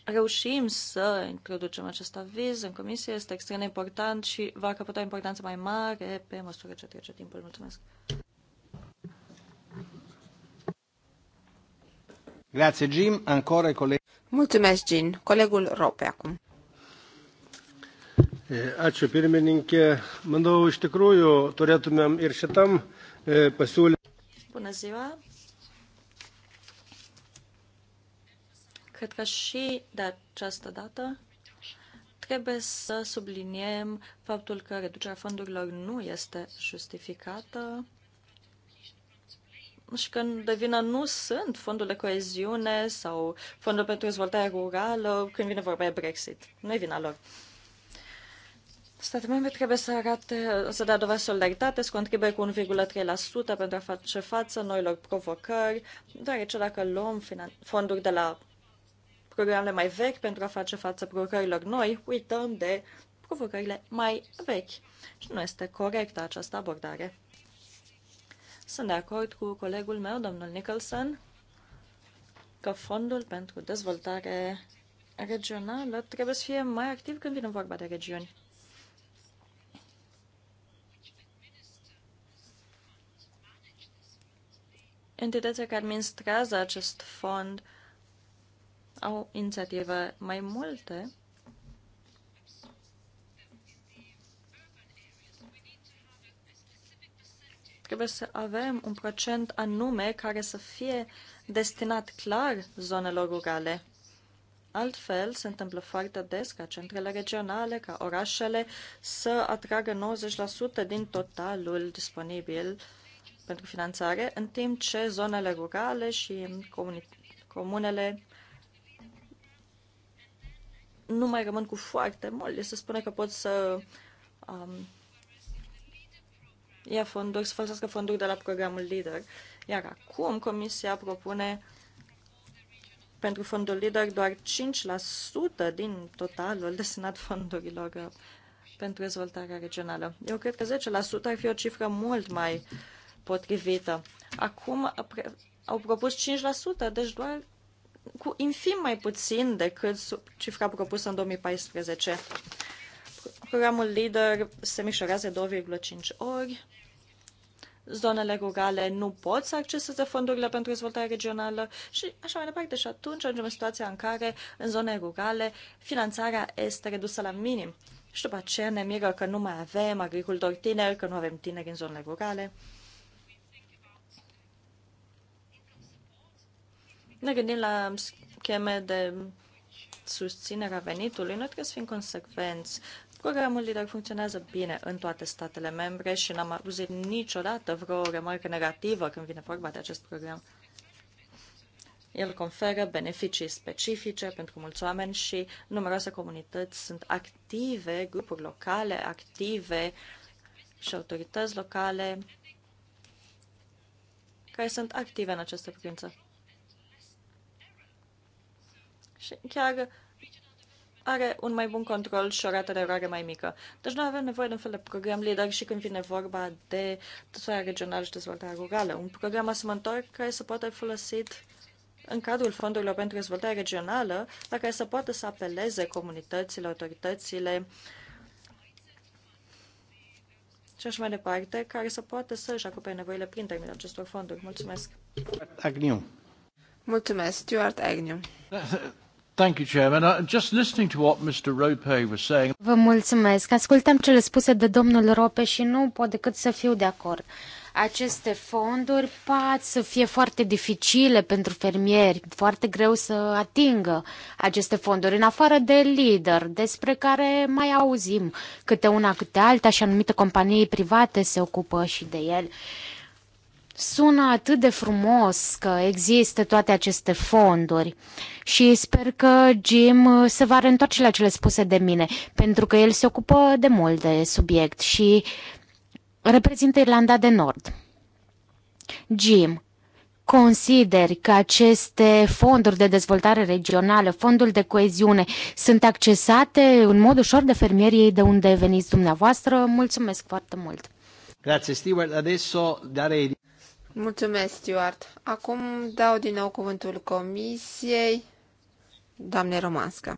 reușim să introducem acest aviz în comisie, este extrem de important și va căpăta o importanță mai mare pe măsură ce trece timpul. Mulțumesc! Grazie, Jim. Ancora coleg... Mulțumesc, Jim. Colegul Rope acum. Ačiū pirmininkė. Manau, iš tikrųjų, turėtumėm ir šitam pasiūlymui. Bună ziua! Cred că și de această dată trebuie să subliniem faptul că reducerea fondurilor nu este justificată și când de vină nu sunt fondul de coeziune sau fondul pentru dezvoltare rurală când vine vorba de Brexit. Nu e vina lor. Statele membre trebuie să arate, să dea dovadă solidaritate, să contribuie cu 1,3% pentru a face față noilor provocări, deoarece dacă luăm fonduri de la programele mai vechi pentru a face față provocărilor noi, uităm de provocările mai vechi. Și nu este corectă această abordare. Sunt de acord cu colegul meu, domnul Nicholson, că Fondul pentru Dezvoltare Regională trebuie să fie mai activ când vine vorba de regiuni. Entitățile care administrează acest fond au inițiative mai multe Trebuie să avem un procent anume care să fie destinat clar zonelor rurale. Altfel, se întâmplă foarte des ca centrele regionale, ca orașele, să atragă 90% din totalul disponibil pentru finanțare, în timp ce zonele rurale și comunele nu mai rămân cu foarte mult. Se spune că pot să um, ia fonduri, să folosească fonduri de la programul LIDER. Iar acum Comisia propune pentru fondul LIDER doar 5% din totalul destinat fondurilor uh, pentru dezvoltarea regională. Eu cred că 10% ar fi o cifră mult mai potrivită. Acum au propus 5%, deci doar cu infim mai puțin decât cifra propusă în 2014. Programul LEADER se mișorează 2,5 ori. Zonele rurale nu pot să acceseze fondurile pentru dezvoltare regională și așa mai departe. Și atunci ajungem în situația în care, în zone rurale, finanțarea este redusă la minim. Și după aceea ne miră că nu mai avem agricultori tineri, că nu avem tineri în zonele rurale. Ne gândim la scheme de susținerea venitului, noi trebuie să fim consecvenți Programul LIDER funcționează bine în toate statele membre și n-am auzit niciodată vreo remarcă negativă când vine vorba de acest program. El conferă beneficii specifice pentru mulți oameni și numeroase comunități sunt active, grupuri locale active și autorități locale care sunt active în această privință. Și chiar are un mai bun control și o rată de eroare mai mică. Deci noi avem nevoie de un fel de program leader și când vine vorba de dezvoltarea regională și dezvoltarea rurală. Un program asemănător care să poată fi folosit în cadrul fondurilor pentru dezvoltare regională, la care să poată să apeleze comunitățile, autoritățile și așa mai departe, care să poată să își acopere nevoile prin termenul acestor fonduri. Mulțumesc! Agniu. Mulțumesc, Stuart Agnew. Thank you, Chairman. Uh, just listening to what Mr. Rope was saying. Vă mulțumesc. Ascultam cele spuse de domnul Rope și nu pot decât să fiu de acord. Aceste fonduri pot să fie foarte dificile pentru fermieri, foarte greu să atingă aceste fonduri, în afară de lider, despre care mai auzim câte una, câte alta și anumite companii private se ocupă și de el. Uh, Sună atât de frumos că există toate aceste fonduri și sper că Jim uh, se va reîntoarce la cele spuse de mine, pentru că el se ocupă de mult de subiect și reprezintă Irlanda de Nord. Jim, consideri că aceste fonduri de dezvoltare regională, fondul de coeziune, sunt accesate în mod ușor de fermierii de unde veniți dumneavoastră? Mulțumesc foarte mult! Grazie Stewart, adesso darei... Mulțumesc, Stuart. Acum dau din nou cuvântul comisiei, doamne Romanscă.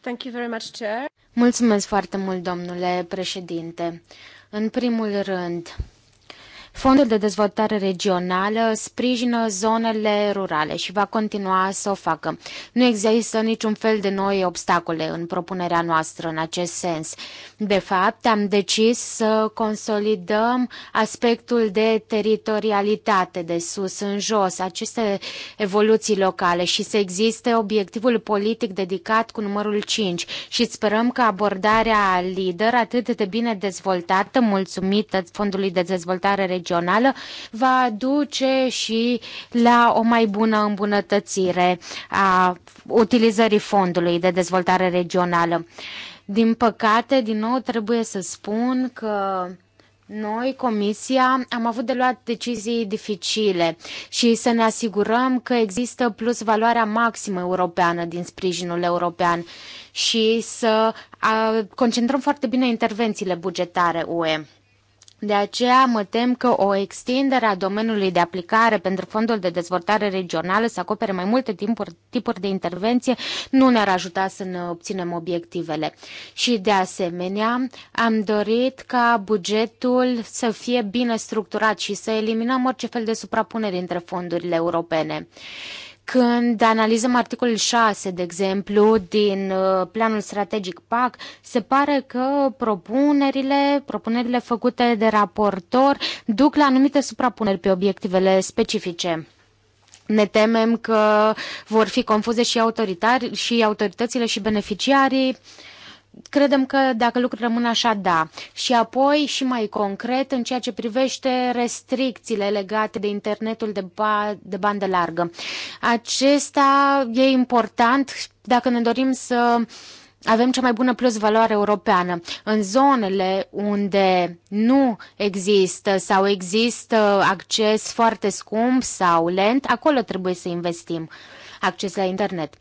Thank you very much, Chair. Mulțumesc foarte mult, domnule președinte. În primul rând, Fondul de dezvoltare regională sprijină zonele rurale și va continua să o facă. Nu există niciun fel de noi obstacole în propunerea noastră în acest sens. De fapt, am decis să consolidăm aspectul de teritorialitate de sus în jos, aceste evoluții locale și să existe obiectivul politic dedicat cu numărul 5 și sperăm că abordarea lider atât de bine dezvoltată, mulțumită Fondului de Dezvoltare Regională, regională va duce și la o mai bună îmbunătățire a utilizării fondului de dezvoltare regională. Din păcate, din nou trebuie să spun că noi, Comisia, am avut de luat decizii dificile și să ne asigurăm că există plus valoarea maximă europeană din sprijinul european și să concentrăm foarte bine intervențiile bugetare UE. De aceea mă tem că o extindere a domeniului de aplicare pentru Fondul de Dezvoltare Regională să acopere mai multe timpuri, tipuri de intervenție nu ne-ar ajuta să ne obținem obiectivele. Și de asemenea am dorit ca bugetul să fie bine structurat și să eliminăm orice fel de suprapunere între fondurile europene. Când analizăm articolul 6, de exemplu, din uh, planul strategic PAC, se pare că propunerile, propunerile făcute de raportor duc la anumite suprapuneri pe obiectivele specifice. Ne temem că vor fi confuze și, autoritari, și autoritățile și beneficiarii. Uh, Credem că dacă lucrurile rămân așa, da. Și apoi, și mai concret, în ceea ce privește restricțiile legate de internetul de, ba- de bandă largă. Acesta e important dacă ne dorim să avem cea mai bună plus valoare europeană. În zonele unde nu există sau există acces foarte scump sau lent, acolo trebuie să investim acces la internet.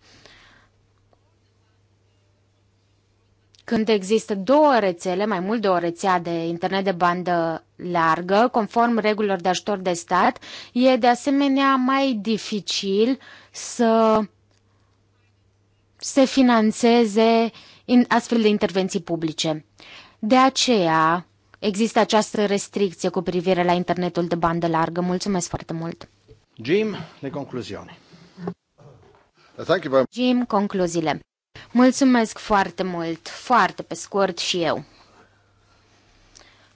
când există două rețele, mai mult de o rețea de internet de bandă largă, conform regulilor de ajutor de stat, e de asemenea mai dificil să se financeze astfel de intervenții publice. De aceea există această restricție cu privire la internetul de bandă largă. Mulțumesc foarte mult! Jim, le concluzioni. Jim, concluziile. Mulțumesc foarte mult, foarte pe scurt și eu.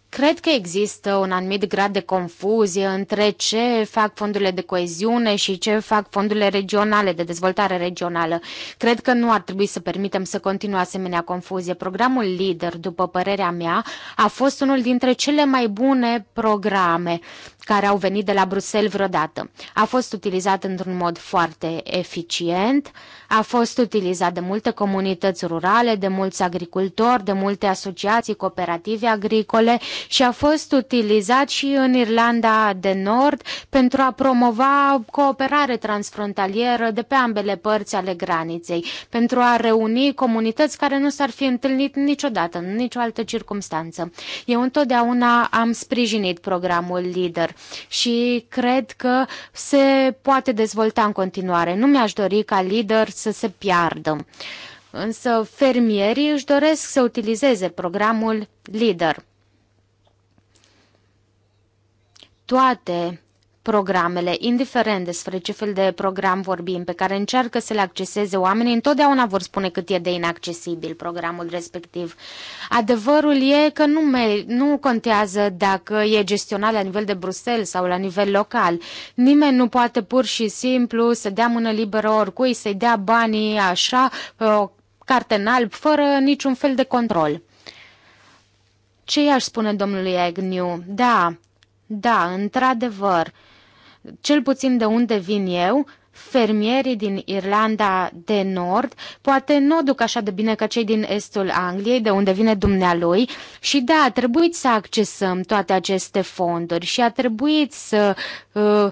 Cred că există un anumit grad de confuzie între ce fac fondurile de coeziune și ce fac fondurile regionale de dezvoltare regională. Cred că nu ar trebui să permitem să continue asemenea confuzie. Programul LIDER, după părerea mea, a fost unul dintre cele mai bune programe care au venit de la Bruxelles vreodată. A fost utilizat într-un mod foarte eficient, a fost utilizat de multe comunități rurale, de mulți agricultori, de multe asociații cooperative agricole și a fost utilizat și în Irlanda de Nord pentru a promova cooperare transfrontalieră de pe ambele părți ale graniței, pentru a reuni comunități care nu s-ar fi întâlnit niciodată, în nicio altă circunstanță. Eu întotdeauna am sprijinit programul lider și cred că se poate dezvolta în continuare. Nu mi-aș dori ca să să se piardă. Însă fermierii își doresc să utilizeze programul LIDER. Toate programele, indiferent despre ce fel de program vorbim, pe care încearcă să le acceseze oamenii, întotdeauna vor spune cât e de inaccesibil programul respectiv. Adevărul e că nu, nu contează dacă e gestionat la nivel de Bruxelles sau la nivel local. Nimeni nu poate pur și simplu să dea mână liberă oricui, să-i dea banii așa, pe o carte în alb, fără niciun fel de control. Ce i-aș spune domnului Agnew? Da, da, într-adevăr, uh, cel puțin de unde vin eu, fermierii din Irlanda de Nord poate nu o duc așa de bine ca cei din estul Angliei, de unde vine dumnealui. Și da, a trebuit să accesăm toate aceste fonduri și a trebuit să uh,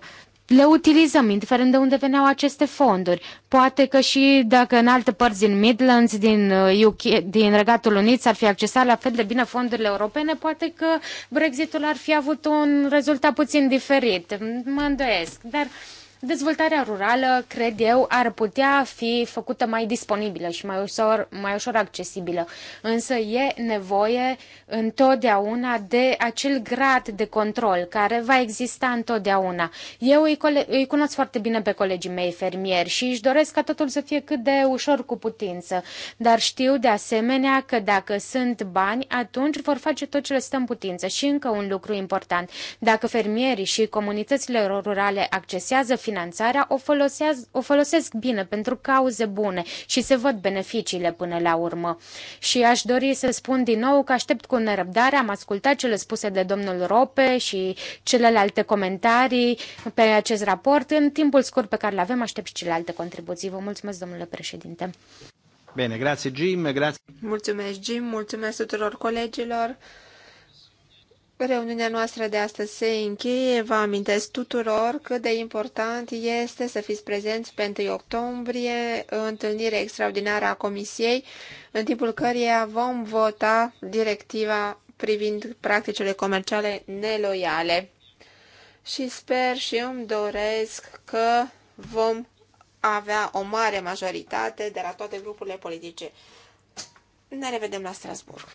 le utilizăm, indiferent de unde veneau aceste fonduri. Poate că și dacă în alte părți din Midlands, din, UK, uh, din Regatul Unit s-ar fi accesat la fel de bine fondurile europene, poate că Brexitul ar fi avut un rezultat puțin diferit. Mă îndoiesc, dar uh, Dezvoltarea rurală, cred eu, ar putea fi făcută mai disponibilă și mai ușor, mai ușor accesibilă, însă e nevoie întotdeauna de acel grad de control care va exista întotdeauna. Eu îi, îi cunosc foarte bine pe colegii mei fermieri și își doresc ca totul să fie cât de ușor cu putință, dar știu de asemenea că dacă sunt bani, atunci vor face tot ce le stă în putință. Și încă un lucru important, dacă fermierii și comunitățile rurale accesează finanțarea o, o folosesc bine pentru cauze bune și se văd beneficiile până la urmă. Și aș dori să spun din nou că aștept cu nerăbdare, am ascultat cele spuse de domnul Rope și celelalte comentarii pe acest raport. În timpul scurt pe care îl avem, aștept și celelalte contribuții. Vă mulțumesc, domnule președinte. Bine, grazie Jim, grazie. Mulțumesc Jim, mulțumesc tuturor colegilor. Reuniunea noastră de astăzi se încheie. Vă amintesc tuturor cât de important este să fiți prezenți pe 1 octombrie, întâlnire extraordinară a Comisiei, în timpul căreia vom vota directiva privind practicile comerciale neloiale. Și sper și îmi doresc că vom avea o mare majoritate de la toate grupurile politice. Ne revedem la Strasburg.